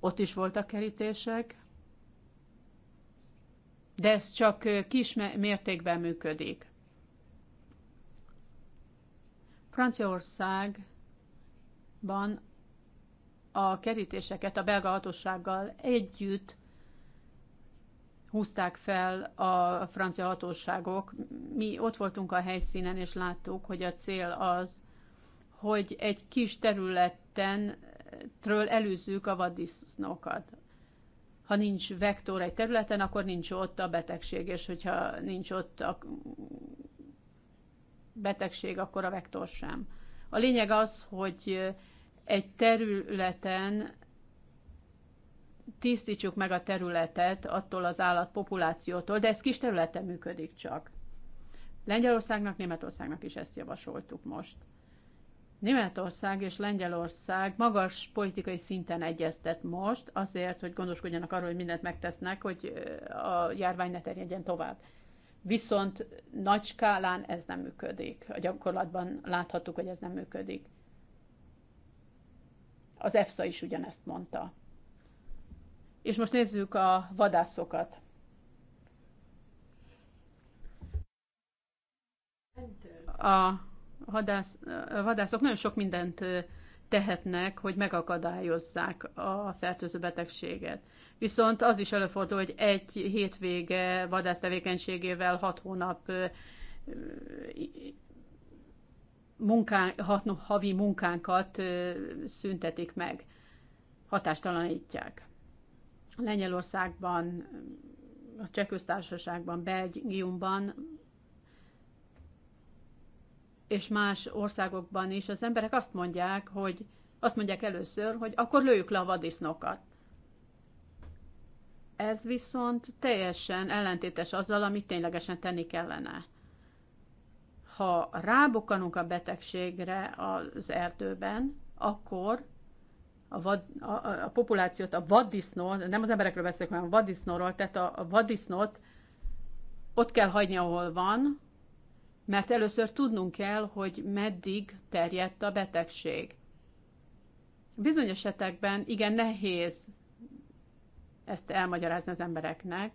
Ott is voltak kerítések. De ez csak kis mértékben működik. Franciaországban a kerítéseket a belga hatósággal együtt húzták fel a francia hatóságok. Mi ott voltunk a helyszínen, és láttuk, hogy a cél az, hogy egy kis területen tről előzzük a vaddisznókat. Ha nincs vektor egy területen, akkor nincs ott a betegség, és hogyha nincs ott a betegség, akkor a vektor sem. A lényeg az, hogy egy területen tisztítsuk meg a területet attól az állatpopulációtól, de ez kis területen működik csak. Lengyelországnak, Németországnak is ezt javasoltuk most. Németország és Lengyelország magas politikai szinten egyeztet most, azért, hogy gondoskodjanak arról, hogy mindent megtesznek, hogy a járvány ne terjedjen tovább. Viszont nagy skálán ez nem működik. A gyakorlatban láthattuk, hogy ez nem működik. Az EFSA is ugyanezt mondta. És most nézzük a vadászokat. A, hadász, a vadászok nagyon sok mindent tehetnek, hogy megakadályozzák a fertőző betegséget. Viszont az is előfordul, hogy egy hétvége vadásztevékenységével hat hónap munká, hat, havi munkánkat szüntetik meg, hatástalanítják. Lengyelországban, a Csehköztársaságban, Belgiumban és más országokban is az emberek azt mondják, hogy azt mondják először, hogy akkor lőjük le a vadisznokat. Ez viszont teljesen ellentétes azzal, amit ténylegesen tenni kellene ha rábukkanunk a betegségre az erdőben, akkor a, vad, a, a populációt, a vaddisznó, nem az emberekről beszélek, hanem a vaddisznóról, tehát a, a vaddisznót ott kell hagyni, ahol van, mert először tudnunk kell, hogy meddig terjedt a betegség. Bizonyos esetekben igen nehéz ezt elmagyarázni az embereknek,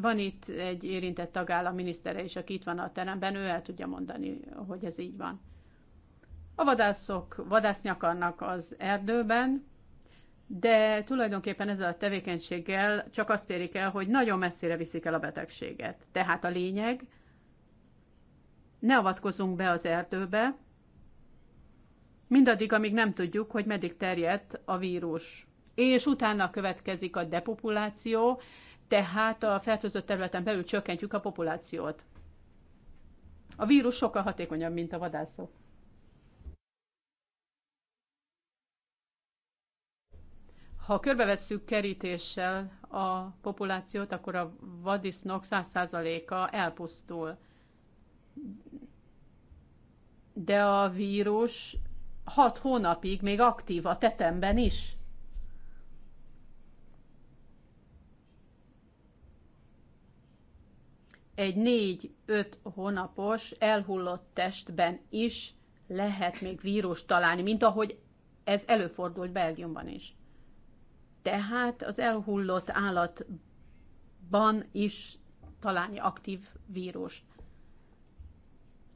Van itt egy érintett tagállam minisztere is, aki itt van a teremben, ő el tudja mondani, hogy ez így van. A vadászok vadászni akarnak az erdőben, de tulajdonképpen ezzel a tevékenységgel csak azt érik el, hogy nagyon messzire viszik el a betegséget. Tehát a lényeg, ne avatkozunk be az erdőbe, mindaddig, amíg nem tudjuk, hogy meddig terjedt a vírus. És utána következik a depopuláció, tehát a fertőzött területen belül csökkentjük a populációt. A vírus sokkal hatékonyabb, mint a vadászok. Ha körbevesszük kerítéssel a populációt, akkor a vadisznok 100%-a elpusztul. De a vírus 6 hónapig még aktív a tetemben is. egy négy-öt hónapos elhullott testben is lehet még vírus találni, mint ahogy ez előfordult Belgiumban is. Tehát az elhullott állatban is találni aktív vírust.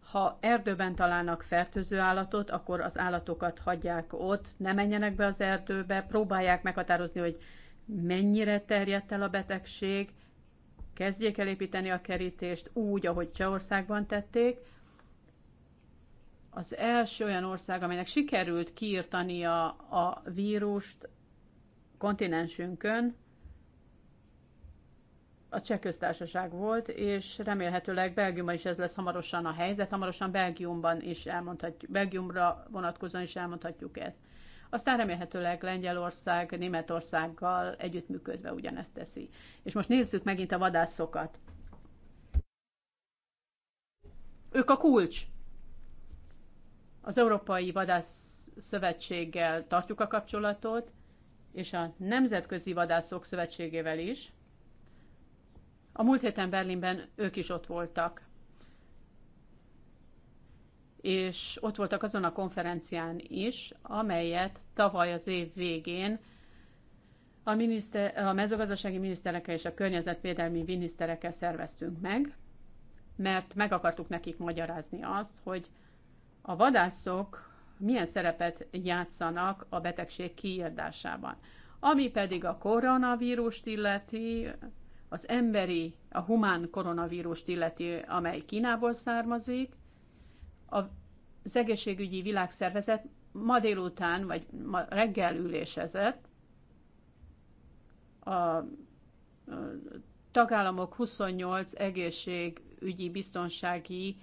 Ha erdőben találnak fertőző állatot, akkor az állatokat hagyják ott, ne menjenek be az erdőbe, próbálják meghatározni, hogy mennyire terjedt el a betegség, kezdjék el építeni a kerítést úgy, ahogy Csehországban tették. Az első olyan ország, amelynek sikerült kiirtania a vírust kontinensünkön, a cseh köztársaság volt, és remélhetőleg Belgiumban is ez lesz hamarosan a helyzet, hamarosan Belgiumban is elmondhatjuk, Belgiumra vonatkozóan is elmondhatjuk ezt aztán remélhetőleg Lengyelország, Németországgal együttműködve ugyanezt teszi. És most nézzük megint a vadászokat. Ők a kulcs. Az Európai Vadász Szövetséggel tartjuk a kapcsolatot, és a Nemzetközi Vadászok Szövetségével is. A múlt héten Berlinben ők is ott voltak és ott voltak azon a konferencián is, amelyet tavaly az év végén a, miniszter, a mezőgazdasági minisztereke és a környezetvédelmi miniszterekkel szerveztünk meg, mert meg akartuk nekik magyarázni azt, hogy a vadászok milyen szerepet játszanak a betegség kiirdásában. Ami pedig a koronavírust illeti, az emberi, a humán koronavírust illeti, amely Kínából származik, az egészségügyi világszervezet ma délután, vagy ma reggel ülésezett, a tagállamok 28 egészségügyi biztonsági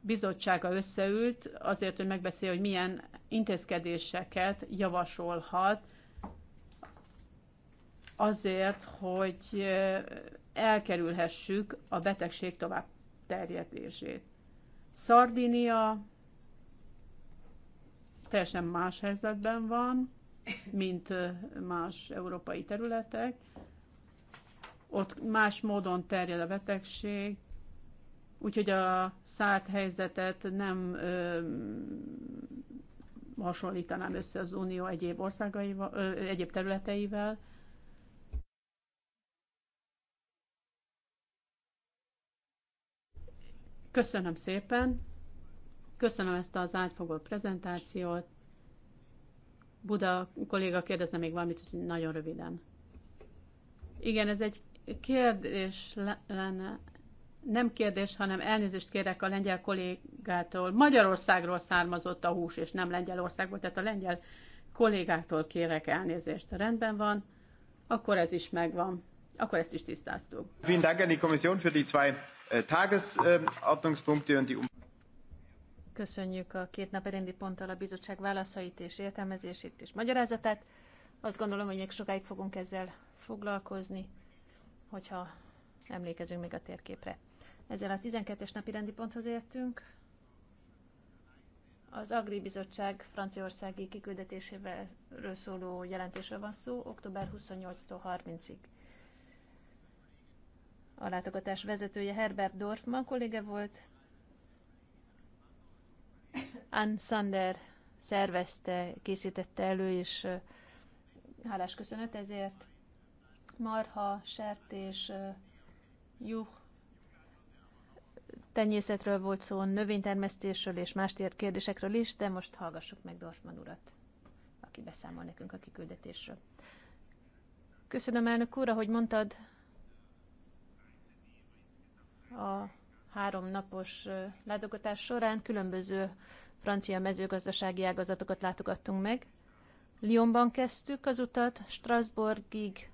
bizottsága összeült azért, hogy megbeszélje, hogy milyen intézkedéseket javasolhat azért, hogy eh, elkerülhessük a betegség tovább terjedését. Szardinia teljesen más helyzetben van, mint más európai területek. Ott más módon terjed a betegség, úgyhogy a szárt helyzetet nem ö, hasonlítanám össze az Unió egyéb országaival, ö, egyéb területeivel. Köszönöm szépen, köszönöm ezt az átfogó prezentációt. Buda kolléga kérdezne még valamit, hogy nagyon röviden. Igen, ez egy kérdés lenne, nem kérdés, hanem elnézést kérek a lengyel kollégától. Magyarországról származott a hús, és nem Lengyelországból, tehát a lengyel kollégától kérek elnézést. Rendben van, akkor ez is megvan. Akkor ezt is tisztáztuk. Vielen Dank an die Kommission für die zwei Äh, Tagesordnungspunkte und die um- Köszönjük a két nap rendi ponttal a bizottság válaszait és értelmezését és magyarázatát. Azt gondolom, hogy még sokáig fogunk ezzel foglalkozni, hogyha emlékezünk még a térképre. Ezzel a 12-es napi rendi ponthoz értünk. Az Agri Bizottság Franciaországi kiküldetésével szóló jelentésről van szó, október 28-tól 30-ig a látogatás vezetője Herbert Dorfman kollége volt. Ann Sander szervezte, készítette elő, és hálás köszönet ezért. Marha, sertés, juh, tenyészetről volt szó, növénytermesztésről és más kérdésekről is, de most hallgassuk meg Dorfman urat, aki beszámol nekünk a kiküldetésről. Köszönöm, elnök úr, ahogy mondtad, a három napos látogatás során különböző francia mezőgazdasági ágazatokat látogattunk meg. Lyonban kezdtük az utat, Strasbourgig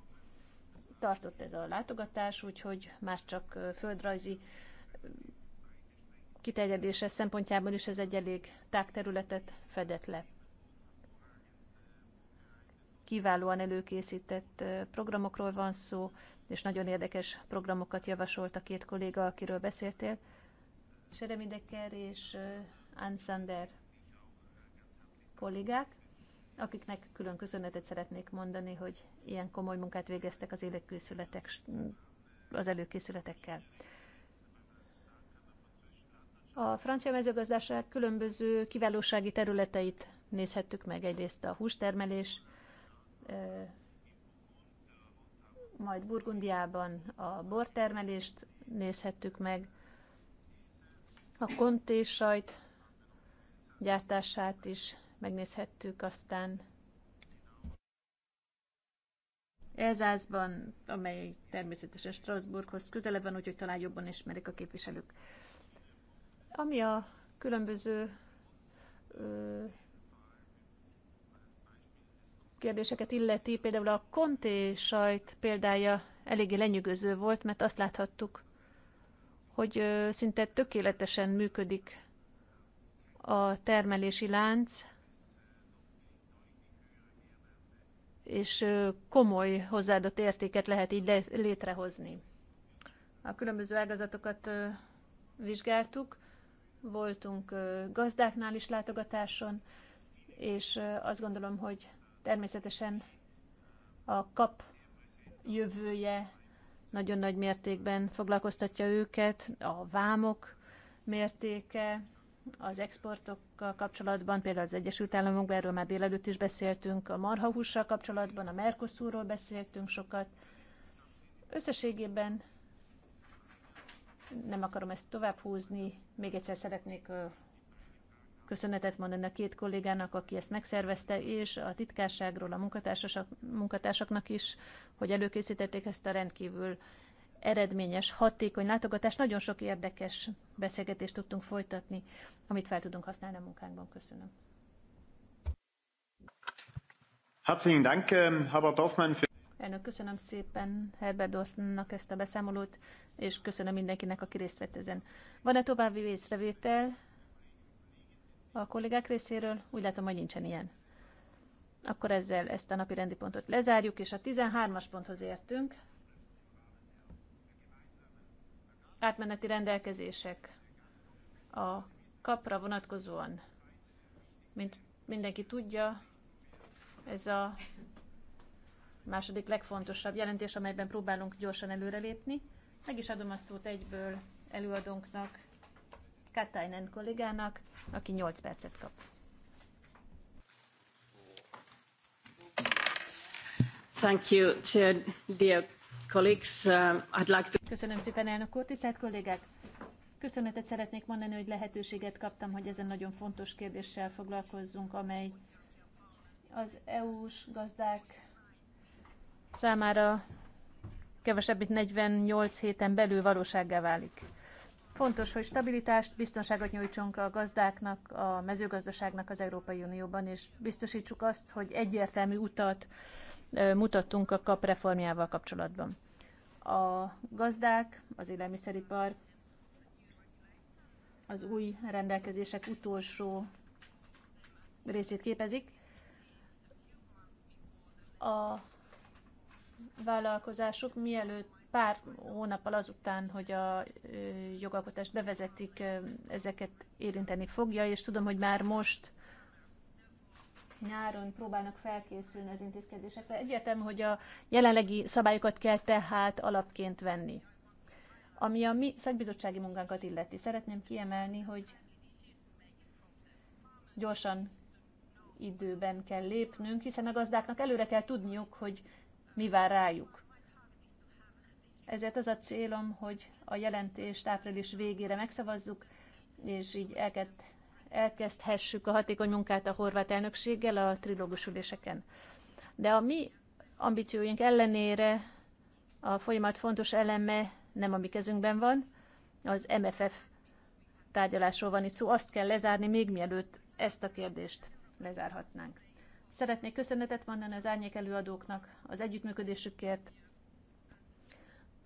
tartott ez a látogatás, úgyhogy már csak földrajzi kiterjedése szempontjából is ez egy elég tágterületet területet fedett le kiválóan előkészített programokról van szó, és nagyon érdekes programokat javasolt a két kolléga, akiről beszéltél. Seremi Decker és Ansander kollégák, akiknek külön köszönetet szeretnék mondani, hogy ilyen komoly munkát végeztek az életkészületek, az előkészületekkel. A francia mezőgazdaság különböző kiválósági területeit nézhettük meg. Egyrészt a hústermelés, majd Burgundiában a bortermelést nézhettük meg, a konté sajt gyártását is megnézhettük, aztán Elzászban, amely természetesen Strasbourghoz közelebb van, úgyhogy talán jobban ismerik a képviselők. Ami a különböző ö, kérdéseket illeti, például a konté sajt példája eléggé lenyűgöző volt, mert azt láthattuk, hogy szinte tökéletesen működik a termelési lánc, és komoly hozzáadott értéket lehet így létrehozni. A különböző ágazatokat vizsgáltuk, voltunk gazdáknál is látogatáson, és azt gondolom, hogy Természetesen a kap jövője nagyon nagy mértékben foglalkoztatja őket, a vámok mértéke, az exportokkal kapcsolatban, például az Egyesült Államokban, erről már délelőtt is beszéltünk, a marhahússal kapcsolatban, a Mercosurról beszéltünk sokat. Összességében nem akarom ezt tovább húzni, még egyszer szeretnék köszönetet mondani a két kollégának, aki ezt megszervezte, és a titkárságról a munkatársaknak is, hogy előkészítették ezt a rendkívül eredményes, hatékony látogatást. Nagyon sok érdekes beszélgetést tudtunk folytatni, amit fel tudunk használni a munkánkban. Köszönöm. Herzlichen Dank, ähm, Herbert Dorfmann. Elnök, köszönöm szépen Herbert Dorfmannak ezt a beszámolót, és köszönöm mindenkinek, aki részt vett ezen. Van-e további észrevétel? a kollégák részéről? Úgy látom, hogy nincsen ilyen. Akkor ezzel ezt a napi rendi pontot lezárjuk, és a 13-as ponthoz értünk. Átmeneti rendelkezések a kapra vonatkozóan. Mint mindenki tudja, ez a második legfontosabb jelentés, amelyben próbálunk gyorsan előrelépni. Meg is adom a szót egyből előadónknak, Katainen kollégának, aki 8 percet kap. Thank you, Chair, dear colleagues. Uh, I'd like to... Köszönöm szépen, elnök úr, tisztelt kollégák! Köszönetet szeretnék mondani, hogy lehetőséget kaptam, hogy ezen nagyon fontos kérdéssel foglalkozzunk, amely az EU-s gazdák számára kevesebb mint 48 héten belül valósággá válik. Fontos, hogy stabilitást, biztonságot nyújtsunk a gazdáknak, a mezőgazdaságnak az Európai Unióban, és biztosítsuk azt, hogy egyértelmű utat mutattunk a kap reformjával kapcsolatban. A gazdák, az élelmiszeripar az új rendelkezések utolsó részét képezik. A vállalkozások mielőtt pár hónappal azután, hogy a jogalkotást bevezetik, ezeket érinteni fogja, és tudom, hogy már most nyáron próbálnak felkészülni az intézkedésekre. Egyértelmű, hogy a jelenlegi szabályokat kell tehát alapként venni. Ami a mi szakbizottsági munkánkat illeti, szeretném kiemelni, hogy gyorsan időben kell lépnünk, hiszen a gazdáknak előre kell tudniuk, hogy mi vár rájuk. Ezért az a célom, hogy a jelentést április végére megszavazzuk, és így elkezd, elkezdhessük a hatékony munkát a horvát elnökséggel a trilógusüléseken. üléseken. De a mi ambícióink ellenére a folyamat fontos eleme nem a mi kezünkben van, az MFF tárgyalásról van itt szó, azt kell lezárni még mielőtt ezt a kérdést lezárhatnánk. Szeretnék köszönetet mondani az árnyék előadóknak az együttműködésükért,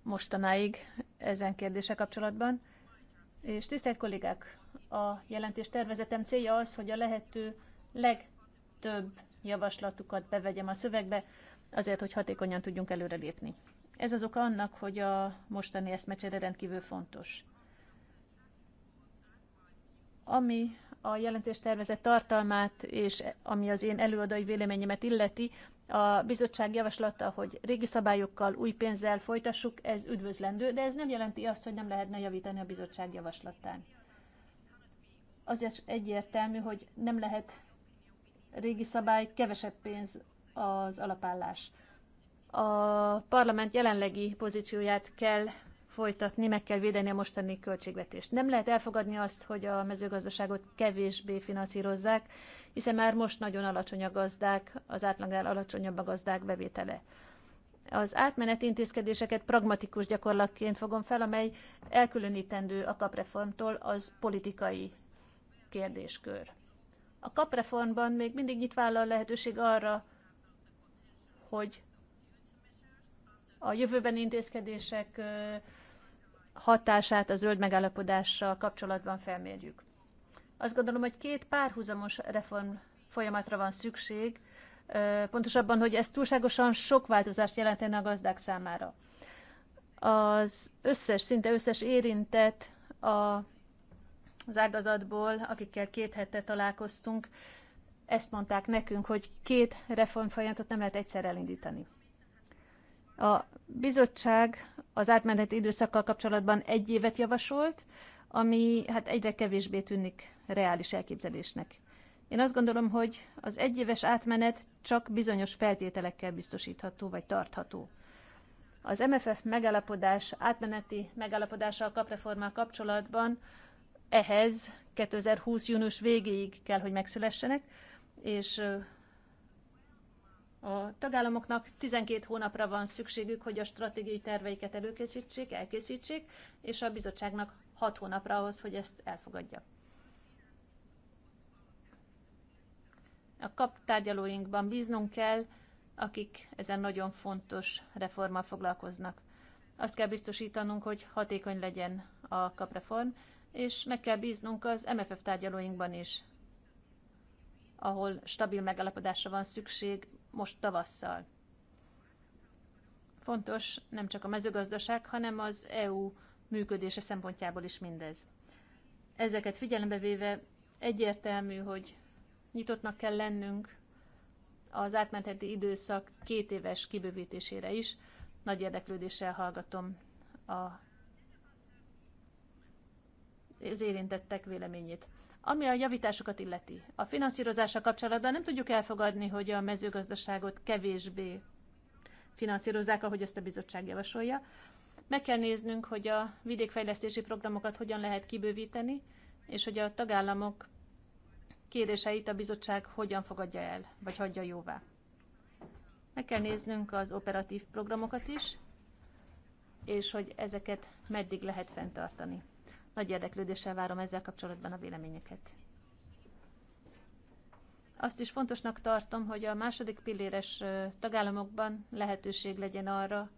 mostanáig ezen kérdése kapcsolatban. És tisztelt kollégák, a jelentés tervezetem célja az, hogy a lehető legtöbb javaslatukat bevegyem a szövegbe, azért, hogy hatékonyan tudjunk előrelépni. Ez az oka annak, hogy a mostani eszmecsere rendkívül fontos. Ami a jelentés tartalmát, és ami az én előadói véleményemet illeti, a bizottság javaslata, hogy régi szabályokkal, új pénzzel folytassuk, ez üdvözlendő, de ez nem jelenti azt, hogy nem lehetne javítani a bizottság javaslatán. Az is egyértelmű, hogy nem lehet régi szabály, kevesebb pénz az alapállás. A parlament jelenlegi pozícióját kell folytatni, meg kell védeni a mostani költségvetést. Nem lehet elfogadni azt, hogy a mezőgazdaságot kevésbé finanszírozzák, hiszen már most nagyon alacsony a gazdák, az átlagnál alacsonyabb a gazdák bevétele. Az átmeneti intézkedéseket pragmatikus gyakorlatként fogom fel, amely elkülönítendő a kapreformtól az politikai kérdéskör. A kapreformban még mindig nyitva áll a lehetőség arra, hogy a jövőben intézkedések hatását a zöld megállapodással kapcsolatban felmérjük. Azt gondolom, hogy két párhuzamos reform folyamatra van szükség, pontosabban, hogy ez túlságosan sok változást jelentene a gazdák számára. Az összes, szinte összes érintett a, az ágazatból, akikkel két hete találkoztunk, ezt mondták nekünk, hogy két reformfolyamatot nem lehet egyszer elindítani. A bizottság az átmeneti időszakkal kapcsolatban egy évet javasolt, ami hát egyre kevésbé tűnik reális elképzelésnek. Én azt gondolom, hogy az egyéves átmenet csak bizonyos feltételekkel biztosítható vagy tartható. Az MFF megállapodás, átmeneti megállapodása a kapreformál kapcsolatban ehhez 2020. június végéig kell, hogy megszülessenek, és a tagállamoknak 12 hónapra van szükségük, hogy a stratégiai terveiket előkészítsék, elkészítsék, és a bizottságnak 6 hónapra ahhoz, hogy ezt elfogadja. A kap tárgyalóinkban bíznunk kell, akik ezen nagyon fontos reformmal foglalkoznak. Azt kell biztosítanunk, hogy hatékony legyen a kapreform, és meg kell bíznunk az MFF tárgyalóinkban is, ahol stabil megállapodásra van szükség most tavasszal. Fontos nem csak a mezőgazdaság, hanem az EU működése szempontjából is mindez. Ezeket figyelembe véve egyértelmű, hogy nyitottnak kell lennünk az átmentheti időszak két éves kibővítésére is. Nagy érdeklődéssel hallgatom a az érintettek véleményét. Ami a javításokat illeti, a finanszírozása kapcsolatban nem tudjuk elfogadni, hogy a mezőgazdaságot kevésbé finanszírozzák, ahogy ezt a bizottság javasolja. Meg kell néznünk, hogy a vidékfejlesztési programokat hogyan lehet kibővíteni, és hogy a tagállamok kéréseit a bizottság hogyan fogadja el, vagy hagyja jóvá. Meg kell néznünk az operatív programokat is, és hogy ezeket meddig lehet fenntartani. Nagy érdeklődéssel várom ezzel kapcsolatban a véleményeket. Azt is fontosnak tartom, hogy a második pilléres tagállamokban lehetőség legyen arra,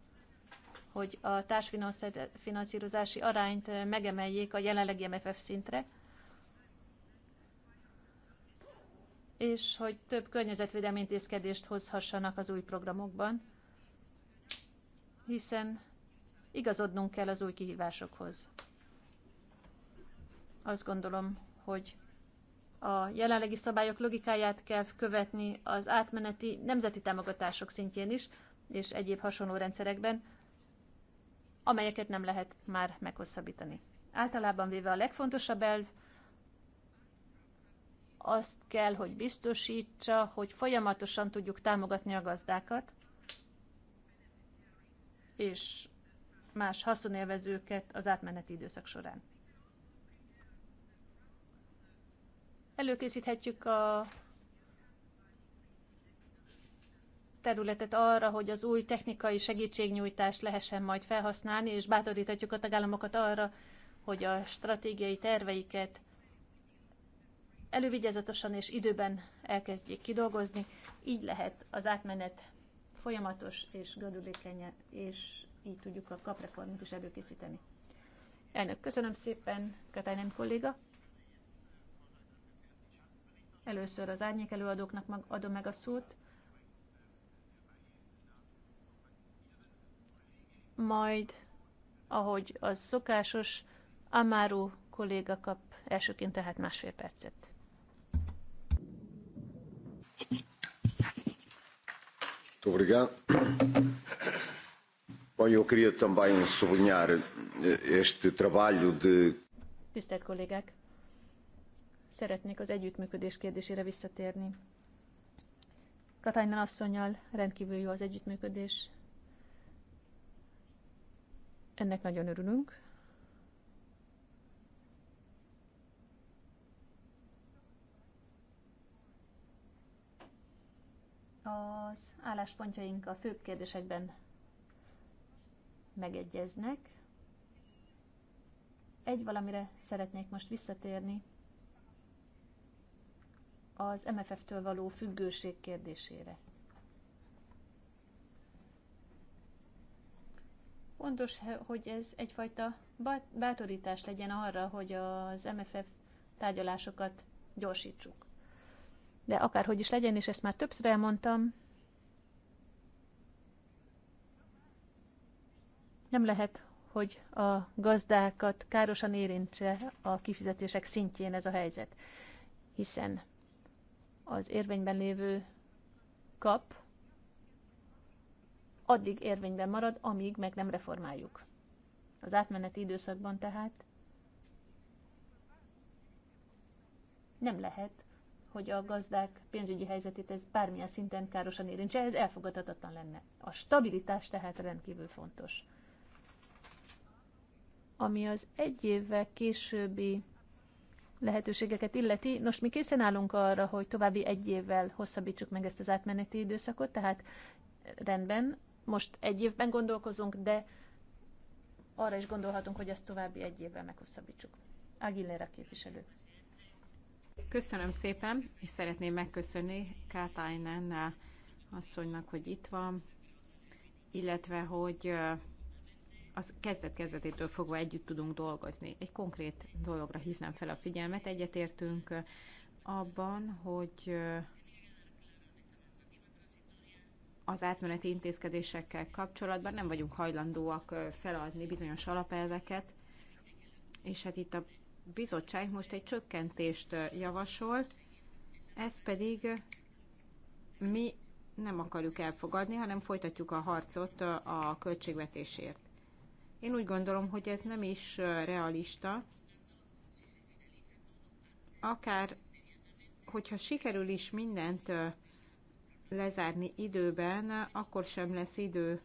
hogy a társfinanszírozási arányt megemeljék a jelenlegi MFF szintre, és hogy több környezetvédelmi intézkedést hozhassanak az új programokban, hiszen igazodnunk kell az új kihívásokhoz. Azt gondolom, hogy a jelenlegi szabályok logikáját kell követni az átmeneti nemzeti támogatások szintjén is, és egyéb hasonló rendszerekben, amelyeket nem lehet már meghosszabbítani. Általában véve a legfontosabb elv azt kell, hogy biztosítsa, hogy folyamatosan tudjuk támogatni a gazdákat, és más haszonélvezőket az átmeneti időszak során. Előkészíthetjük a területet arra, hogy az új technikai segítségnyújtást lehessen majd felhasználni, és bátoríthatjuk a tagállamokat arra, hogy a stratégiai terveiket elővigyázatosan és időben elkezdjék kidolgozni. Így lehet az átmenet folyamatos és gördülékeny, és így tudjuk a kapreformot is előkészíteni. Elnök, köszönöm szépen, Katalin kolléga. Először az árnyék előadóknak mag, adom meg a szót, majd, ahogy az szokásos, Amaru kolléga kap elsőként tehát másfél percet. Muito obrigado. Bom, eu queria também este trabalho de. Tisztelt kollégák! szeretnék az együttműködés kérdésére visszatérni. Katánynan asszonynal rendkívül jó az együttműködés. Ennek nagyon örülünk. Az álláspontjaink a főbb kérdésekben megegyeznek. Egy valamire szeretnék most visszatérni, az MFF-től való függőség kérdésére. Fontos, hogy ez egyfajta bátorítás legyen arra, hogy az MFF tárgyalásokat gyorsítsuk. De akárhogy is legyen, és ezt már többször elmondtam, nem lehet, hogy a gazdákat károsan érintse a kifizetések szintjén ez a helyzet, hiszen az érvényben lévő kap addig érvényben marad, amíg meg nem reformáljuk. Az átmeneti időszakban tehát nem lehet, hogy a gazdák pénzügyi helyzetét ez bármilyen szinten károsan érintse, ez elfogadhatatlan lenne. A stabilitás tehát rendkívül fontos. Ami az egy évvel későbbi lehetőségeket illeti. Nos, mi készen állunk arra, hogy további egy évvel hosszabbítsuk meg ezt az átmeneti időszakot, tehát rendben, most egy évben gondolkozunk, de arra is gondolhatunk, hogy ezt további egy évvel meghosszabbítsuk. Aguilera képviselő. Köszönöm szépen, és szeretném megköszönni Kátájnán asszonynak, hogy itt van, illetve hogy az kezdet-kezdetétől fogva együtt tudunk dolgozni. Egy konkrét dologra hívnám fel a figyelmet. Egyetértünk abban, hogy az átmeneti intézkedésekkel kapcsolatban nem vagyunk hajlandóak feladni bizonyos alapelveket, és hát itt a bizottság most egy csökkentést javasol, ez pedig mi nem akarjuk elfogadni, hanem folytatjuk a harcot a költségvetésért. Én úgy gondolom, hogy ez nem is realista. Akár, hogyha sikerül is mindent lezárni időben, akkor sem lesz idő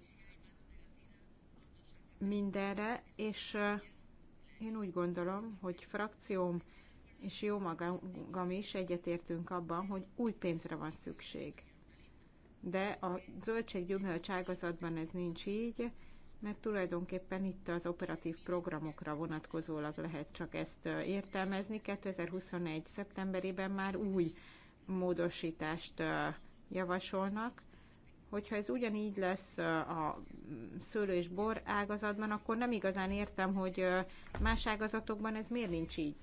mindenre, és én úgy gondolom, hogy frakcióm és jó magam is egyetértünk abban, hogy új pénzre van szükség. De a gyümölcs ágazatban ez nincs így, mert tulajdonképpen itt az operatív programokra vonatkozólag lehet csak ezt értelmezni. 2021. szeptemberében már új módosítást javasolnak. Hogyha ez ugyanígy lesz a szőlő és bor ágazatban, akkor nem igazán értem, hogy más ágazatokban ez miért nincs így.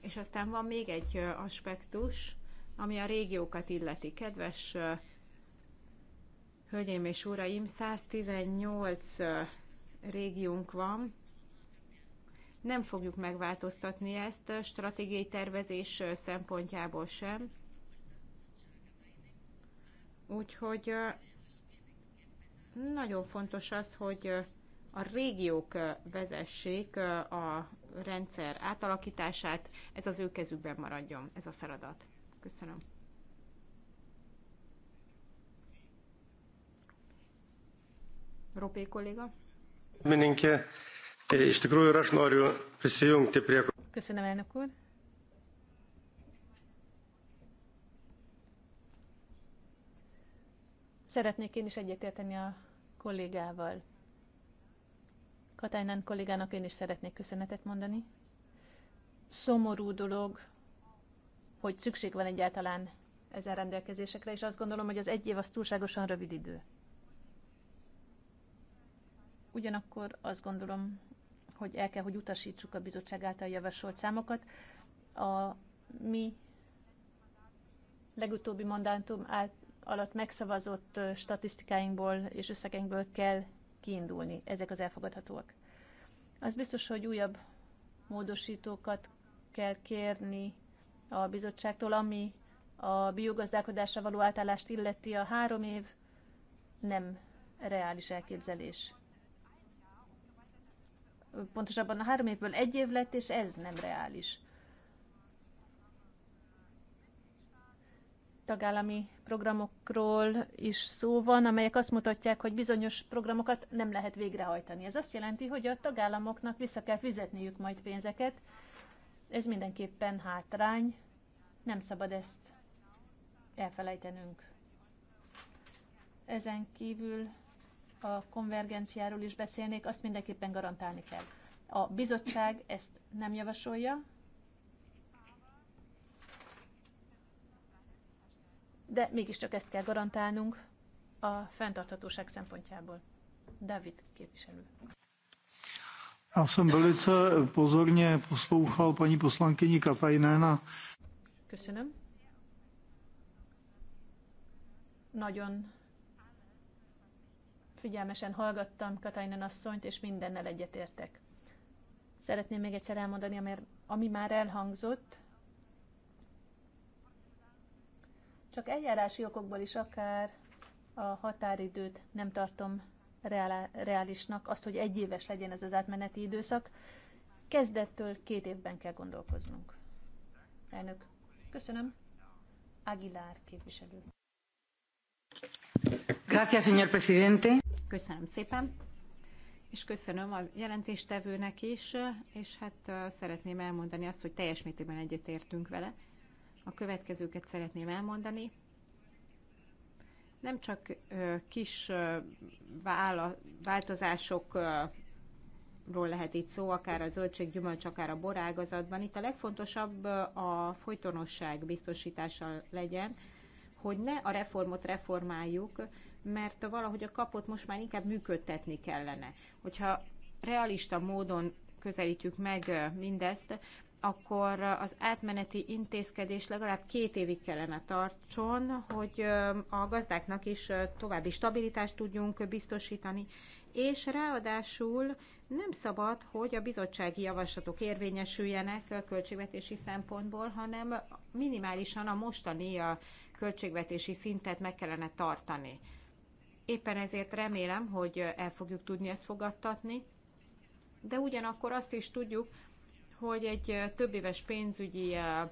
És aztán van még egy aspektus, ami a régiókat illeti. Kedves Hölgyeim és uraim, 118 régiónk van, nem fogjuk megváltoztatni ezt stratégiai tervezés szempontjából sem. Úgyhogy nagyon fontos az, hogy a régiók vezessék a rendszer átalakítását, ez az ő kezükben maradjon, ez a feladat. Köszönöm. Ropė kolléga. Mininkė, e, iš tikrųjų ir aš noriu prisijungti prie... Köszönöm, elnök úr. Szeretnék én is egyetérteni a kollégával. Katajnán kollégának én is szeretnék köszönetet mondani. Szomorú dolog, hogy szükség van egyáltalán ezen rendelkezésekre, és azt gondolom, hogy az egy év az túlságosan rövid idő. Ugyanakkor azt gondolom, hogy el kell, hogy utasítsuk a bizottság által javasolt számokat. A mi legutóbbi mandátum át, alatt megszavazott statisztikáinkból és összegeinkből kell kiindulni. Ezek az elfogadhatóak. Az biztos, hogy újabb módosítókat kell kérni a bizottságtól, ami a biogazdálkodásra való átállást illeti a három év nem reális elképzelés pontosabban a három évből egy év lett, és ez nem reális. Tagállami programokról is szó van, amelyek azt mutatják, hogy bizonyos programokat nem lehet végrehajtani. Ez azt jelenti, hogy a tagállamoknak vissza kell fizetniük majd pénzeket. Ez mindenképpen hátrány, nem szabad ezt elfelejtenünk. Ezen kívül a konvergenciáról is beszélnék, azt mindenképpen garantálni kell. A bizottság ezt nem javasolja, de mégiscsak ezt kell garantálnunk a fenntarthatóság szempontjából. David képviselő. Já jsem velice pozorně poslouchal paní poslankyni Katajnéna. Köszönöm. Nagyon figyelmesen hallgattam Katainen asszonyt, és mindennel egyetértek. Szeretném még egyszer elmondani, ami már elhangzott, csak eljárási okokból is akár a határidőt nem tartom reálisnak, azt, hogy egy éves legyen ez az átmeneti időszak, kezdettől két évben kell gondolkoznunk. Elnök, köszönöm. Aguilar képviselő. Gracias, señor presidente. Köszönöm szépen, és köszönöm a jelentéstevőnek is, és hát szeretném elmondani azt, hogy teljes mértékben egyetértünk vele. A következőket szeretném elmondani. Nem csak kis változásokról lehet itt szó, akár a zöldséggyümölcs, akár a borágazatban. Itt a legfontosabb a folytonosság biztosítása legyen, hogy ne a reformot reformáljuk, mert valahogy a kapot most már inkább működtetni kellene. Hogyha realista módon közelítjük meg mindezt, akkor az átmeneti intézkedés legalább két évig kellene tartson, hogy a gazdáknak is további stabilitást tudjunk biztosítani, és ráadásul nem szabad, hogy a bizottsági javaslatok érvényesüljenek költségvetési szempontból, hanem minimálisan a mostani a költségvetési szintet meg kellene tartani. Éppen ezért remélem, hogy el fogjuk tudni ezt fogadtatni, de ugyanakkor azt is tudjuk, hogy egy több éves pénzügyi eh,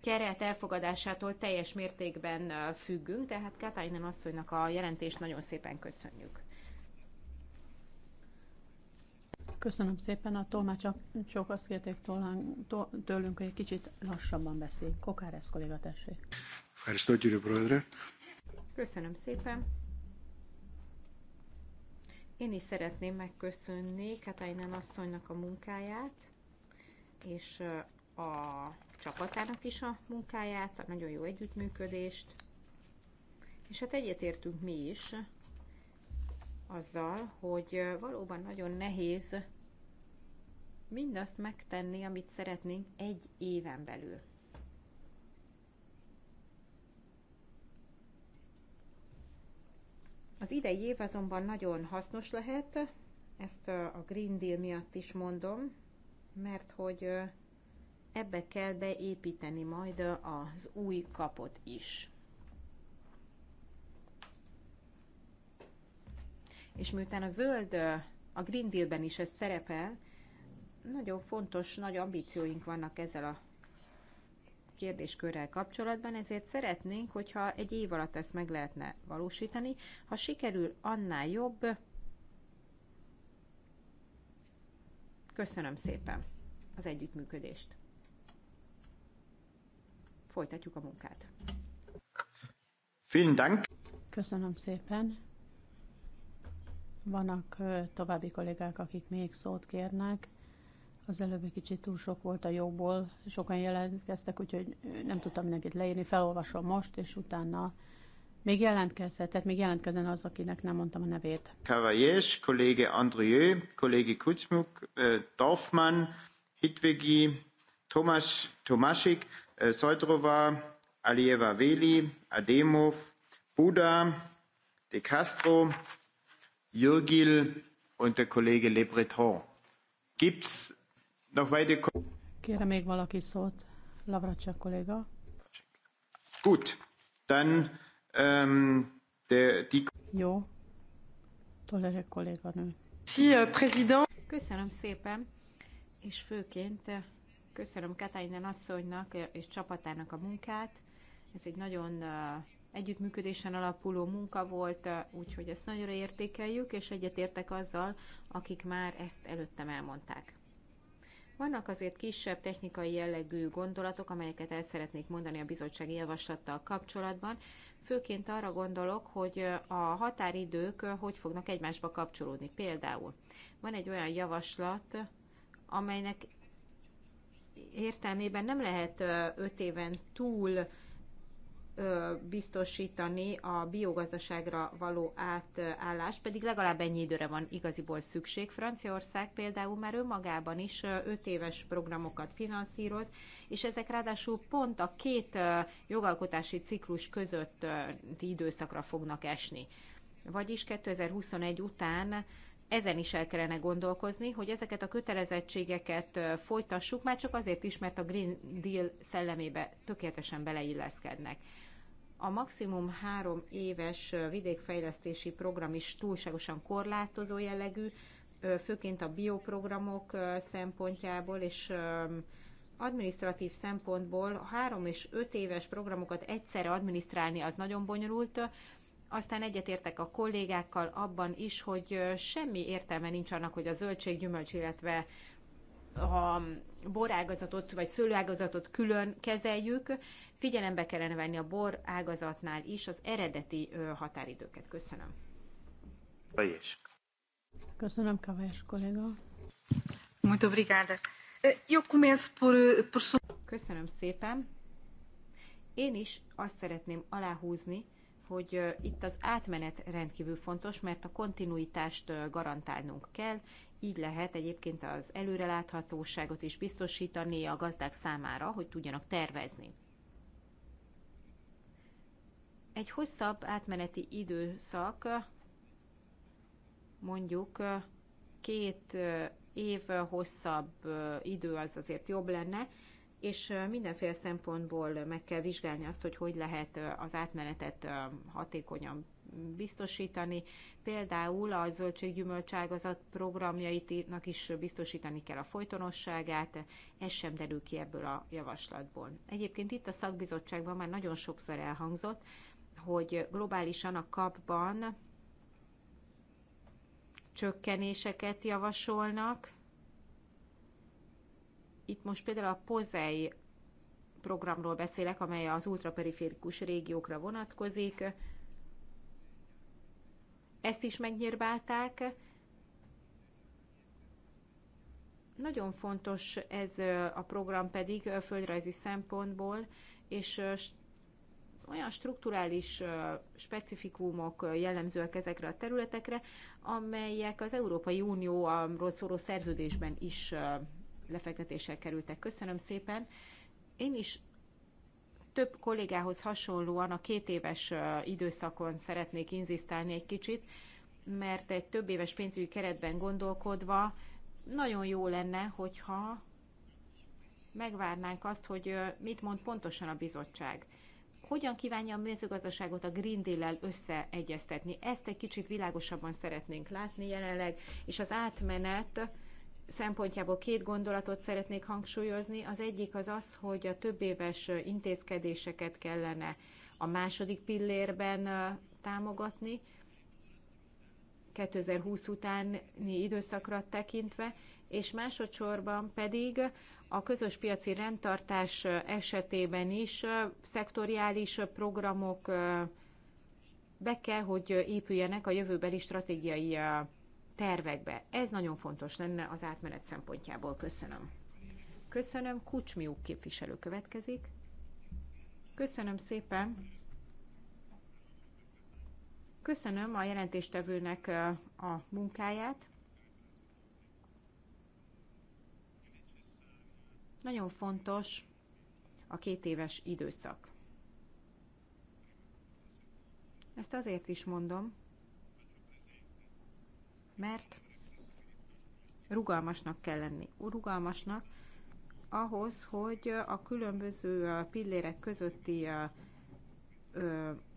keret elfogadásától teljes mértékben eh, függünk, tehát Katainen asszonynak a jelentést nagyon szépen köszönjük. Köszönöm szépen, a tolmácsok azt kérték tőlünk, tőlünk, hogy egy kicsit lassabban beszél. Kokáresz kolléga, tessék. Köszönöm szépen. Én is szeretném megköszönni Katainen asszonynak a munkáját, és a csapatának is a munkáját, a nagyon jó együttműködést. És hát egyetértünk mi is azzal, hogy valóban nagyon nehéz mindazt megtenni, amit szeretnénk egy éven belül. Az idei év azonban nagyon hasznos lehet, ezt a Green Deal miatt is mondom, mert hogy ebbe kell beépíteni majd az új kapot is. És miután a zöld a Green Dealben is ez szerepel, nagyon fontos, nagy ambícióink vannak ezzel a kérdéskörrel kapcsolatban, ezért szeretnénk, hogyha egy év alatt ezt meg lehetne valósítani. Ha sikerül, annál jobb. Köszönöm szépen az együttműködést. Folytatjuk a munkát. Vielen Dank. Köszönöm szépen. Vannak további kollégák, akik még szót kérnek. Az előbb egy kicsit túl sok volt a jobból, sokan jelentkeztek, úgyhogy nem tudtam mindenkit leírni, felolvasom most, és utána még jelentkezhet, tehát még jelentkezzen az, akinek nem mondtam a nevét. Kavajes, kollége Andrieu, kollége Kucmuk, Dorfmann, Hitvigi, Tomás, Tomásik, Szajdrova, Alieva Véli, Ademov, Buda, De Castro, Jürgil und der Kollege Le Breton. Gibt es Kérem még valaki szót? Lavracsa kolléga. Gut, dann ähm, de, die... Jó. Tolere kolléganő. Si, euh, president. Köszönöm szépen, és főként euh, köszönöm Katainen asszonynak euh, és csapatának a munkát. Ez egy nagyon együttműködésen alapuló munka volt, úgyhogy ezt nagyon értékeljük, és egyetértek azzal, akik már ezt előttem elmondták. Vannak azért kisebb technikai jellegű gondolatok, amelyeket el szeretnék mondani a bizottsági javaslattal kapcsolatban. Főként arra gondolok, hogy a határidők eh, hogy fognak egymásba kapcsolódni. Például van egy olyan javaslat, amelynek értelmében nem lehet eh, öt éven túl biztosítani a biogazdaságra való átállás, pedig legalább ennyi időre van igaziból szükség. Franciaország például már önmagában is öt éves programokat finanszíroz, és ezek ráadásul pont a két jogalkotási ciklus közötti időszakra fognak esni. Vagyis 2021 után ezen is el kellene gondolkozni, hogy ezeket a kötelezettségeket folytassuk, már csak azért is, mert a Green Deal szellemébe tökéletesen beleilleszkednek a maximum három éves vidékfejlesztési program is túlságosan korlátozó jellegű, főként a bioprogramok szempontjából, és administratív szempontból három és öt éves programokat egyszerre adminisztrálni az nagyon bonyolult, aztán egyetértek a kollégákkal abban is, hogy semmi értelme nincs annak, hogy a zöldség, gyümölcs, illetve a borágazatot vagy szőlőágazatot külön kezeljük. Figyelembe kellene venni a borágazatnál is az eredeti határidőket. Köszönöm. Kavajés. Köszönöm, Kavajás kollega. Muito obrigada. Eu começo por, eh, por... Köszönöm szépen. Én is azt szeretném aláhúzni, hogy itt az átmenet rendkívül fontos, mert a kontinuitást garantálnunk kell, így lehet egyébként az előreláthatóságot is biztosítani a gazdák számára, hogy tudjanak tervezni. Egy hosszabb átmeneti időszak, mondjuk két év hosszabb idő az azért jobb lenne, és mindenféle szempontból meg kell vizsgálni azt, hogy hogy lehet az átmenetet hatékonyabb biztosítani, például a zöldséggyümölcságazat programjaitnak is biztosítani kell a folytonosságát, ez sem derül ki ebből a javaslatból. Egyébként itt a szakbizottságban már nagyon sokszor elhangzott, hogy globálisan a kapban csökkenéseket javasolnak. Itt most például a POZEI programról beszélek, amely az ultraperiférikus régiókra vonatkozik. Ezt is megnyírbálták. Nagyon fontos ez a program pedig földrajzi szempontból, és olyan strukturális specifikumok jellemzőek ezekre a területekre, amelyek az Európai Unióról szóló szerződésben is lefektetéssel kerültek. Köszönöm szépen. Én is több kollégához hasonlóan a két éves időszakon szeretnék inzisztálni egy kicsit, mert egy több éves pénzügyi keretben gondolkodva nagyon jó lenne, hogyha megvárnánk azt, hogy mit mond pontosan a bizottság. Hogyan kívánja a mezőgazdaságot a Green Deal-el összeegyeztetni? Ezt egy kicsit világosabban szeretnénk látni jelenleg, és az átmenet szempontjából két gondolatot szeretnék hangsúlyozni. Az egyik az az, hogy a több éves intézkedéseket kellene a második pillérben támogatni, 2020 utáni időszakra tekintve, és másodszorban pedig a közös piaci rendtartás esetében is szektoriális programok be kell, hogy épüljenek a jövőbeli stratégiai tervekbe. Ez nagyon fontos lenne az átmenet szempontjából. Köszönöm. Köszönöm. Kucsmiuk képviselő következik. Köszönöm szépen. Köszönöm a jelentéstevőnek a munkáját. Nagyon fontos a két éves időszak. Ezt azért is mondom, mert rugalmasnak kell lenni. Rugalmasnak ahhoz, hogy a különböző pillérek közötti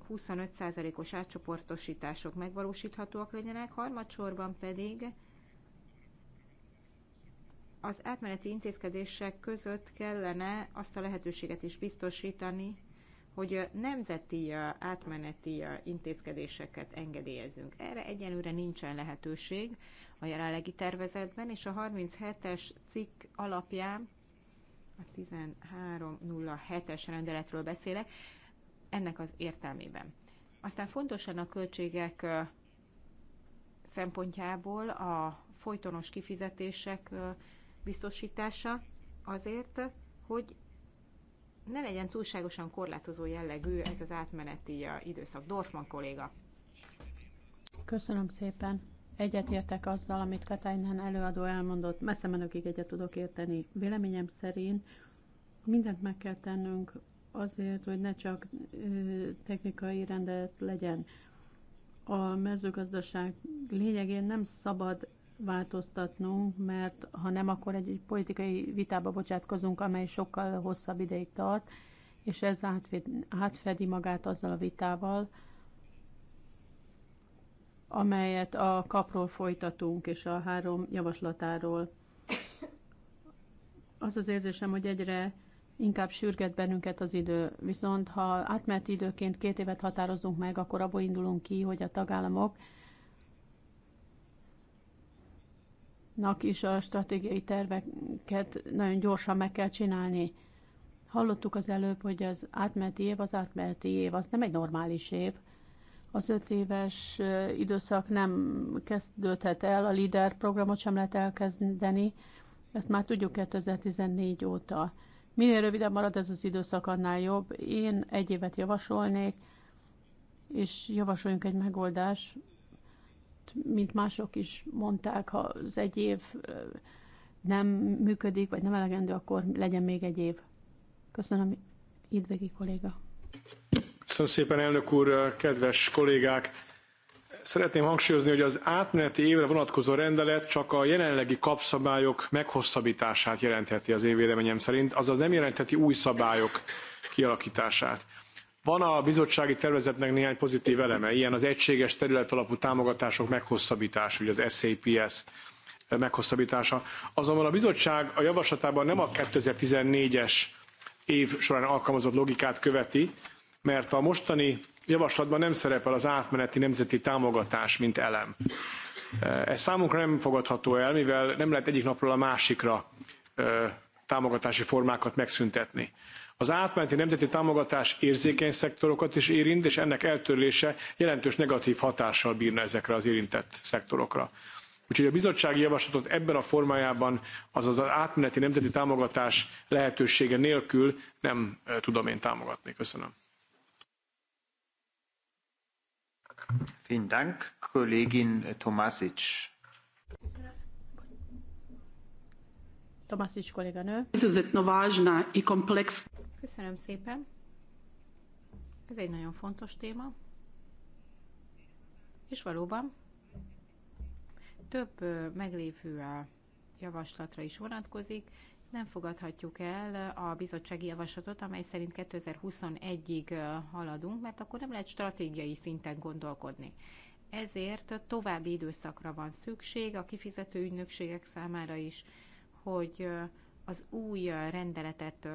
25%-os átcsoportosítások megvalósíthatóak legyenek, harmadsorban pedig az átmeneti intézkedések között kellene azt a lehetőséget is biztosítani, hogy nemzeti átmeneti intézkedéseket engedélyezünk. Erre egyenlőre nincsen lehetőség a jelenlegi tervezetben, és a 37-es cikk alapján, a 1307-es rendeletről beszélek, ennek az értelmében. Aztán fontosan a költségek szempontjából a folytonos kifizetések biztosítása azért, hogy ne legyen túlságosan korlátozó jellegű ez az átmeneti időszak. Dorfman kolléga. Köszönöm szépen. Egyetértek azzal, amit Katainen előadó elmondott. Messze menőkig egyet tudok érteni. Véleményem szerint mindent meg kell tennünk azért, hogy ne csak technikai rendelet legyen. A mezőgazdaság lényegén nem szabad változtatnunk, mert ha nem, akkor egy politikai vitába bocsátkozunk, amely sokkal hosszabb ideig tart, és ez átfedi magát azzal a vitával, amelyet a kapról folytatunk, és a három javaslatáról. Az az érzésem, hogy egyre inkább sürget bennünket az idő. Viszont ha átmeneti időként két évet határozunk meg, akkor abból indulunk ki, hogy a tagállamok nak is a stratégiai terveket nagyon gyorsan meg kell csinálni. Hallottuk az előbb, hogy az átmeneti év az átmeneti év, az nem egy normális év. Az öt éves időszak nem kezdődhet el, a LIDER programot sem lehet elkezdeni, ezt már tudjuk 2014 óta. Minél rövidebb marad ez az időszak, annál jobb. Én egy évet javasolnék, és javasoljunk egy megoldást, mint mások is mondták, ha az egy év nem működik, vagy nem elegendő, akkor legyen még egy év. Köszönöm, Idvegi kolléga. Köszönöm szépen, elnök úr, kedves kollégák! Szeretném hangsúlyozni, hogy az átmeneti évre vonatkozó rendelet csak a jelenlegi kapszabályok meghosszabbítását jelentheti az én véleményem szerint, azaz nem jelentheti új szabályok kialakítását. Van a bizottsági tervezetnek néhány pozitív eleme, ilyen az egységes terület alapú támogatások meghosszabbítása, ugye az SAPS meghosszabbítása. Azonban a bizottság a javaslatában nem a 2014-es év során alkalmazott logikát követi, mert a mostani javaslatban nem szerepel az átmeneti nemzeti támogatás, mint elem. Ez számunkra nem fogadható el, mivel nem lehet egyik napról a másikra támogatási formákat megszüntetni. Az átmeneti nemzeti támogatás érzékeny szektorokat is érint, és ennek eltörlése jelentős negatív hatással bírna ezekre az érintett szektorokra. Úgyhogy a bizottsági javaslatot ebben a formájában, azaz az átmeneti nemzeti támogatás lehetősége nélkül nem tudom én támogatni. Köszönöm. Vielen Dank, Kollégin Tomasic. Tomasic kolléganő. Ez egy važna i komplex. Köszönöm szépen. Ez egy nagyon fontos téma. És valóban több meglévő javaslatra is vonatkozik. Nem fogadhatjuk el a bizottsági javaslatot, amely szerint 2021-ig haladunk, mert akkor nem lehet stratégiai szinten gondolkodni. Ezért további időszakra van szükség a kifizető ügynökségek számára is, hogy az új rendeletet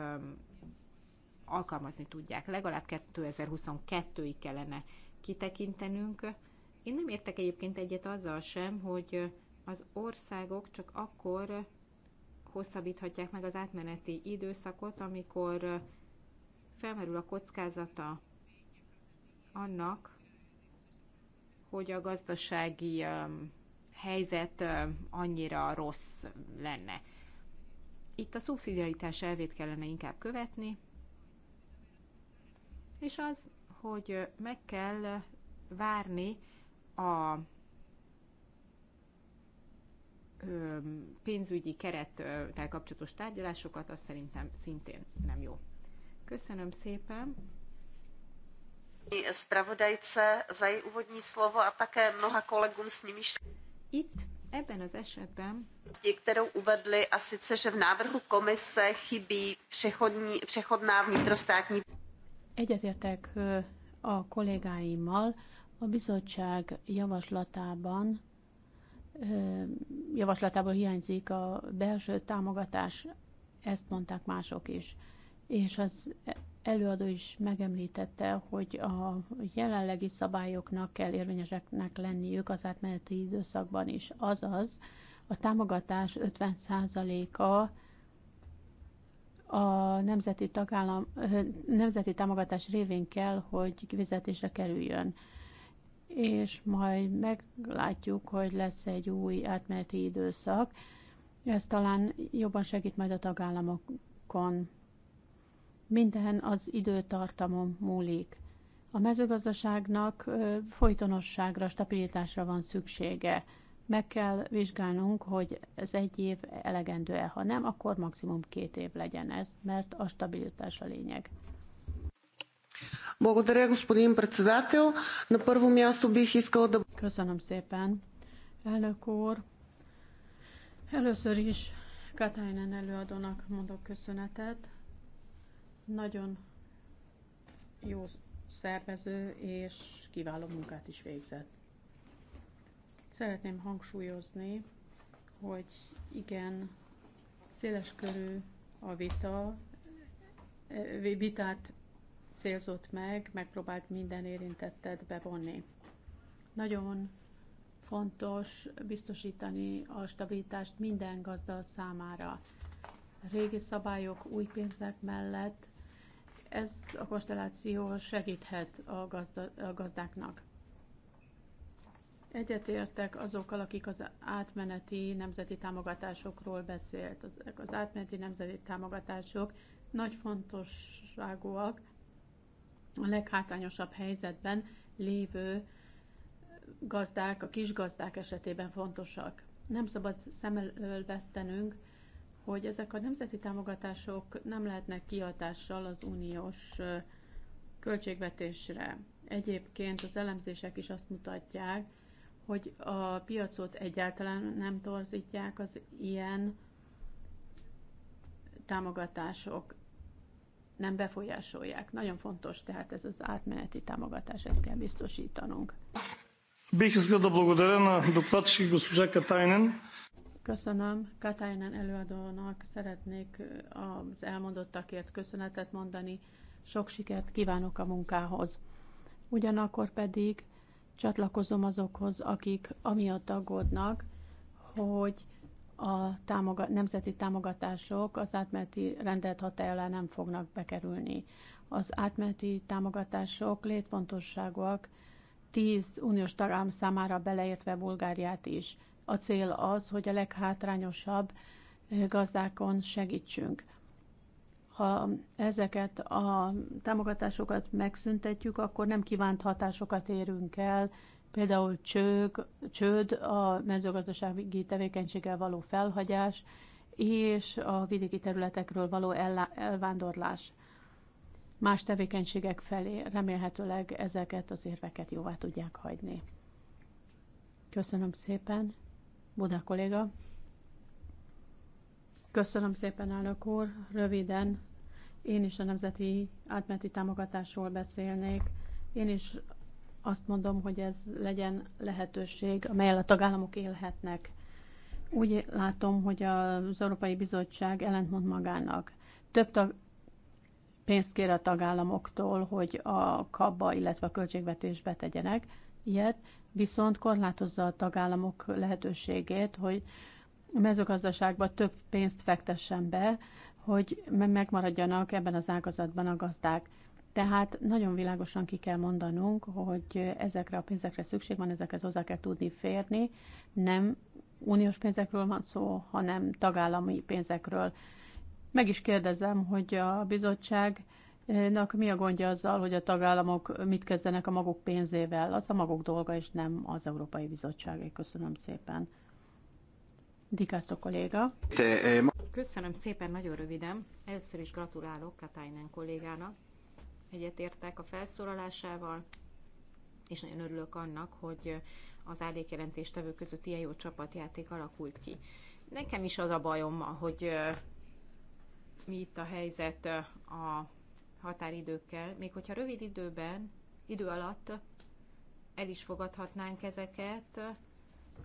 alkalmazni tudják. Legalább 2022-ig kellene kitekintenünk. Én nem értek egyébként egyet azzal sem, hogy az országok csak akkor hosszabbíthatják meg az átmeneti időszakot, amikor felmerül a kockázata annak, hogy a gazdasági helyzet annyira rossz lenne. Itt a szubszidiaritás elvét kellene inkább követni, és az, hogy meg kell várni a pénzügyi kerettel kapcsolatos tárgyalásokat, az szerintem szintén nem jó. Köszönöm szépen! zpravodajce za její úvodní slovo a také mnoha kolegům s nimiž. Itt ebben az esetben, kterou uvedli, a sice, že v návrhu komise chybí přechodní, přechodná vnitrostátní. Egyetértek a kollégáimmal, a bizottság javaslatában javaslatából hiányzik a belső támogatás, ezt mondták mások is. És az előadó is megemlítette, hogy a jelenlegi szabályoknak kell érvényeseknek lenniük az átmeneti időszakban is. Azaz, a támogatás 50%-a a nemzeti, tagállam, nemzeti támogatás révén kell, hogy kivizetésre kerüljön. És majd meglátjuk, hogy lesz egy új átmeneti időszak. Ez talán jobban segít majd a tagállamokon. Minden az időtartamon múlik. A mezőgazdaságnak folytonosságra, stabilitásra van szüksége. Meg kell vizsgálnunk, hogy ez egy év elegendő-e, ha nem, akkor maximum két év legyen ez, mert a stabilitás a lényeg. Köszönöm szépen, elnök úr. Először is Katainen előadónak mondok köszönetet. Nagyon jó szervező és kiváló munkát is végzett. Szeretném hangsúlyozni, hogy igen, széleskörű a vita, e, vitát célzott meg, megpróbált minden érintettet bevonni. Nagyon fontos biztosítani a stabilitást minden gazda számára. Régi szabályok, új pénzek mellett ez a konstelláció segíthet a, gazda, a gazdáknak. Egyetértek azokkal, akik az átmeneti nemzeti támogatásokról beszélt. Ezek az átmeneti nemzeti támogatások nagy fontosságúak a leghátrányosabb helyzetben lévő gazdák, a kis gazdák esetében fontosak. Nem szabad szem elől vesztenünk, hogy ezek a nemzeti támogatások nem lehetnek kihatással az uniós költségvetésre. Egyébként az elemzések is azt mutatják, hogy a piacot egyáltalán nem torzítják az ilyen támogatások, nem befolyásolják. Nagyon fontos tehát ez az átmeneti támogatás, ezt kell biztosítanunk. Бих искал да благодаря на докладчик госпожа Köszönöm. Katainen előadónak szeretnék az elmondottakért köszönetet mondani. Sok sikert kívánok a munkához. Ugyanakkor pedig Csatlakozom azokhoz, akik amiatt aggódnak, hogy a támogat, nemzeti támogatások az átmeneti rendelt hatájára nem fognak bekerülni. Az átmeneti támogatások létfontosságúak 10 uniós tagállam számára beleértve Bulgáriát is. A cél az, hogy a leghátrányosabb gazdákon segítsünk. Ha ezeket a támogatásokat megszüntetjük, akkor nem kívánt hatásokat érünk el, például csőg, csőd, a mezőgazdasági tevékenységgel való felhagyás, és a vidéki területekről való elvándorlás más tevékenységek felé. Remélhetőleg ezeket az érveket jóvá tudják hagyni. Köszönöm szépen, Buda kolléga! Köszönöm szépen, elnök úr. Röviden, én is a nemzeti átmeneti támogatásról beszélnék. Én is azt mondom, hogy ez legyen lehetőség, amelyel a tagállamok élhetnek. Úgy látom, hogy az Európai Bizottság ellentmond magának. Több tag, pénzt kér a tagállamoktól, hogy a kabba, illetve a költségvetésbe tegyenek ilyet, viszont korlátozza a tagállamok lehetőségét, hogy a mezőgazdaságba több pénzt fektessen be, hogy megmaradjanak ebben az ágazatban a gazdák. Tehát nagyon világosan ki kell mondanunk, hogy ezekre a pénzekre szükség van, ezekhez hozzá kell tudni férni. Nem uniós pénzekről van szó, hanem tagállami pénzekről. Meg is kérdezem, hogy a bizottságnak mi a gondja azzal, hogy a tagállamok mit kezdenek a maguk pénzével? Az a maguk dolga, és nem az Európai Bizottságé. Köszönöm szépen. Dikasztó kolléga. Eh, Köszönöm szépen, nagyon röviden. Először is gratulálok Katainen kollégának. Egyetértek a felszólalásával, és nagyon örülök annak, hogy az tevő között ilyen jó csapatjáték alakult ki. Nekem is az a bajom, hogy eh, mi itt a helyzet eh, a határidőkkel, még hogyha rövid időben, idő alatt el is fogadhatnánk ezeket,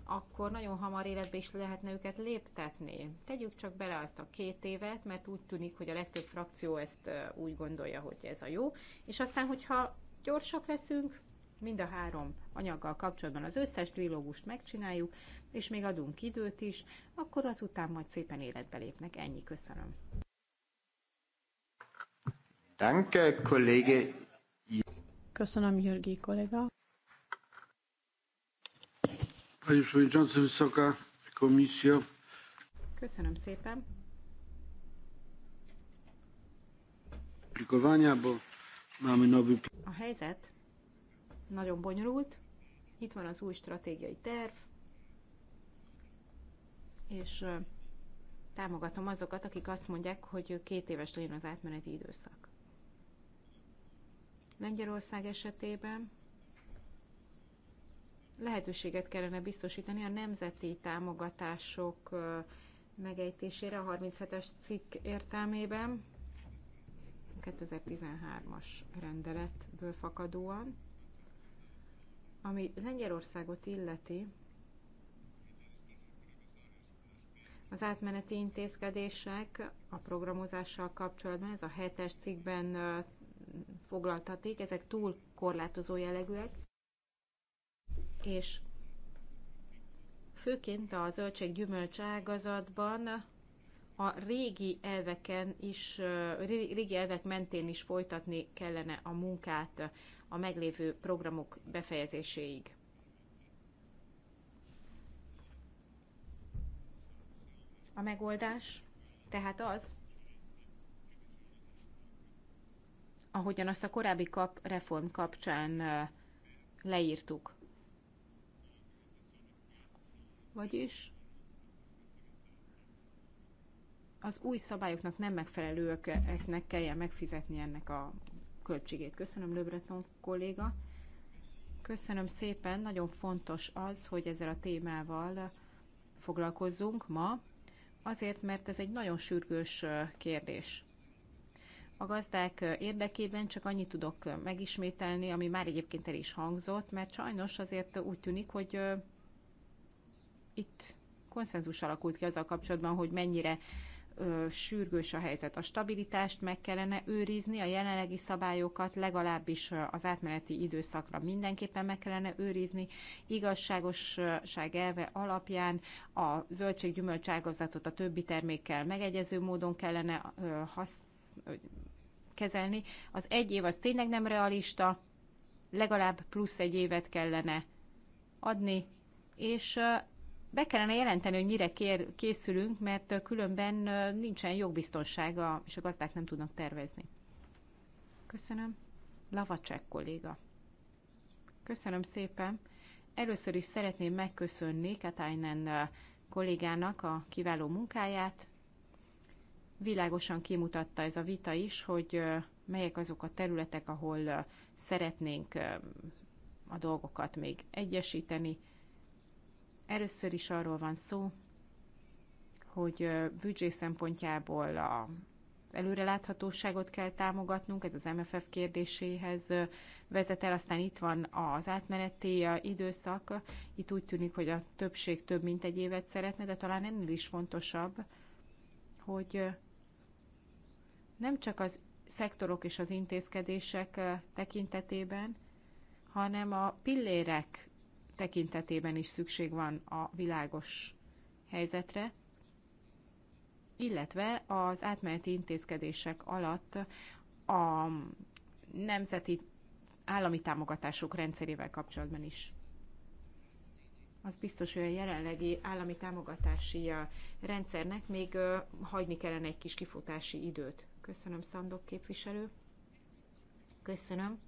akkor nagyon hamar életbe is lehetne őket léptetni. Tegyük csak bele azt a két évet, mert úgy tűnik, hogy a legtöbb frakció ezt úgy gondolja, hogy ez a jó. És aztán, hogyha gyorsak leszünk, mind a három anyaggal kapcsolatban az összes trilógust megcsináljuk, és még adunk időt is, akkor azután majd szépen életbe lépnek. Ennyi, köszönöm. Danke, kollége. Köszönöm, Jörgi kollega. Panie Przewodniczący, Wysoka Komisjo. Köszönöm szépen. A helyzet nagyon bonyolult. Itt van az új stratégiai terv, és támogatom azokat, akik azt mondják, hogy két éves legyen az átmeneti időszak. Lengyelország esetében lehetőséget kellene biztosítani a nemzeti támogatások megejtésére a 37-es cikk értelmében, 2013-as rendeletből fakadóan, ami Lengyelországot illeti, az átmeneti intézkedések a programozással kapcsolatban, ez a hetes cikkben foglaltatik, ezek túl korlátozó jellegűek, és főként a gyümölcs ágazatban a régi elveken is, régi elvek mentén is folytatni kellene a munkát a meglévő programok befejezéséig. A megoldás tehát az, ahogyan azt a korábbi kap reform kapcsán leírtuk vagyis az új szabályoknak nem megfelelőeknek kelljen megfizetni ennek a költségét. Köszönöm, Löbreton kolléga. Köszönöm szépen, nagyon fontos az, hogy ezzel a témával foglalkozzunk ma, azért, mert ez egy nagyon sürgős kérdés. A gazdák érdekében csak annyit tudok megismételni, ami már egyébként el is hangzott, mert sajnos azért úgy tűnik, hogy itt konszenzus alakult ki azzal kapcsolatban, hogy mennyire ö, sürgős a helyzet. A stabilitást meg kellene őrizni, a jelenlegi szabályokat legalábbis az átmeneti időszakra mindenképpen meg kellene őrizni. Igazságosság elve alapján a zöldséggyümölcs ágazatot a többi termékkel megegyező módon kellene ö, hasz, ö, kezelni. Az egy év az tényleg nem realista, legalább plusz egy évet kellene adni, és be kellene jelenteni, hogy mire kér, készülünk, mert különben nincsen jogbiztonsága, és a gazdák nem tudnak tervezni. Köszönöm. Lavacsek kolléga. Köszönöm szépen. Először is szeretném megköszönni Katainen kollégának a kiváló munkáját. Világosan kimutatta ez a vita is, hogy melyek azok a területek, ahol szeretnénk a dolgokat még egyesíteni, Először is arról van szó, hogy büdzsé szempontjából a előreláthatóságot kell támogatnunk, ez az MFF kérdéséhez vezet el, aztán itt van az átmeneti időszak, itt úgy tűnik, hogy a többség több mint egy évet szeretne, de talán ennél is fontosabb, hogy nem csak az szektorok és az intézkedések tekintetében, hanem a pillérek tekintetében is szükség van a világos helyzetre, illetve az átmeneti intézkedések alatt a nemzeti állami támogatások rendszerével kapcsolatban is. Az biztos, hogy a jelenlegi állami támogatási rendszernek még hagyni kellene egy kis kifutási időt. Köszönöm, Szandok képviselő. Köszönöm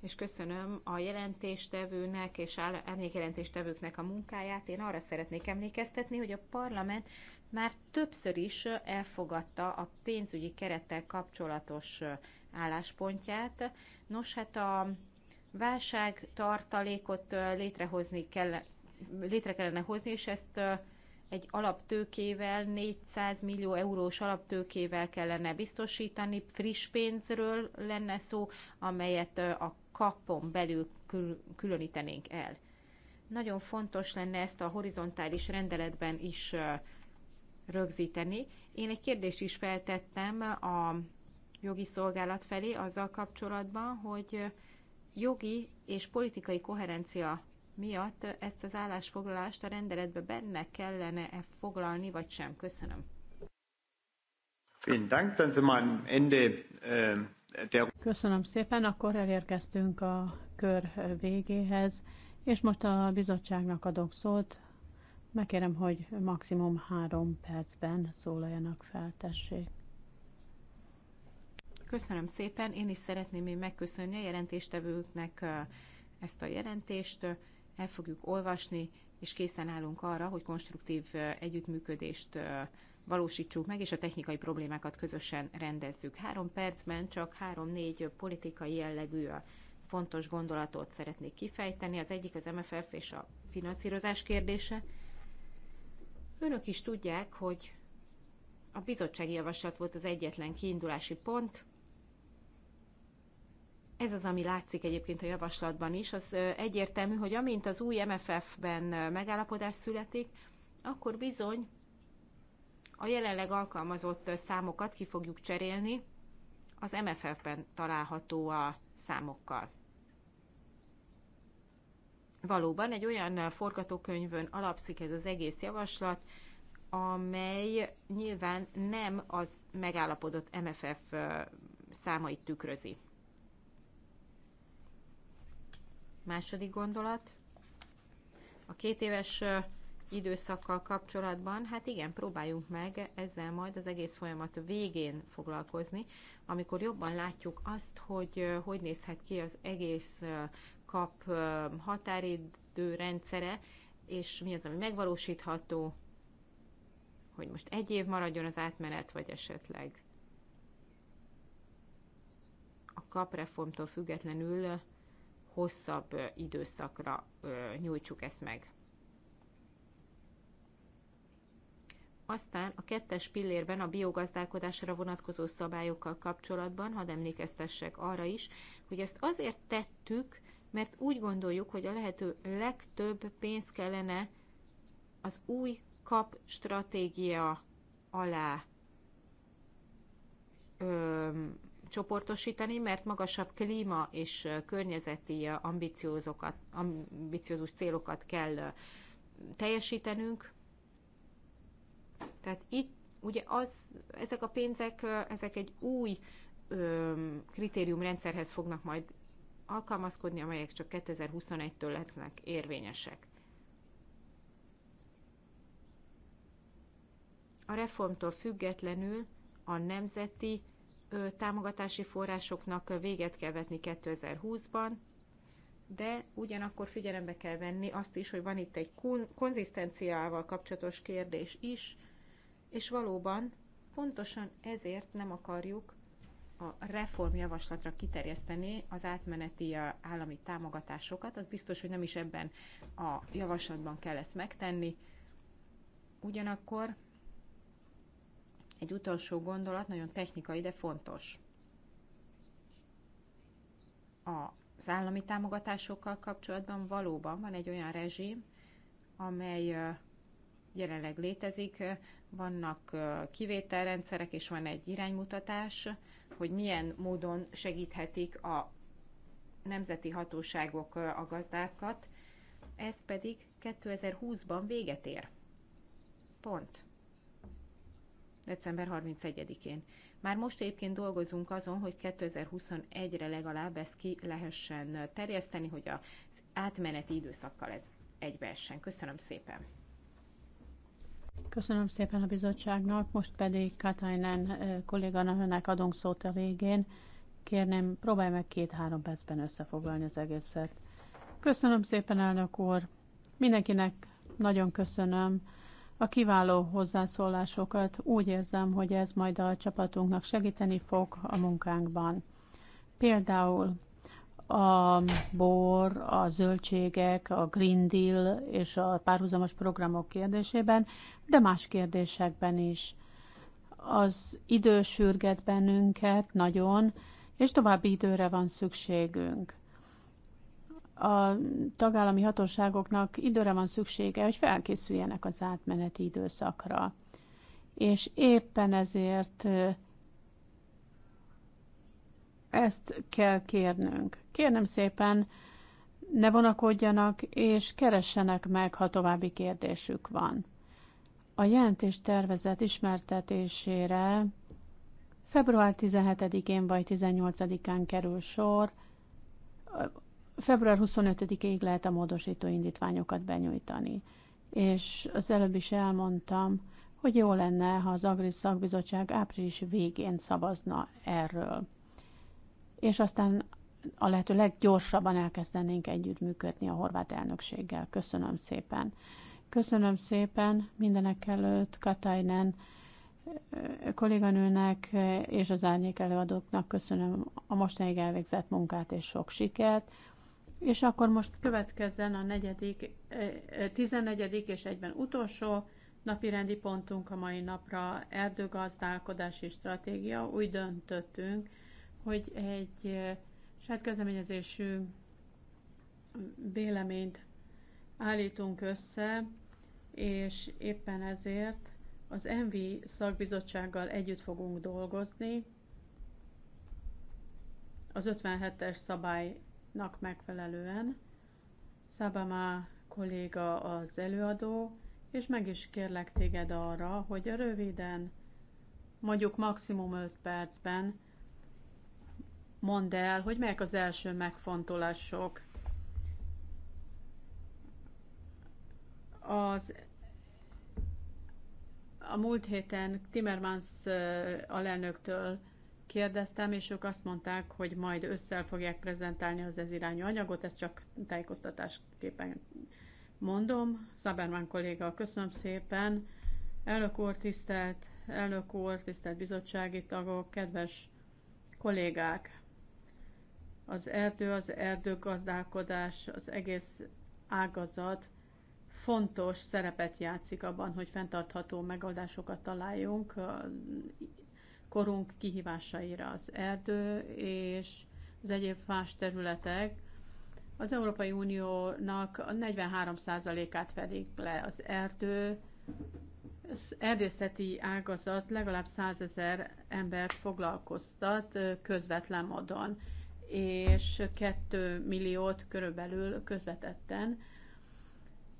és köszönöm a jelentéstevőnek és árnyékjelentéstevőknek a munkáját. Én arra szeretnék emlékeztetni, hogy a parlament már többször is elfogadta a pénzügyi kerettel kapcsolatos álláspontját. Nos, hát a válság tartalékot létrehozni kell, létre kellene hozni, és ezt egy alaptőkével, 400 millió eurós alaptőkével kellene biztosítani, friss pénzről lenne szó, amelyet a kapon belül kül- különítenénk el. Nagyon fontos lenne ezt a horizontális rendeletben is rögzíteni. Én egy kérdést is feltettem a jogi szolgálat felé azzal kapcsolatban, hogy jogi és politikai koherencia miatt ezt az állásfoglalást a rendeletbe benne kellene-e foglalni, vagy sem. Köszönöm. Vielen Dank. Dann sind wir am Ende äh, Köszönöm szépen, akkor elérkeztünk a kör végéhez, és most a bizottságnak adok szót. Megkérem, hogy maximum három percben szólaljanak fel, tessék. Köszönöm szépen, én is szeretném még megköszönni a jelentéstevőknek ezt a jelentést, el fogjuk olvasni, és készen állunk arra, hogy konstruktív együttműködést valósítsuk meg, és a technikai problémákat közösen rendezzük. Három percben csak három-négy politikai jellegű a fontos gondolatot szeretnék kifejteni. Az egyik az MFF és a finanszírozás kérdése. Önök is tudják, hogy a bizottsági javaslat volt az egyetlen kiindulási pont. Ez az, ami látszik egyébként a javaslatban is. Az egyértelmű, hogy amint az új MFF-ben megállapodás születik, akkor bizony a jelenleg alkalmazott számokat ki fogjuk cserélni az MFF-ben található a számokkal. Valóban egy olyan forgatókönyvön alapszik ez az egész javaslat, amely nyilván nem az megállapodott MFF számait tükrözi. Második gondolat. A két éves időszakkal kapcsolatban, hát igen, próbáljunk meg ezzel majd az egész folyamat végén foglalkozni, amikor jobban látjuk azt, hogy hogy nézhet ki az egész kap határidő rendszere, és mi az, ami megvalósítható, hogy most egy év maradjon az átmenet, vagy esetleg a kapreformtól függetlenül hosszabb időszakra nyújtsuk ezt meg. Aztán a kettes pillérben a biogazdálkodásra vonatkozó szabályokkal kapcsolatban, hadd emlékeztessek arra is, hogy ezt azért tettük, mert úgy gondoljuk, hogy a lehető legtöbb pénz kellene az új kap stratégia alá ö, csoportosítani, mert magasabb klíma és környezeti ambiciózus célokat kell teljesítenünk, tehát itt ugye az, ezek a pénzek, ezek egy új ö, kritériumrendszerhez fognak majd alkalmazkodni, amelyek csak 2021-től lesznek érvényesek. A reformtól függetlenül a nemzeti ö, támogatási forrásoknak véget kell vetni 2020-ban, de ugyanakkor figyelembe kell venni azt is, hogy van itt egy kon konzisztenciával kapcsolatos kérdés is, és valóban pontosan ezért nem akarjuk a reformjavaslatra kiterjeszteni az átmeneti állami támogatásokat. Az biztos, hogy nem is ebben a javaslatban kell ezt megtenni. Ugyanakkor egy utolsó gondolat, nagyon technikai, de fontos. Az állami támogatásokkal kapcsolatban valóban van egy olyan rezsim, amely jelenleg létezik, vannak kivételrendszerek, és van egy iránymutatás, hogy milyen módon segíthetik a nemzeti hatóságok a gazdákat, ez pedig 2020-ban véget ér. Pont. December 31-én. Már most egyébként dolgozunk azon, hogy 2021-re legalább ezt ki lehessen terjeszteni, hogy az átmeneti időszakkal ez egybeessen. Köszönöm szépen! Köszönöm szépen a bizottságnak, most pedig Katainen eh, kolléganőnek adunk szót a végén. Kérném, próbálj meg két-három percben összefoglalni az egészet. Köszönöm szépen, elnök úr. Mindenkinek nagyon köszönöm a kiváló hozzászólásokat. Úgy érzem, hogy ez majd a csapatunknak segíteni fog a munkánkban. Például a bor, a zöldségek, a Green Deal és a párhuzamos programok kérdésében de más kérdésekben is. Az idő sürget bennünket nagyon, és további időre van szükségünk. A tagállami hatóságoknak időre van szüksége, hogy felkészüljenek az átmeneti időszakra. És éppen ezért ezt kell kérnünk. Kérnem szépen, ne vonakodjanak, és keressenek meg, ha további kérdésük van a jelentés tervezet ismertetésére február 17-én vagy 18-án kerül sor. Február 25-ig lehet a módosító indítványokat benyújtani. És az előbb is elmondtam, hogy jó lenne, ha az Agri Szakbizottság április végén szavazna erről. És aztán a lehető leggyorsabban elkezdenénk együttműködni a horvát elnökséggel. Köszönöm szépen! Köszönöm szépen mindenek előtt Katajnen eh, kolléganőnek eh, és az árnyék előadóknak köszönöm a mostanáig elvégzett munkát és sok sikert. És akkor most következzen a negyedik, 14. Eh, és egyben utolsó napirendi pontunk a mai napra, erdőgazdálkodási stratégia. Úgy döntöttünk, hogy egy saját kezdeményezésű véleményt állítunk össze, és éppen ezért az ENVI szakbizottsággal együtt fogunk dolgozni, az 57-es szabálynak megfelelően. Szabama kolléga az előadó, és meg is kérlek téged arra, hogy röviden, mondjuk maximum 5 percben mondd el, hogy melyek az első megfontolások, Az a múlt héten Timmermans alelnöktől kérdeztem, és ők azt mondták, hogy majd összel fogják prezentálni az ez irányú anyagot, ezt csak tájékoztatásképpen mondom. Szabermán kolléga, köszönöm szépen. Elnök úr, tisztelt elnök úr, tisztelt bizottsági tagok, kedves kollégák! Az erdő, az erdőgazdálkodás, az egész ágazat fontos szerepet játszik abban, hogy fenntartható megoldásokat találjunk korunk kihívásaira az erdő és az egyéb más területek. Az Európai Uniónak a 43%-át fedik le az erdő. Az erdészeti ágazat legalább 100 ezer embert foglalkoztat közvetlen módon, és 2 milliót körülbelül közvetetten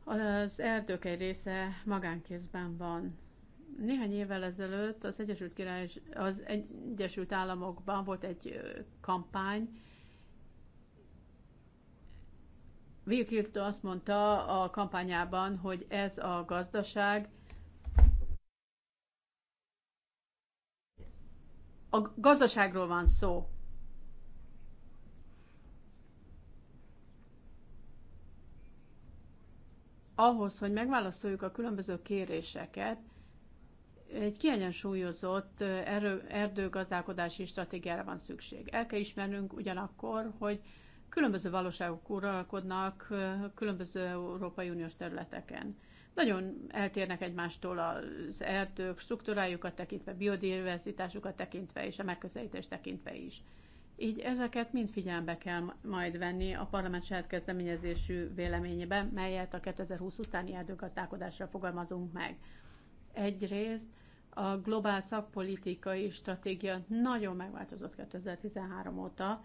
az erdők egy része magánkézben van. Néhány évvel ezelőtt az Egyesült, Király, az Egyesült Államokban volt egy kampány, Bill Clinton azt mondta a kampányában, hogy ez a gazdaság a gazdaságról van szó. ahhoz, hogy megválaszoljuk a különböző kéréseket, egy kiegyensúlyozott erő, erdőgazdálkodási stratégiára van szükség. El kell ismernünk ugyanakkor, hogy különböző valóságok uralkodnak különböző Európai Uniós területeken. Nagyon eltérnek egymástól az erdők struktúrájukat tekintve, biodiverzitásukat tekintve és a megközelítést tekintve is. Így ezeket mind figyelembe kell majd venni a parlament saját kezdeményezésű véleményében, melyet a 2020 utáni erdőgazdálkodásra fogalmazunk meg. Egyrészt a globál szakpolitikai stratégia nagyon megváltozott 2013 óta,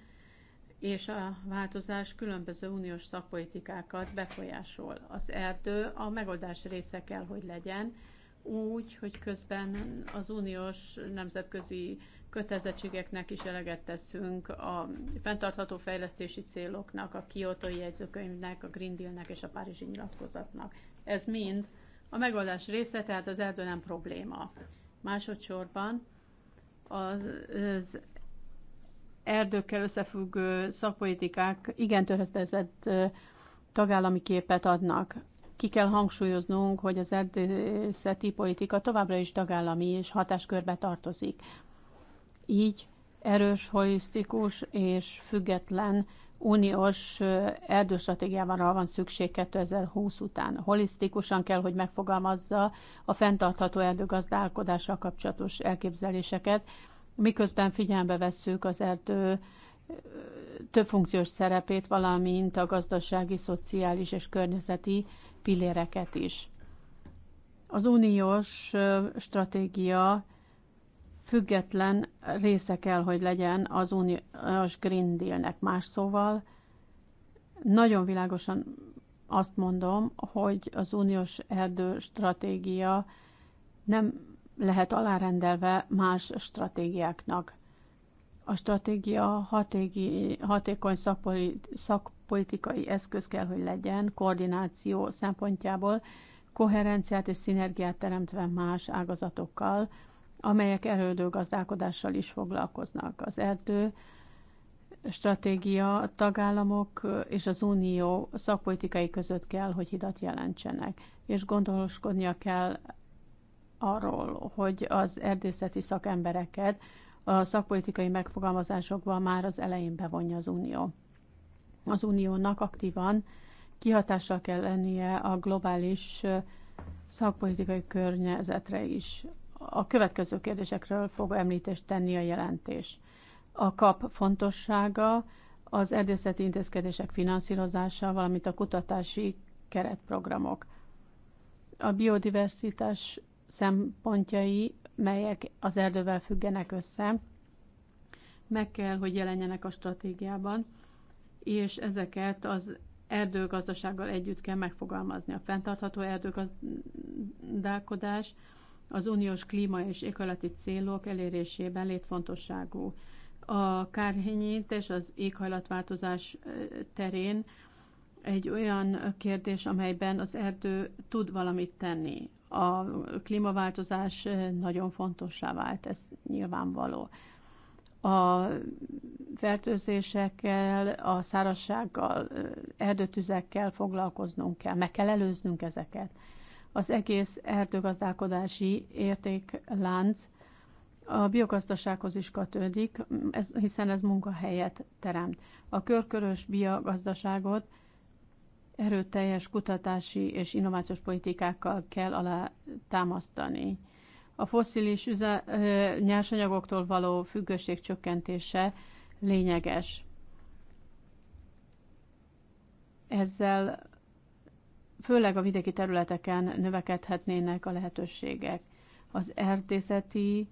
és a változás különböző uniós szakpolitikákat befolyásol. Az erdő a megoldás része kell, hogy legyen, úgy, hogy közben az uniós nemzetközi kötelezettségeknek is eleget teszünk, a fenntartható fejlesztési céloknak, a kiotói jegyzőkönyvnek, a Green Dealnek és a Párizsi nyilatkozatnak. Ez mind a megoldás része, tehát az erdő nem probléma. Másodszorban az, az erdőkkel összefüggő szakpolitikák igen töredezett tagállami képet adnak. Ki kell hangsúlyoznunk, hogy az erdészeti politika továbbra is tagállami és hatáskörbe tartozik. Így erős, holisztikus és független uniós erdőstratégiára van szükség 2020 után. Holisztikusan kell, hogy megfogalmazza a fenntartható erdőgazdálkodással kapcsolatos elképzeléseket, miközben figyelembe vesszük az erdő több funkciós szerepét, valamint a gazdasági, szociális és környezeti pilléreket is. Az uniós stratégia független része kell, hogy legyen az uniós Green Dealnek. Más szóval nagyon világosan azt mondom, hogy az uniós erdő stratégia nem lehet alárendelve más stratégiáknak. A stratégia hatégi, hatékony szakpolitikai eszköz kell, hogy legyen, koordináció szempontjából, koherenciát és szinergiát teremtve más ágazatokkal, amelyek erdőgazdálkodással is foglalkoznak. Az erdő stratégia a tagállamok és az unió szakpolitikai között kell, hogy hidat jelentsenek, és gondoskodnia kell arról, hogy az erdészeti szakembereket a szakpolitikai megfogalmazásokban már az elején bevonja az unió. Az uniónak aktívan kihatással kell lennie a globális szakpolitikai környezetre is. A következő kérdésekről fog említést tenni a jelentés. A kap fontossága, az erdészeti intézkedések finanszírozása, valamint a kutatási keretprogramok. A biodiversitás szempontjai, melyek az erdővel függenek össze, meg kell, hogy jelenjenek a stratégiában, és ezeket az erdőgazdasággal együtt kell megfogalmazni. A fenntartható erdőgazdálkodás az uniós klíma és éghajlati célok elérésében létfontosságú. A kárhényítés az éghajlatváltozás terén egy olyan kérdés, amelyben az erdő tud valamit tenni. A klímaváltozás nagyon fontossá vált, ez nyilvánvaló. A fertőzésekkel, a szárazsággal, erdőtüzekkel foglalkoznunk kell, meg kell előznünk ezeket az egész erdőgazdálkodási értéklánc a biogazdasághoz is kötődik, ez, hiszen ez munkahelyet teremt. A körkörös biogazdaságot erőteljes kutatási és innovációs politikákkal kell alá támasztani. A foszilis üze, ö, nyersanyagoktól való függőség csökkentése lényeges. Ezzel főleg a vidéki területeken növekedhetnének a lehetőségek. Az erdészeti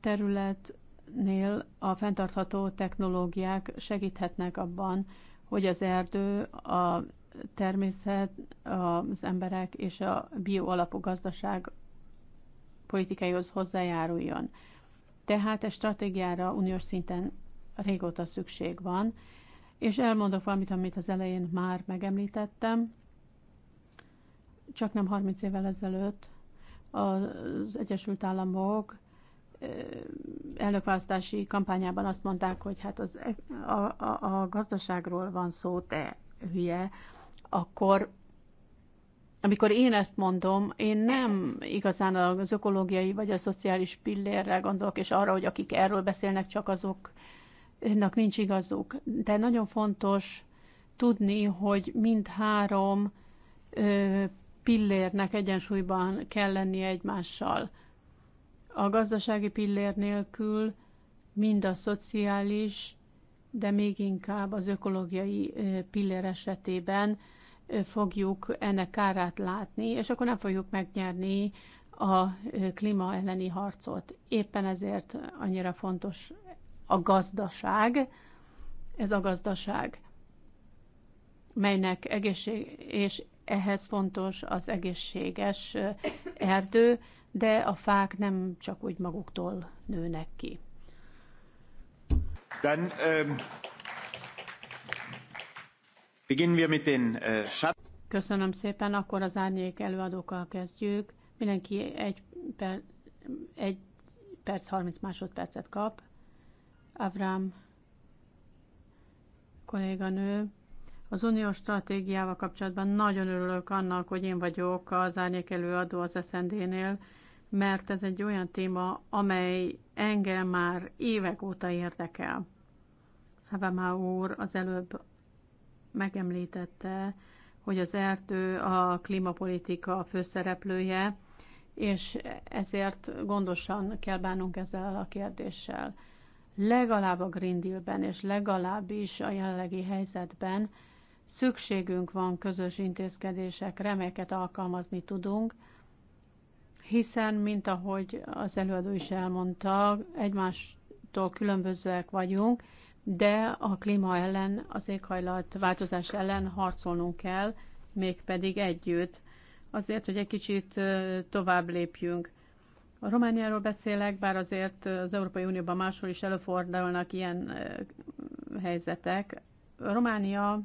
területnél a fenntartható technológiák segíthetnek abban, hogy az erdő, a természet, az emberek és a bioalapú gazdaság politikaihoz hozzájáruljon. Tehát egy stratégiára uniós szinten régóta szükség van, és elmondok valamit, amit az elején már megemlítettem, csak nem 30 évvel ezelőtt az Egyesült Államok elnökválasztási kampányában azt mondták, hogy hát az, e- a, a, a gazdaságról van szó, te hülye, akkor amikor én ezt mondom, én nem igazán az ökológiai vagy a szociális pillérre gondolok, és arra, hogy akik erről beszélnek, csak azoknak nincs igazuk. De nagyon fontos tudni, hogy mindhárom pillérnek egyensúlyban kell lennie egymással. A gazdasági pillér nélkül mind a szociális, de még inkább az ökológiai pillér esetében fogjuk ennek kárát látni, és akkor nem fogjuk megnyerni a klíma elleni harcot. Éppen ezért annyira fontos a gazdaság, ez a gazdaság, melynek egészség és ehhez fontos az egészséges eh, erdő, de a fák nem csak úgy maguktól nőnek ki. Dann ähm, beginnen wir mit den äh, Schatten. Köszönöm szépen, akkor az árnyék előadókkal kezdjük. Mindenki egy, per, egy perc, 30 másodpercet kap. Avram kolléganő az uniós stratégiával kapcsolatban nagyon örülök annak, hogy én vagyok az árnyék előadó az SZND-nél, mert ez egy olyan téma, amely engem már évek óta érdekel. Szavamá úr az előbb megemlítette, hogy az erdő a klímapolitika főszereplője, és ezért gondosan kell bánnunk ezzel a kérdéssel. Legalább a Green Deal-ben, és legalábbis a jelenlegi helyzetben Szükségünk van közös intézkedésekre, melyeket alkalmazni tudunk, hiszen, mint ahogy az előadó is elmondta, egymástól különbözőek vagyunk, de a klíma ellen, az éghajlat változás ellen harcolnunk kell, mégpedig együtt, azért, hogy egy kicsit tovább lépjünk. A Romániáról beszélek, bár azért az Európai Unióban máshol is előfordulnak ilyen helyzetek. A Románia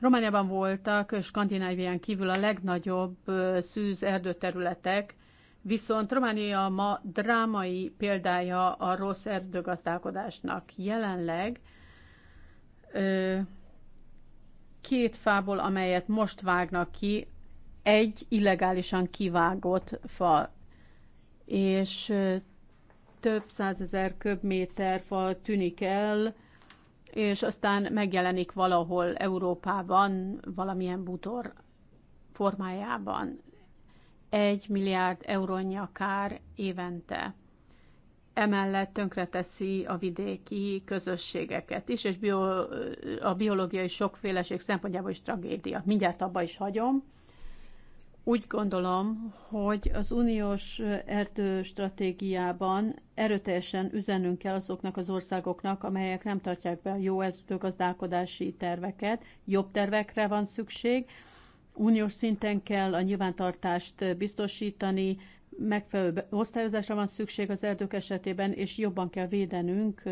Romániában voltak Skandinávián kívül a legnagyobb szűz erdőterületek, viszont Románia ma drámai példája a rossz erdőgazdálkodásnak. Jelenleg két fából, amelyet most vágnak ki, egy illegálisan kivágott fa, és több százezer köbméter fa tűnik el, és aztán megjelenik valahol Európában valamilyen bútor formájában. Egy milliárd eurónyi kár évente. Emellett tönkreteszi a vidéki közösségeket is, és bio, a biológiai sokféleség szempontjából is tragédia. Mindjárt abba is hagyom. Úgy gondolom, hogy az uniós erdőstratégiában erőteljesen üzenünk kell azoknak az országoknak, amelyek nem tartják be a jó erdőgazdálkodási terveket. Jobb tervekre van szükség. Uniós szinten kell a nyilvántartást biztosítani, megfelelő osztályozásra van szükség az erdők esetében, és jobban kell védenünk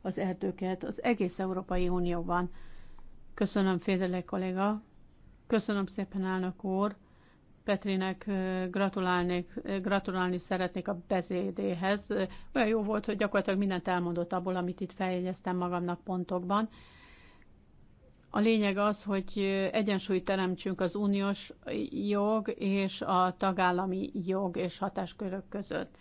az erdőket az egész Európai Unióban. Köszönöm, Fédele kolléga. Köszönöm szépen, elnök úr. Petrinek gratulálnék, gratulálni szeretnék a beszédéhez. Olyan jó volt, hogy gyakorlatilag mindent elmondott abból, amit itt feljegyeztem magamnak pontokban. A lényeg az, hogy egyensúlyt teremtsünk az uniós jog és a tagállami jog és hatáskörök között.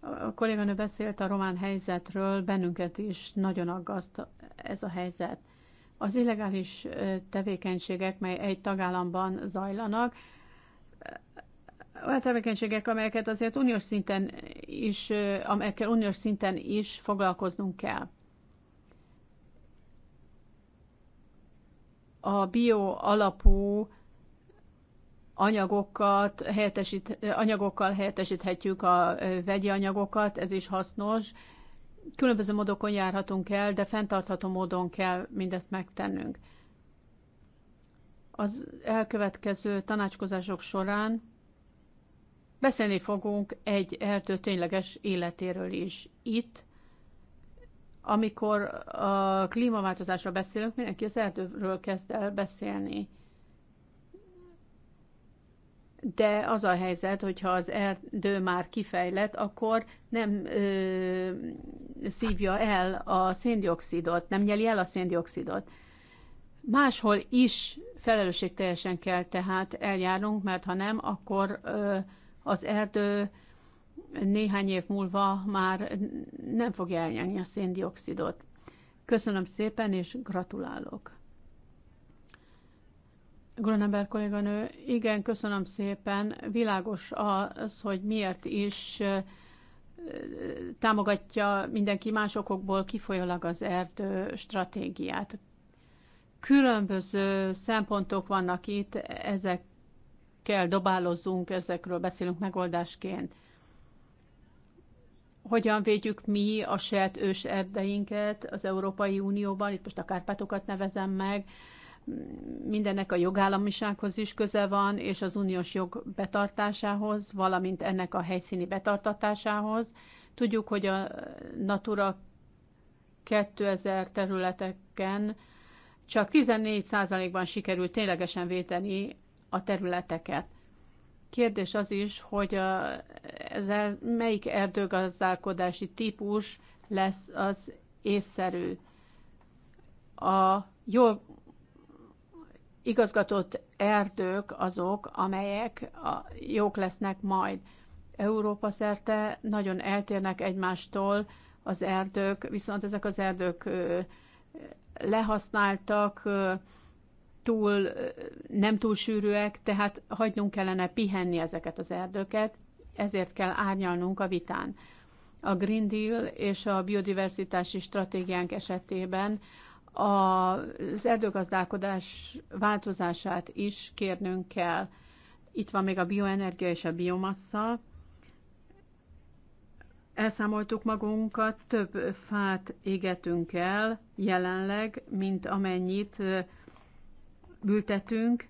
A kolléganő beszélt a román helyzetről, bennünket is nagyon aggaszt ez a helyzet. Az illegális tevékenységek, mely egy tagállamban zajlanak, olyan tevékenységek, amelyeket azért uniós szinten is, amelyekkel uniós szinten is foglalkoznunk kell. A bio alapú anyagokat helyettesít, anyagokkal helyettesíthetjük a vegyi anyagokat, ez is hasznos. Különböző módokon járhatunk el, de fenntartható módon kell mindezt megtennünk az elkövetkező tanácskozások során beszélni fogunk egy erdő tényleges életéről is. Itt, amikor a klímaváltozásra beszélünk, mindenki az erdőről kezd el beszélni. De az a helyzet, hogyha az erdő már kifejlett, akkor nem ö, szívja el a széndiokszidot, nem nyeli el a széndiokszidot. Máshol is felelősségteljesen kell tehát eljárnunk, mert ha nem, akkor az erdő néhány év múlva már nem fogja elnyelni a széndiokszidot. Köszönöm szépen, és gratulálok. Grunember kolléganő, igen, köszönöm szépen. Világos az, hogy miért is támogatja mindenki más okokból kifolyólag az erdő stratégiát. Különböző szempontok vannak itt, ezekkel dobálozzunk, ezekről beszélünk megoldásként. Hogyan védjük mi a saját ős erdeinket az Európai Unióban, itt most a Kárpátokat nevezem meg, mindennek a jogállamisághoz is köze van, és az uniós jog betartásához, valamint ennek a helyszíni betartatásához. Tudjuk, hogy a Natura 2000 területeken csak 14%-ban sikerült ténylegesen védeni a területeket. Kérdés az is, hogy a, ez el, melyik erdőgazdálkodási típus lesz az észszerű. A jól igazgatott erdők azok, amelyek a, jók lesznek majd. Európa szerte nagyon eltérnek egymástól az erdők, viszont ezek az erdők lehasználtak, túl, nem túl sűrűek, tehát hagynunk kellene pihenni ezeket az erdőket, ezért kell árnyalnunk a vitán. A Green Deal és a biodiversitási stratégiánk esetében az erdőgazdálkodás változását is kérnünk kell. Itt van még a bioenergia és a biomassa, elszámoltuk magunkat, több fát égetünk el jelenleg, mint amennyit ültetünk,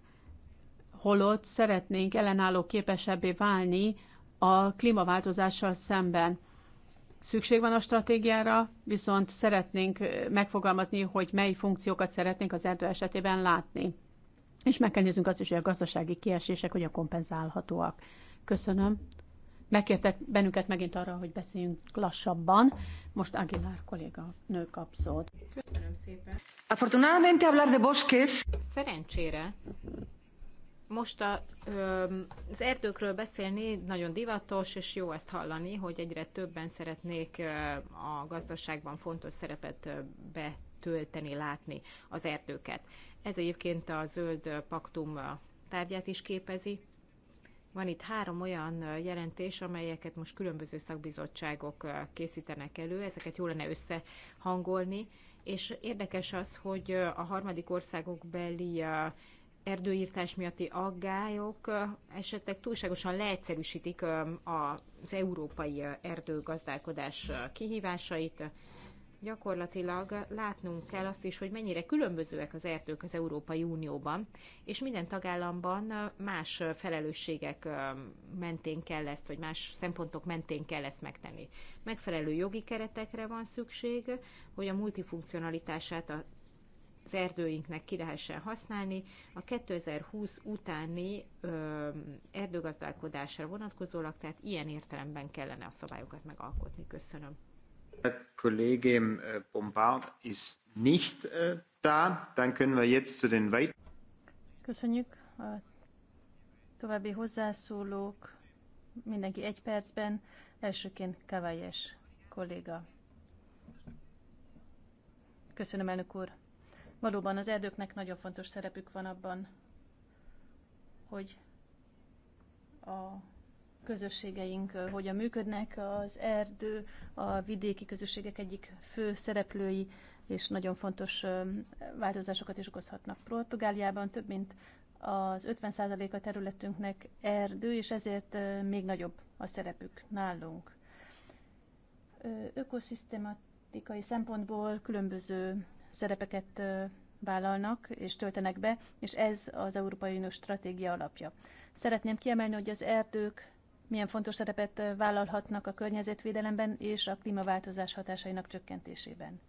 holott szeretnénk ellenálló képesebbé válni a klímaváltozással szemben. Szükség van a stratégiára, viszont szeretnénk megfogalmazni, hogy mely funkciókat szeretnénk az erdő esetében látni. És meg kell néznünk azt is, hogy a gazdasági kiesések hogyan kompenzálhatóak. Köszönöm. Megkértek bennünket megint arra, hogy beszéljünk lassabban. Most Aguilar kolléga nő kap szót. Köszönöm szépen. Afortunadamente hablar de bosques. Szerencsére most a, az erdőkről beszélni nagyon divatos, és jó ezt hallani, hogy egyre többen szeretnék a gazdaságban fontos szerepet betölteni, látni az erdőket. Ez egyébként a Zöld Paktum tárgyát is képezi. Van itt három olyan jelentés, amelyeket most különböző szakbizottságok készítenek elő, ezeket jól lenne összehangolni, és érdekes az, hogy a harmadik országok beli erdőírtás miatti aggályok esetleg túlságosan leegyszerűsítik az európai erdőgazdálkodás kihívásait, gyakorlatilag látnunk kell azt is, hogy mennyire különbözőek az erdők az Európai Unióban, és minden tagállamban más felelősségek mentén kell ezt, vagy más szempontok mentén kell ezt megtenni. Megfelelő jogi keretekre van szükség, hogy a multifunkcionalitását a az erdőinknek ki lehessen használni. A 2020 utáni ö, erdőgazdálkodásra vonatkozólag, tehát ilyen értelemben kellene a szabályokat megalkotni. Köszönöm. Ähm, Bombard ist nicht äh, da. Dann können wir jetzt zu den weiteren. Köszönjük a további hozzászólók. Mindenki egy percben. Elsőként Kavályes kolléga. Köszönöm, elnök úr. Valóban az erdőknek nagyon fontos szerepük van abban, hogy a közösségeink hogyan működnek. Az erdő a vidéki közösségek egyik fő szereplői, és nagyon fontos változásokat is okozhatnak. Portugáliában több mint az 50% a területünknek erdő, és ezért még nagyobb a szerepük nálunk. Ökoszisztematikai szempontból különböző szerepeket vállalnak és töltenek be, és ez az Európai Uniós stratégia alapja. Szeretném kiemelni, hogy az erdők milyen fontos szerepet vállalhatnak a környezetvédelemben és a klímaváltozás hatásainak csökkentésében.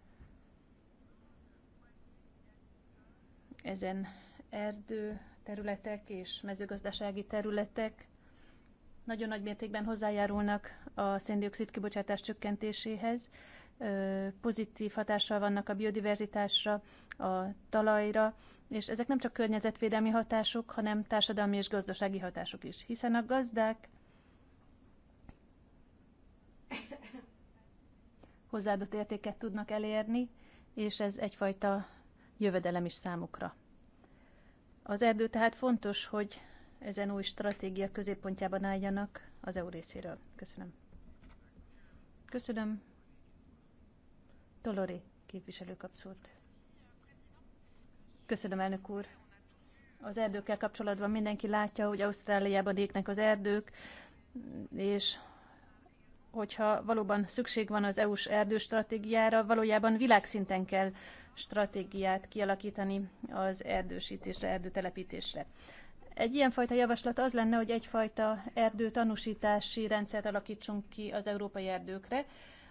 Ezen erdő területek és mezőgazdasági területek nagyon nagy mértékben hozzájárulnak a széndiokszid kibocsátás csökkentéséhez, pozitív hatással vannak a biodiverzitásra, a talajra, és ezek nem csak környezetvédelmi hatások, hanem társadalmi és gazdasági hatások is, hiszen a gazdák hozzáadott értéket tudnak elérni, és ez egyfajta jövedelem is számukra. Az erdő tehát fontos, hogy ezen új stratégia középpontjában álljanak az EU részéről. Köszönöm. Köszönöm. Dolori képviselő kapszót. Köszönöm, elnök úr. Az erdőkkel kapcsolatban mindenki látja, hogy Ausztráliában égnek az erdők, és hogyha valóban szükség van az EU-s erdőstratégiára, valójában világszinten kell stratégiát kialakítani az erdősítésre, erdőtelepítésre. Egy ilyenfajta javaslat az lenne, hogy egyfajta erdőtanúsítási rendszert alakítsunk ki az európai erdőkre,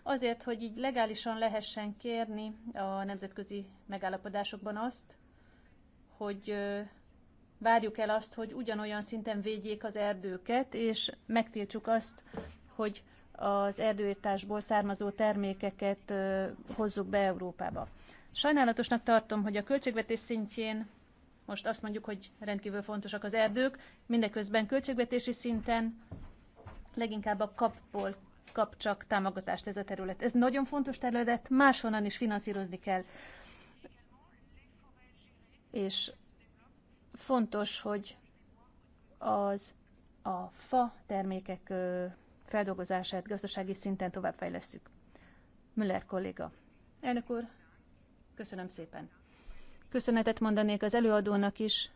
azért, hogy így legálisan lehessen kérni a nemzetközi megállapodásokban azt, hogy várjuk el azt, hogy ugyanolyan szinten védjék az erdőket, és megtiltsuk azt, hogy az erdőirtásból származó termékeket hozzuk be Európába. Sajnálatosnak tartom, hogy a költségvetés szintjén most azt mondjuk, hogy rendkívül fontosak az erdők, mindeközben költségvetési szinten leginkább a kapból kap csak támogatást ez a terület. Ez nagyon fontos terület, máshonnan is finanszírozni kell. És fontos, hogy az a fa termékek feldolgozását gazdasági szinten továbbfejlesszük. Müller kolléga. Elnök úr, köszönöm szépen. Köszönetet mondanék az előadónak is.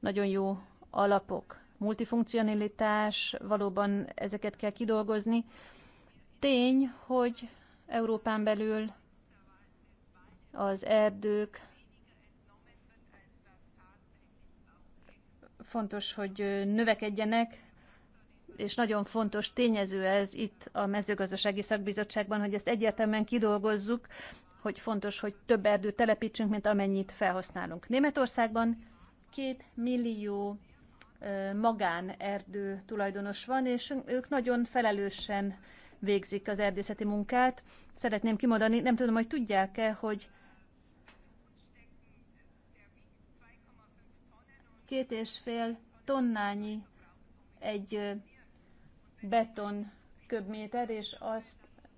Nagyon jó alapok. Multifunkcionalitás, valóban ezeket kell kidolgozni. Tény, hogy Európán belül az erdők, fontos, hogy növekedjenek, és nagyon fontos tényező ez itt a mezőgazdasági szakbizottságban, hogy ezt egyértelműen kidolgozzuk, hogy fontos, hogy több erdőt telepítsünk, mint amennyit felhasználunk. Németországban két millió magánerdő tulajdonos van, és ők nagyon felelősen végzik az erdészeti munkát. Szeretném kimondani, nem tudom, hogy tudják-e, hogy két és fél tonnányi egy beton köbméter, és azt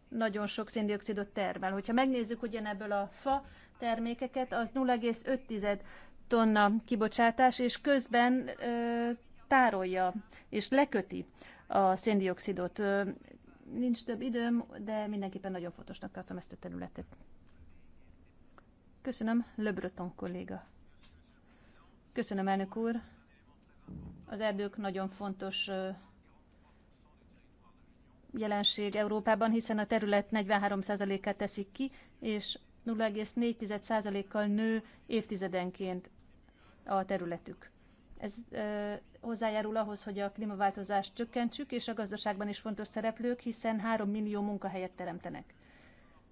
nagyon sok széndiokszidot termel. Hogyha megnézzük ugyanebből a fa termékeket, az 0,5 tonna kibocsátás, és közben ö, tárolja és leköti a széndiokszidot. Ö, nincs több időm, de mindenképpen nagyon fontosnak tartom ezt a területet. Köszönöm, Löbröton kolléga. Köszönöm, elnök úr. Az erdők nagyon fontos ö, jelenség Európában, hiszen a terület 43%-át teszik ki, és 0,4%-kal nő évtizedenként a területük. Ez ö, hozzájárul ahhoz, hogy a klímaváltozást csökkentsük, és a gazdaságban is fontos szereplők, hiszen 3 millió munkahelyet teremtenek.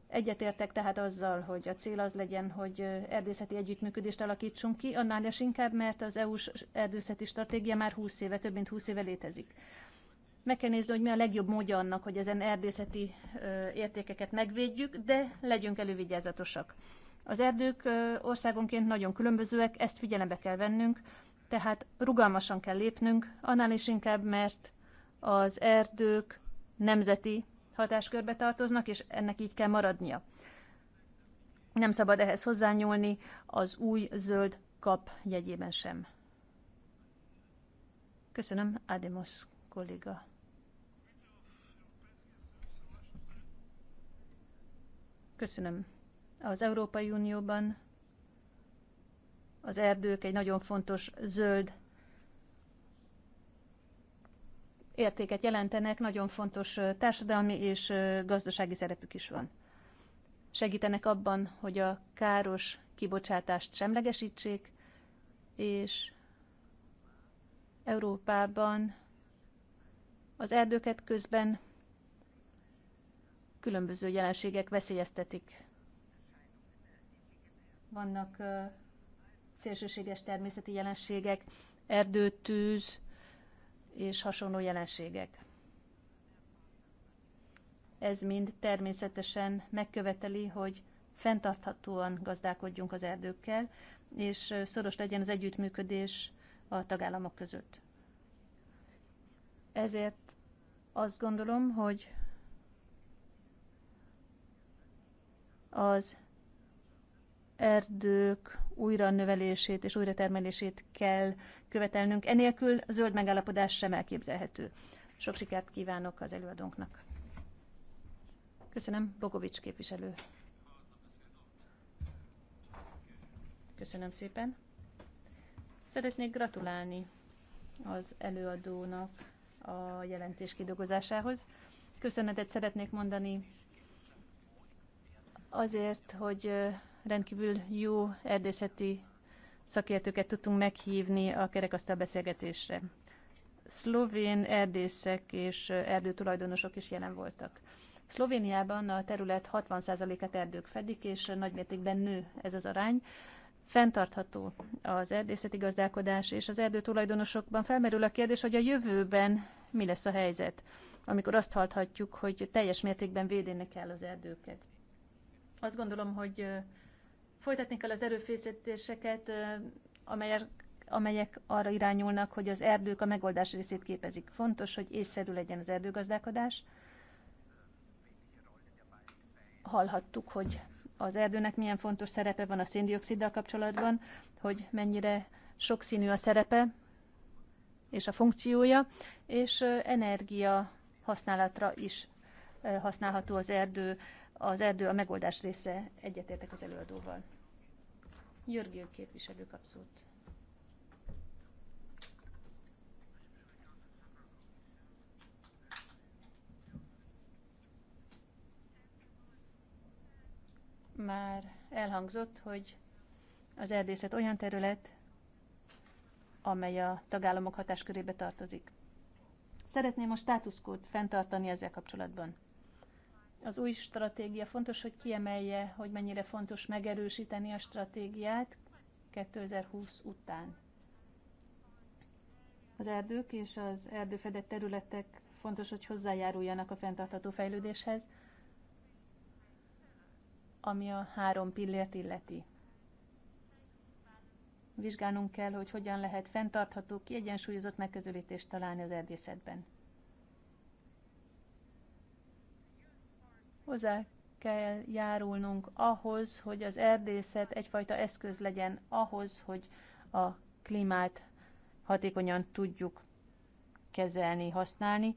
Egyetértek tehát azzal, hogy a cél az legyen, hogy erdészeti együttműködést alakítsunk ki, annál is inkább, mert az EU-s erdőszeti stratégia már 20 éve, több mint 20 éve létezik. Meg kell nézni, hogy mi a legjobb módja annak, hogy ezen erdészeti értékeket megvédjük, de legyünk elővigyázatosak. Az erdők országonként nagyon különbözőek, ezt figyelembe kell vennünk, tehát rugalmasan kell lépnünk, annál is inkább, mert az erdők nemzeti hatáskörbe tartoznak, és ennek így kell maradnia. Nem szabad ehhez hozzányúlni az új zöld kap jegyében sem. Köszönöm, Ademos kolléga. Köszönöm. Az Európai Unióban az erdők egy nagyon fontos zöld értéket jelentenek, nagyon fontos társadalmi és gazdasági szerepük is van. Segítenek abban, hogy a káros kibocsátást semlegesítsék, és Európában az erdőket közben különböző jelenségek veszélyeztetik. Vannak szélsőséges természeti jelenségek, erdőtűz és hasonló jelenségek. Ez mind természetesen megköveteli, hogy fenntarthatóan gazdálkodjunk az erdőkkel, és szoros legyen az együttműködés a tagállamok között. Ezért azt gondolom, hogy az erdők újra növelését és termelését kell követelnünk. Enélkül zöld megállapodás sem elképzelhető. Sok sikert kívánok az előadónknak. Köszönöm, Bogovics képviselő. Köszönöm szépen. Szeretnék gratulálni az előadónak a jelentés kidolgozásához. Köszönetet szeretnék mondani azért, hogy rendkívül jó erdészeti szakértőket tudtunk meghívni a kerekasztal beszélgetésre. Szlovén erdészek és erdőtulajdonosok is jelen voltak. Szlovéniában a terület 60%-át erdők fedik, és nagymértékben nő ez az arány. Fentartható az erdészeti gazdálkodás, és az erdőtulajdonosokban felmerül a kérdés, hogy a jövőben mi lesz a helyzet, amikor azt hallhatjuk, hogy teljes mértékben védeni kell az erdőket. Azt gondolom, hogy folytatni kell az erőfészítéseket, amelyek, amelyek arra irányulnak, hogy az erdők a megoldás részét képezik. Fontos, hogy észszerű legyen az erdőgazdálkodás. Hallhattuk, hogy az erdőnek milyen fontos szerepe van a széndioksziddal kapcsolatban, hogy mennyire sokszínű a szerepe és a funkciója, és energia használatra is használható az erdő az erdő a megoldás része, egyetértek az előadóval. Györgyő képviselő kap szót. Már elhangzott, hogy az erdészet olyan terület, amely a tagállamok hatáskörébe tartozik. Szeretném a státuszkót fenntartani ezzel kapcsolatban. Az új stratégia fontos, hogy kiemelje, hogy mennyire fontos megerősíteni a stratégiát 2020 után. Az erdők és az erdőfedett területek fontos, hogy hozzájáruljanak a fenntartható fejlődéshez, ami a három pillért illeti. Vizsgálnunk kell, hogy hogyan lehet fenntartható, kiegyensúlyozott megközelítést találni az erdészetben. Hozzá kell járulnunk ahhoz, hogy az erdészet egyfajta eszköz legyen ahhoz, hogy a klímát hatékonyan tudjuk kezelni, használni,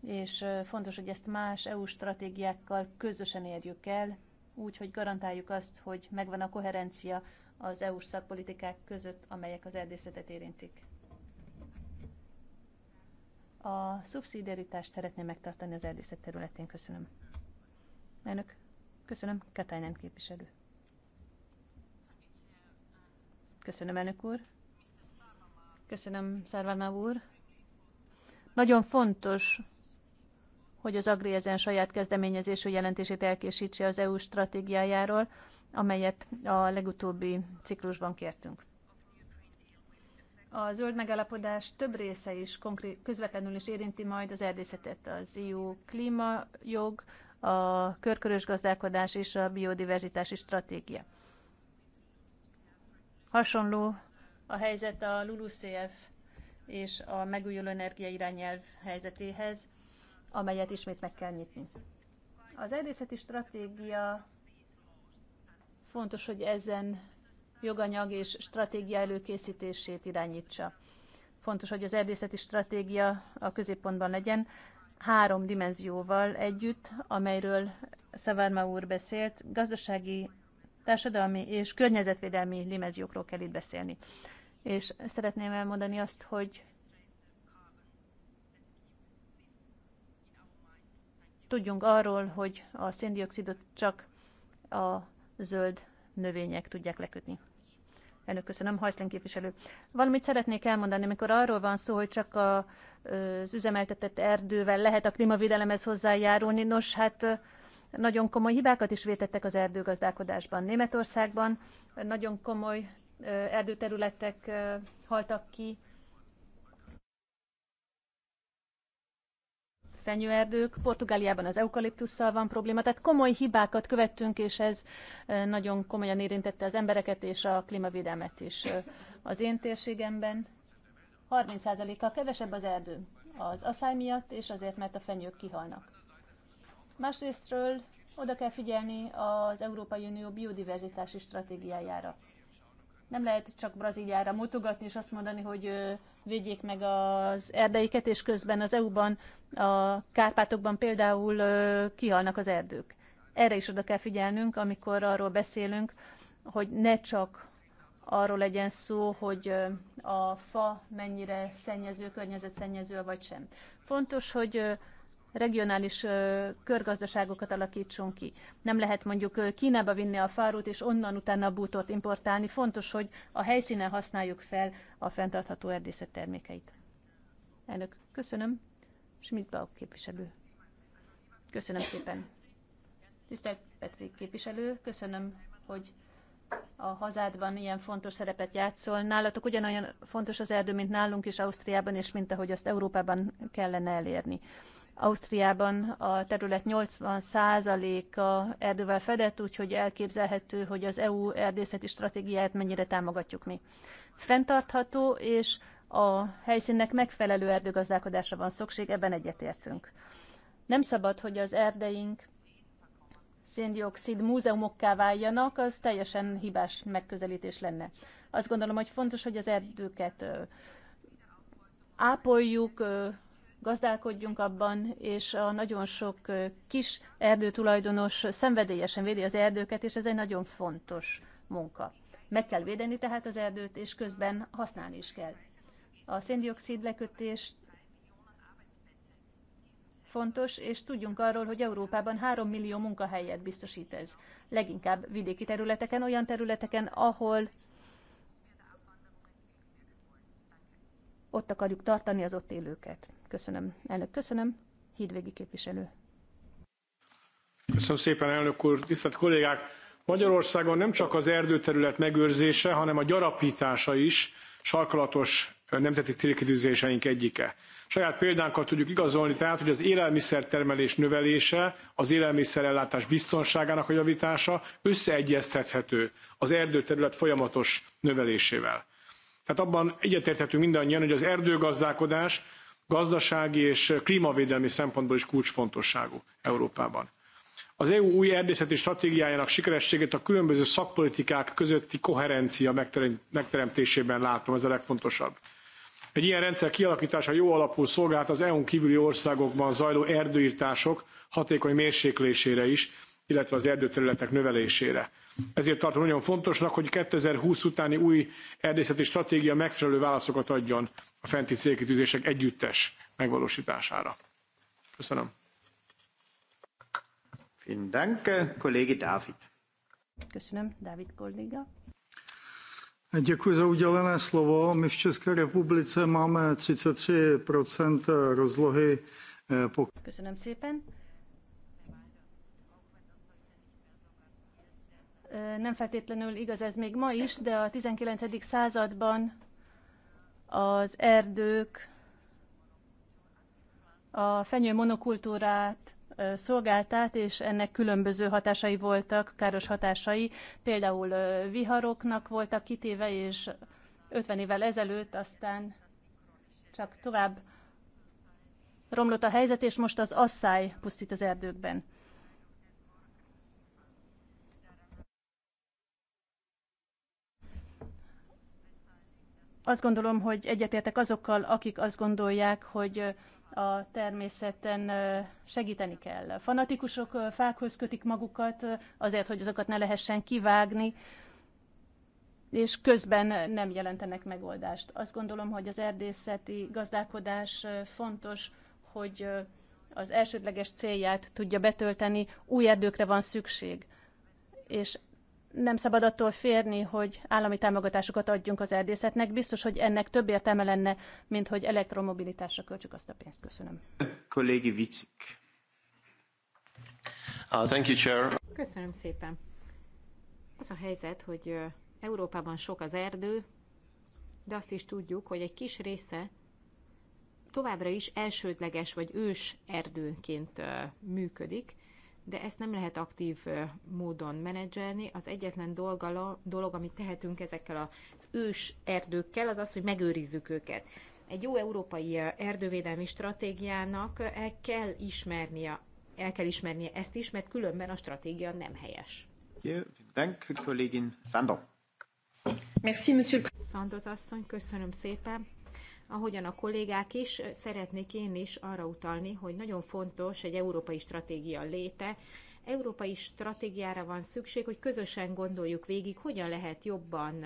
és fontos, hogy ezt más EU stratégiákkal közösen érjük el, úgy, hogy garantáljuk azt, hogy megvan a koherencia az EU-s szakpolitikák között, amelyek az erdészetet érintik. A szubszidiaritást szeretném megtartani az erdészet területén. Köszönöm. Elnök, köszönöm, nem képviselő. Köszönöm, elnök úr. Köszönöm, Szárvána úr. Nagyon fontos, hogy az Agri ezen saját kezdeményezésű jelentését elkészítse az EU stratégiájáról, amelyet a legutóbbi ciklusban kértünk. A zöld megállapodás több része is konkrét, közvetlenül is érinti majd az erdészetet, az EU klímajog, a körkörös gazdálkodás és a biodiverzitási stratégia. Hasonló a helyzet a LULUCF és a megújuló energia irányelv helyzetéhez, amelyet ismét meg kell nyitni. Az erdészeti stratégia fontos, hogy ezen joganyag és stratégia előkészítését irányítsa. Fontos, hogy az erdészeti stratégia a középpontban legyen, három dimenzióval együtt, amelyről Szavárma úr beszélt, gazdasági, társadalmi és környezetvédelmi dimenziókról kell itt beszélni. És szeretném elmondani azt, hogy tudjunk arról, hogy a széndiokszidot csak a zöld növények tudják lekötni. Elnök, köszönöm, Hajszlen képviselő. Valamit szeretnék elmondani, amikor arról van szó, hogy csak a, az üzemeltetett erdővel lehet a klímavédelemhez hozzájárulni. Nos, hát nagyon komoly hibákat is vétettek az erdőgazdálkodásban. Németországban nagyon komoly erdőterületek haltak ki, fenyőerdők, Portugáliában az eukaliptussal van probléma, tehát komoly hibákat követtünk, és ez nagyon komolyan érintette az embereket és a klímavédelmet is. Az én térségemben 30%-kal kevesebb az erdő az asszály miatt, és azért, mert a fenyők kihalnak. Másrésztről oda kell figyelni az Európai Unió biodiverzitási stratégiájára. Nem lehet csak Brazíliára mutogatni és azt mondani, hogy védjék meg az erdeiket, és közben az EU-ban a Kárpátokban például kihalnak az erdők. Erre is oda kell figyelnünk, amikor arról beszélünk, hogy ne csak arról legyen szó, hogy a fa mennyire szennyező, környezetszennyező vagy sem. Fontos, hogy regionális körgazdaságokat alakítsunk ki. Nem lehet mondjuk Kínába vinni a fárút, és onnan utána a bútort importálni. Fontos, hogy a helyszínen használjuk fel a fenntartható erdészet termékeit. Elnök, köszönöm. Schmidt-Bauk képviselő. Köszönöm szépen. Tisztelt Petrik képviselő, köszönöm, hogy a hazádban ilyen fontos szerepet játszol. Nálatok ugyanolyan fontos az erdő, mint nálunk is Ausztriában, és mint ahogy azt Európában kellene elérni. Ausztriában a terület 80%-a erdővel fedett, úgyhogy elképzelhető, hogy az EU erdészeti stratégiáját mennyire támogatjuk mi. Fentartható és a helyszínnek megfelelő erdőgazdálkodásra van szükség, ebben egyetértünk. Nem szabad, hogy az erdeink széndiokszid múzeumokká váljanak, az teljesen hibás megközelítés lenne. Azt gondolom, hogy fontos, hogy az erdőket ápoljuk, gazdálkodjunk abban, és a nagyon sok kis erdőtulajdonos szenvedélyesen védi az erdőket, és ez egy nagyon fontos munka. Meg kell védeni tehát az erdőt, és közben használni is kell a széndiokszid lekötés fontos, és tudjunk arról, hogy Európában 3 millió munkahelyet biztosít ez. Leginkább vidéki területeken, olyan területeken, ahol ott akarjuk tartani az ott élőket. Köszönöm, elnök, köszönöm. Hídvégi képviselő. Köszönöm szépen, elnök úr, tisztelt kollégák! Magyarországon nem csak az erdőterület megőrzése, hanem a gyarapítása is sarkalatos nemzeti célkitűzéseink egyike. Saját példánkkal tudjuk igazolni tehát, hogy az élelmiszertermelés növelése, az élelmiszerellátás biztonságának a javítása összeegyeztethető az erdőterület folyamatos növelésével. Tehát abban egyetérthetünk mindannyian, hogy az erdőgazdálkodás gazdasági és klímavédelmi szempontból is kulcsfontosságú Európában. Az EU új erdészeti stratégiájának sikerességét a különböző szakpolitikák közötti koherencia megteremtésében látom, ez a legfontosabb. Egy ilyen rendszer kialakítása jó alapul szolgált az EU-n kívüli országokban zajló erdőirtások hatékony mérséklésére is, illetve az erdőterületek növelésére. Ezért tartom nagyon fontosnak, hogy 2020 utáni új erdészeti stratégia megfelelő válaszokat adjon a fenti célkitűzések együttes megvalósítására. Köszönöm. Vielen Dank, Dávid. Köszönöm, Dávid kolléga. Děkuji za udělené slovo. My v České republice máme 33 rozlohy. Eh, Köszönöm szépen. Eh, nem feltétlenül igaz ez még ma is, de a 19. században az erdők a fenyő monokultúrát szolgáltát, és ennek különböző hatásai voltak, káros hatásai. Például viharoknak voltak kitéve, és 50 évvel ezelőtt aztán csak tovább romlott a helyzet, és most az asszály pusztít az erdőkben. Azt gondolom, hogy egyetértek azokkal, akik azt gondolják, hogy a természeten segíteni kell. Fanatikusok fákhoz kötik magukat azért, hogy azokat ne lehessen kivágni, és közben nem jelentenek megoldást. Azt gondolom, hogy az erdészeti gazdálkodás fontos, hogy az elsődleges célját tudja betölteni, új erdőkre van szükség. És nem szabad attól férni, hogy állami támogatásokat adjunk az erdészetnek. Biztos, hogy ennek több értelme lenne, mint hogy elektromobilitásra költsük azt a pénzt. Köszönöm. Kollégi Vicik. Uh, thank you, Chair. Köszönöm szépen. Az a helyzet, hogy Európában sok az erdő, de azt is tudjuk, hogy egy kis része továbbra is elsődleges vagy ős erdőként működik, de ezt nem lehet aktív módon menedzselni. Az egyetlen dolga, dolog, amit tehetünk ezekkel az ős erdőkkel, az az, hogy megőrizzük őket. Egy jó európai erdővédelmi stratégiának el kell ismernie, el kell ismernie ezt is, mert különben a stratégia nem helyes. Köszönöm, kollégin Sandor. Merci, monsieur. Sandor asszony, köszönöm szépen ahogyan a kollégák is, szeretnék én is arra utalni, hogy nagyon fontos egy európai stratégia léte. Európai stratégiára van szükség, hogy közösen gondoljuk végig, hogyan lehet jobban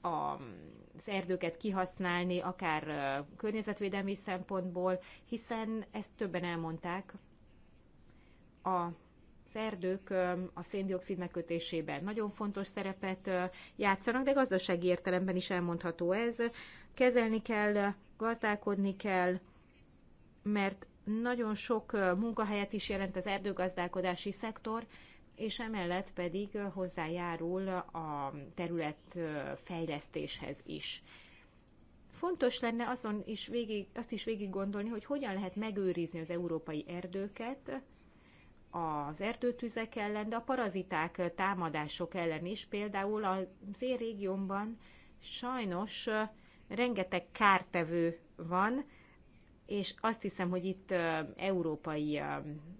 az erdőket kihasználni, akár környezetvédelmi szempontból, hiszen ezt többen elmondták, a az erdők a széndiokszid megkötésében nagyon fontos szerepet játszanak, de gazdasági értelemben is elmondható ez kezelni kell, gazdálkodni kell, mert nagyon sok munkahelyet is jelent az erdőgazdálkodási szektor, és emellett pedig hozzájárul a terület fejlesztéshez is. Fontos lenne azon is végig, azt is végig gondolni, hogy hogyan lehet megőrizni az európai erdőket, az erdőtüzek ellen, de a paraziták támadások ellen is. Például az én régiómban sajnos rengeteg kártevő van, és azt hiszem, hogy itt európai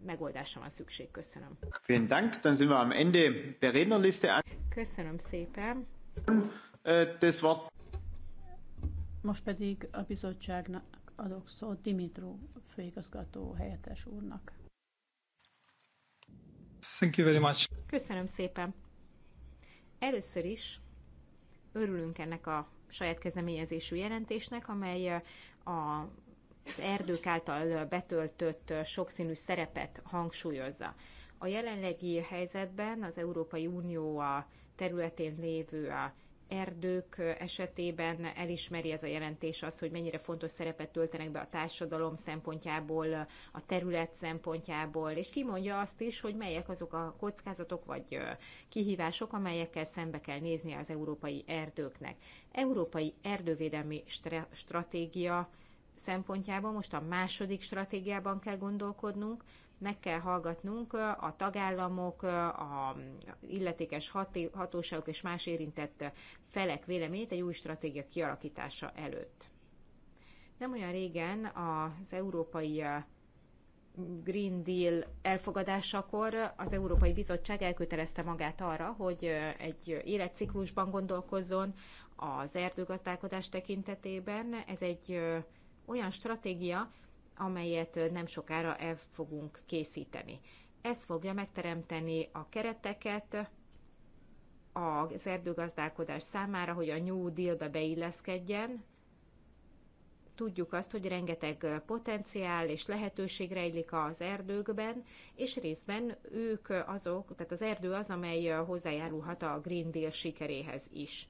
megoldásra van szükség. Köszönöm. Vielen Dank, dann sind wir am Ende der Rednerliste. Köszönöm szépen. Äh, das Wort. Most pedig a bizottságnak adok szót Dimitro főigazgató helyettes úrnak. Thank you very much. Köszönöm szépen. Először is örülünk ennek a saját kezdeményezésű jelentésnek, amely a az erdők által betöltött sokszínű szerepet hangsúlyozza. A jelenlegi helyzetben az Európai Unió a területén lévő a erdők esetében elismeri ez a jelentés az, hogy mennyire fontos szerepet töltenek be a társadalom szempontjából, a terület szempontjából, és kimondja azt is, hogy melyek azok a kockázatok vagy kihívások, amelyekkel szembe kell nézni az európai erdőknek. Európai erdővédelmi stratégia szempontjából most a második stratégiában kell gondolkodnunk, meg kell hallgatnunk a tagállamok, a illetékes hatóságok és más érintett felek véleményét egy új stratégia kialakítása előtt. Nem olyan régen az európai Green Deal elfogadásakor az Európai Bizottság elkötelezte magát arra, hogy egy életciklusban gondolkozzon az erdőgazdálkodás tekintetében. Ez egy olyan stratégia, amelyet nem sokára el fogunk készíteni. Ez fogja megteremteni a kereteket az erdőgazdálkodás számára, hogy a New Deal-be beilleszkedjen. Tudjuk azt, hogy rengeteg potenciál és lehetőség rejlik az erdőkben, és részben ők azok, tehát az erdő az, amely hozzájárulhat a Green Deal sikeréhez is.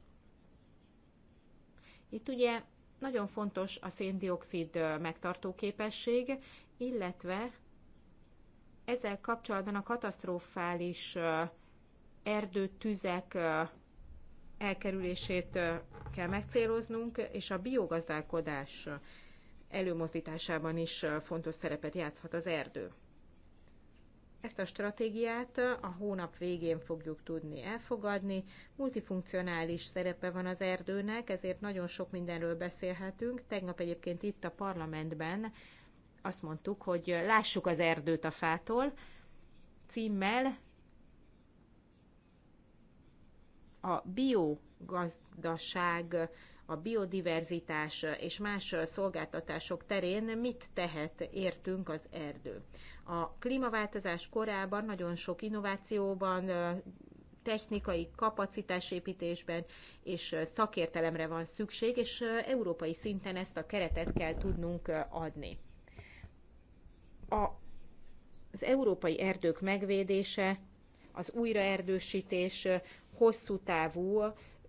Itt ugye nagyon fontos a széndiokszid megtartó képesség, illetve ezzel kapcsolatban a katasztrofális erdőtüzek elkerülését kell megcéloznunk, és a biogazdálkodás előmozdításában is fontos szerepet játszhat az erdő. Ezt a stratégiát a hónap végén fogjuk tudni elfogadni. Multifunkcionális szerepe van az erdőnek, ezért nagyon sok mindenről beszélhetünk. Tegnap egyébként itt a parlamentben azt mondtuk, hogy lássuk az erdőt a fától, címmel a biogazdaság a biodiverzitás és más szolgáltatások terén mit tehet értünk az erdő. A klímaváltozás korában nagyon sok innovációban technikai kapacitásépítésben és szakértelemre van szükség, és európai szinten ezt a keretet kell tudnunk adni. A, az európai erdők megvédése, az újraerdősítés hosszú távú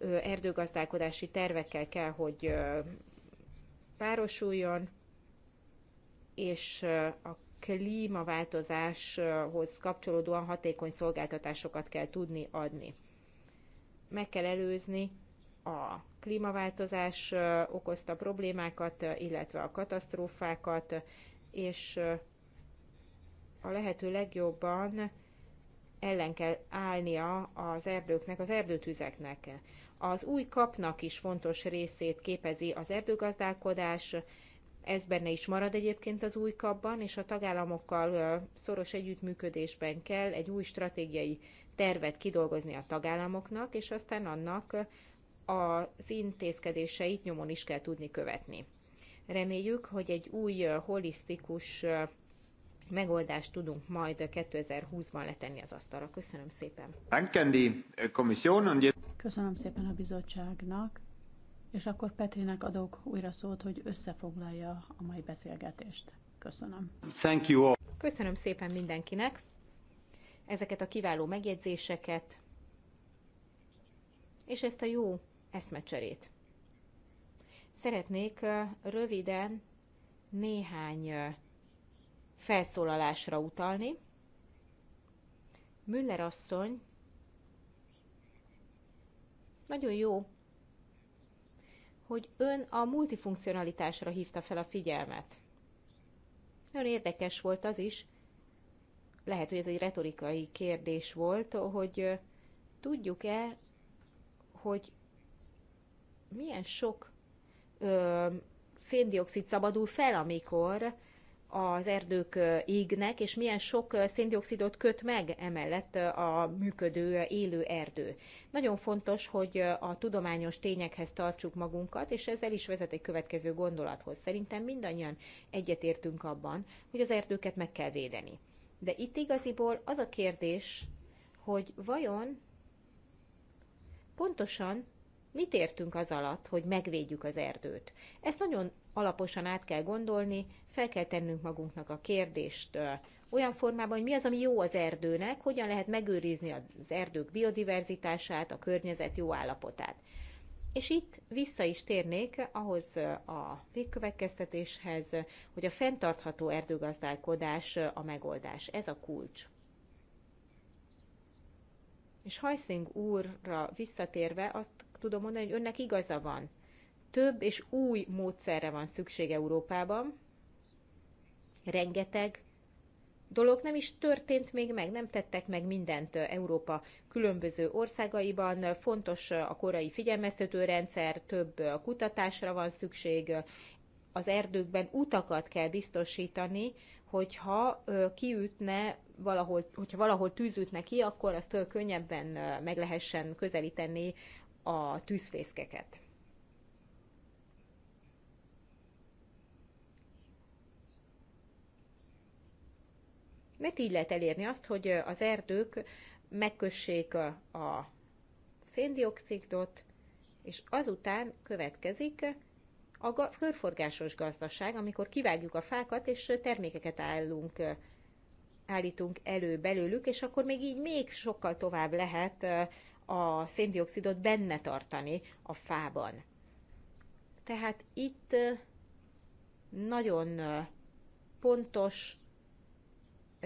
erdőgazdálkodási tervekkel kell, hogy párosuljon, és a klímaváltozáshoz kapcsolódóan hatékony szolgáltatásokat kell tudni adni. Meg kell előzni a klímaváltozás okozta problémákat, illetve a katasztrófákat, és a lehető legjobban ellen kell állnia az erdőknek, az erdőtüzeknek. Az új kapnak is fontos részét képezi az erdőgazdálkodás, ez benne is marad egyébként az új kapban, és a tagállamokkal szoros együttműködésben kell egy új stratégiai tervet kidolgozni a tagállamoknak, és aztán annak az intézkedéseit nyomon is kell tudni követni. Reméljük, hogy egy új holisztikus megoldást tudunk majd 2020-ban letenni az asztalra. Köszönöm szépen. Äh, Köszönöm szépen a bizottságnak, és akkor Petrinek adok újra szót, hogy összefoglalja a mai beszélgetést. Köszönöm. Thank you all. Köszönöm szépen mindenkinek ezeket a kiváló megjegyzéseket, és ezt a jó eszmecserét. Szeretnék röviden néhány felszólalásra utalni. Müller asszony nagyon jó, hogy ön a multifunkcionalitásra hívta fel a figyelmet. Nagyon érdekes volt az is, lehet, hogy ez egy retorikai kérdés volt, hogy tudjuk-e, hogy milyen sok ö, széndiokszid szabadul fel, amikor az erdők égnek, és milyen sok széndiokszidot köt meg emellett a működő élő erdő. Nagyon fontos, hogy a tudományos tényekhez tartsuk magunkat, és ezzel is vezet egy következő gondolathoz. Szerintem mindannyian egyetértünk abban, hogy az erdőket meg kell védeni. De itt igaziból az a kérdés, hogy vajon pontosan mit értünk az alatt, hogy megvédjük az erdőt. Ezt nagyon alaposan át kell gondolni, fel kell tennünk magunknak a kérdést olyan formában, hogy mi az, ami jó az erdőnek, hogyan lehet megőrizni az erdők biodiverzitását, a környezet jó állapotát. És itt vissza is térnék ahhoz a végkövetkeztetéshez, hogy a fenntartható erdőgazdálkodás a megoldás. Ez a kulcs. És Hajszing úrra visszatérve azt tudom mondani, hogy önnek igaza van több és új módszerre van szükség Európában. Rengeteg dolog nem is történt még meg, nem tettek meg mindent Európa különböző országaiban. Fontos a korai figyelmeztető rendszer, több kutatásra van szükség, az erdőkben utakat kell biztosítani, hogyha kiütne valahol, hogyha valahol tűzütne ki, akkor azt könnyebben meg lehessen közelíteni a tűzfészkeket. Mert így lehet elérni azt, hogy az erdők megkössék a széndiokszidot, és azután következik a körforgásos gazdaság, amikor kivágjuk a fákat, és termékeket állunk, állítunk elő belőlük, és akkor még így még sokkal tovább lehet a széndiokszidot benne tartani a fában. Tehát itt nagyon pontos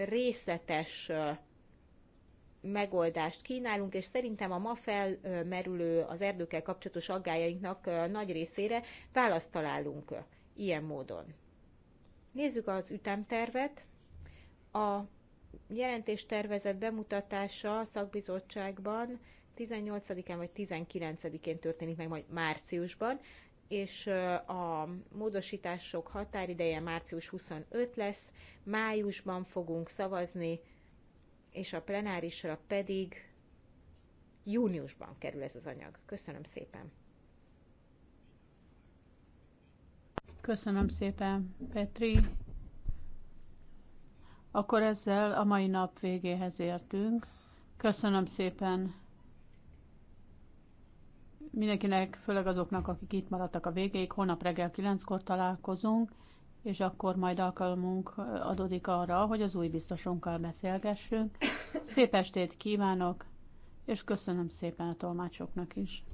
részletes megoldást kínálunk, és szerintem a ma felmerülő az erdőkkel kapcsolatos aggájainknak nagy részére választ találunk ilyen módon. Nézzük az ütemtervet. A jelentéstervezet bemutatása a szakbizottságban 18-án vagy 19-én történik meg majd márciusban és a módosítások határideje március 25 lesz, májusban fogunk szavazni, és a plenárisra pedig júniusban kerül ez az anyag. Köszönöm szépen! Köszönöm szépen, Petri! Akkor ezzel a mai nap végéhez értünk. Köszönöm szépen Mindenkinek, főleg azoknak, akik itt maradtak a végéig, holnap reggel kilenckor találkozunk, és akkor majd alkalmunk adódik arra, hogy az új biztosunkkal beszélgessünk. Szép estét kívánok, és köszönöm szépen a tolmácsoknak is.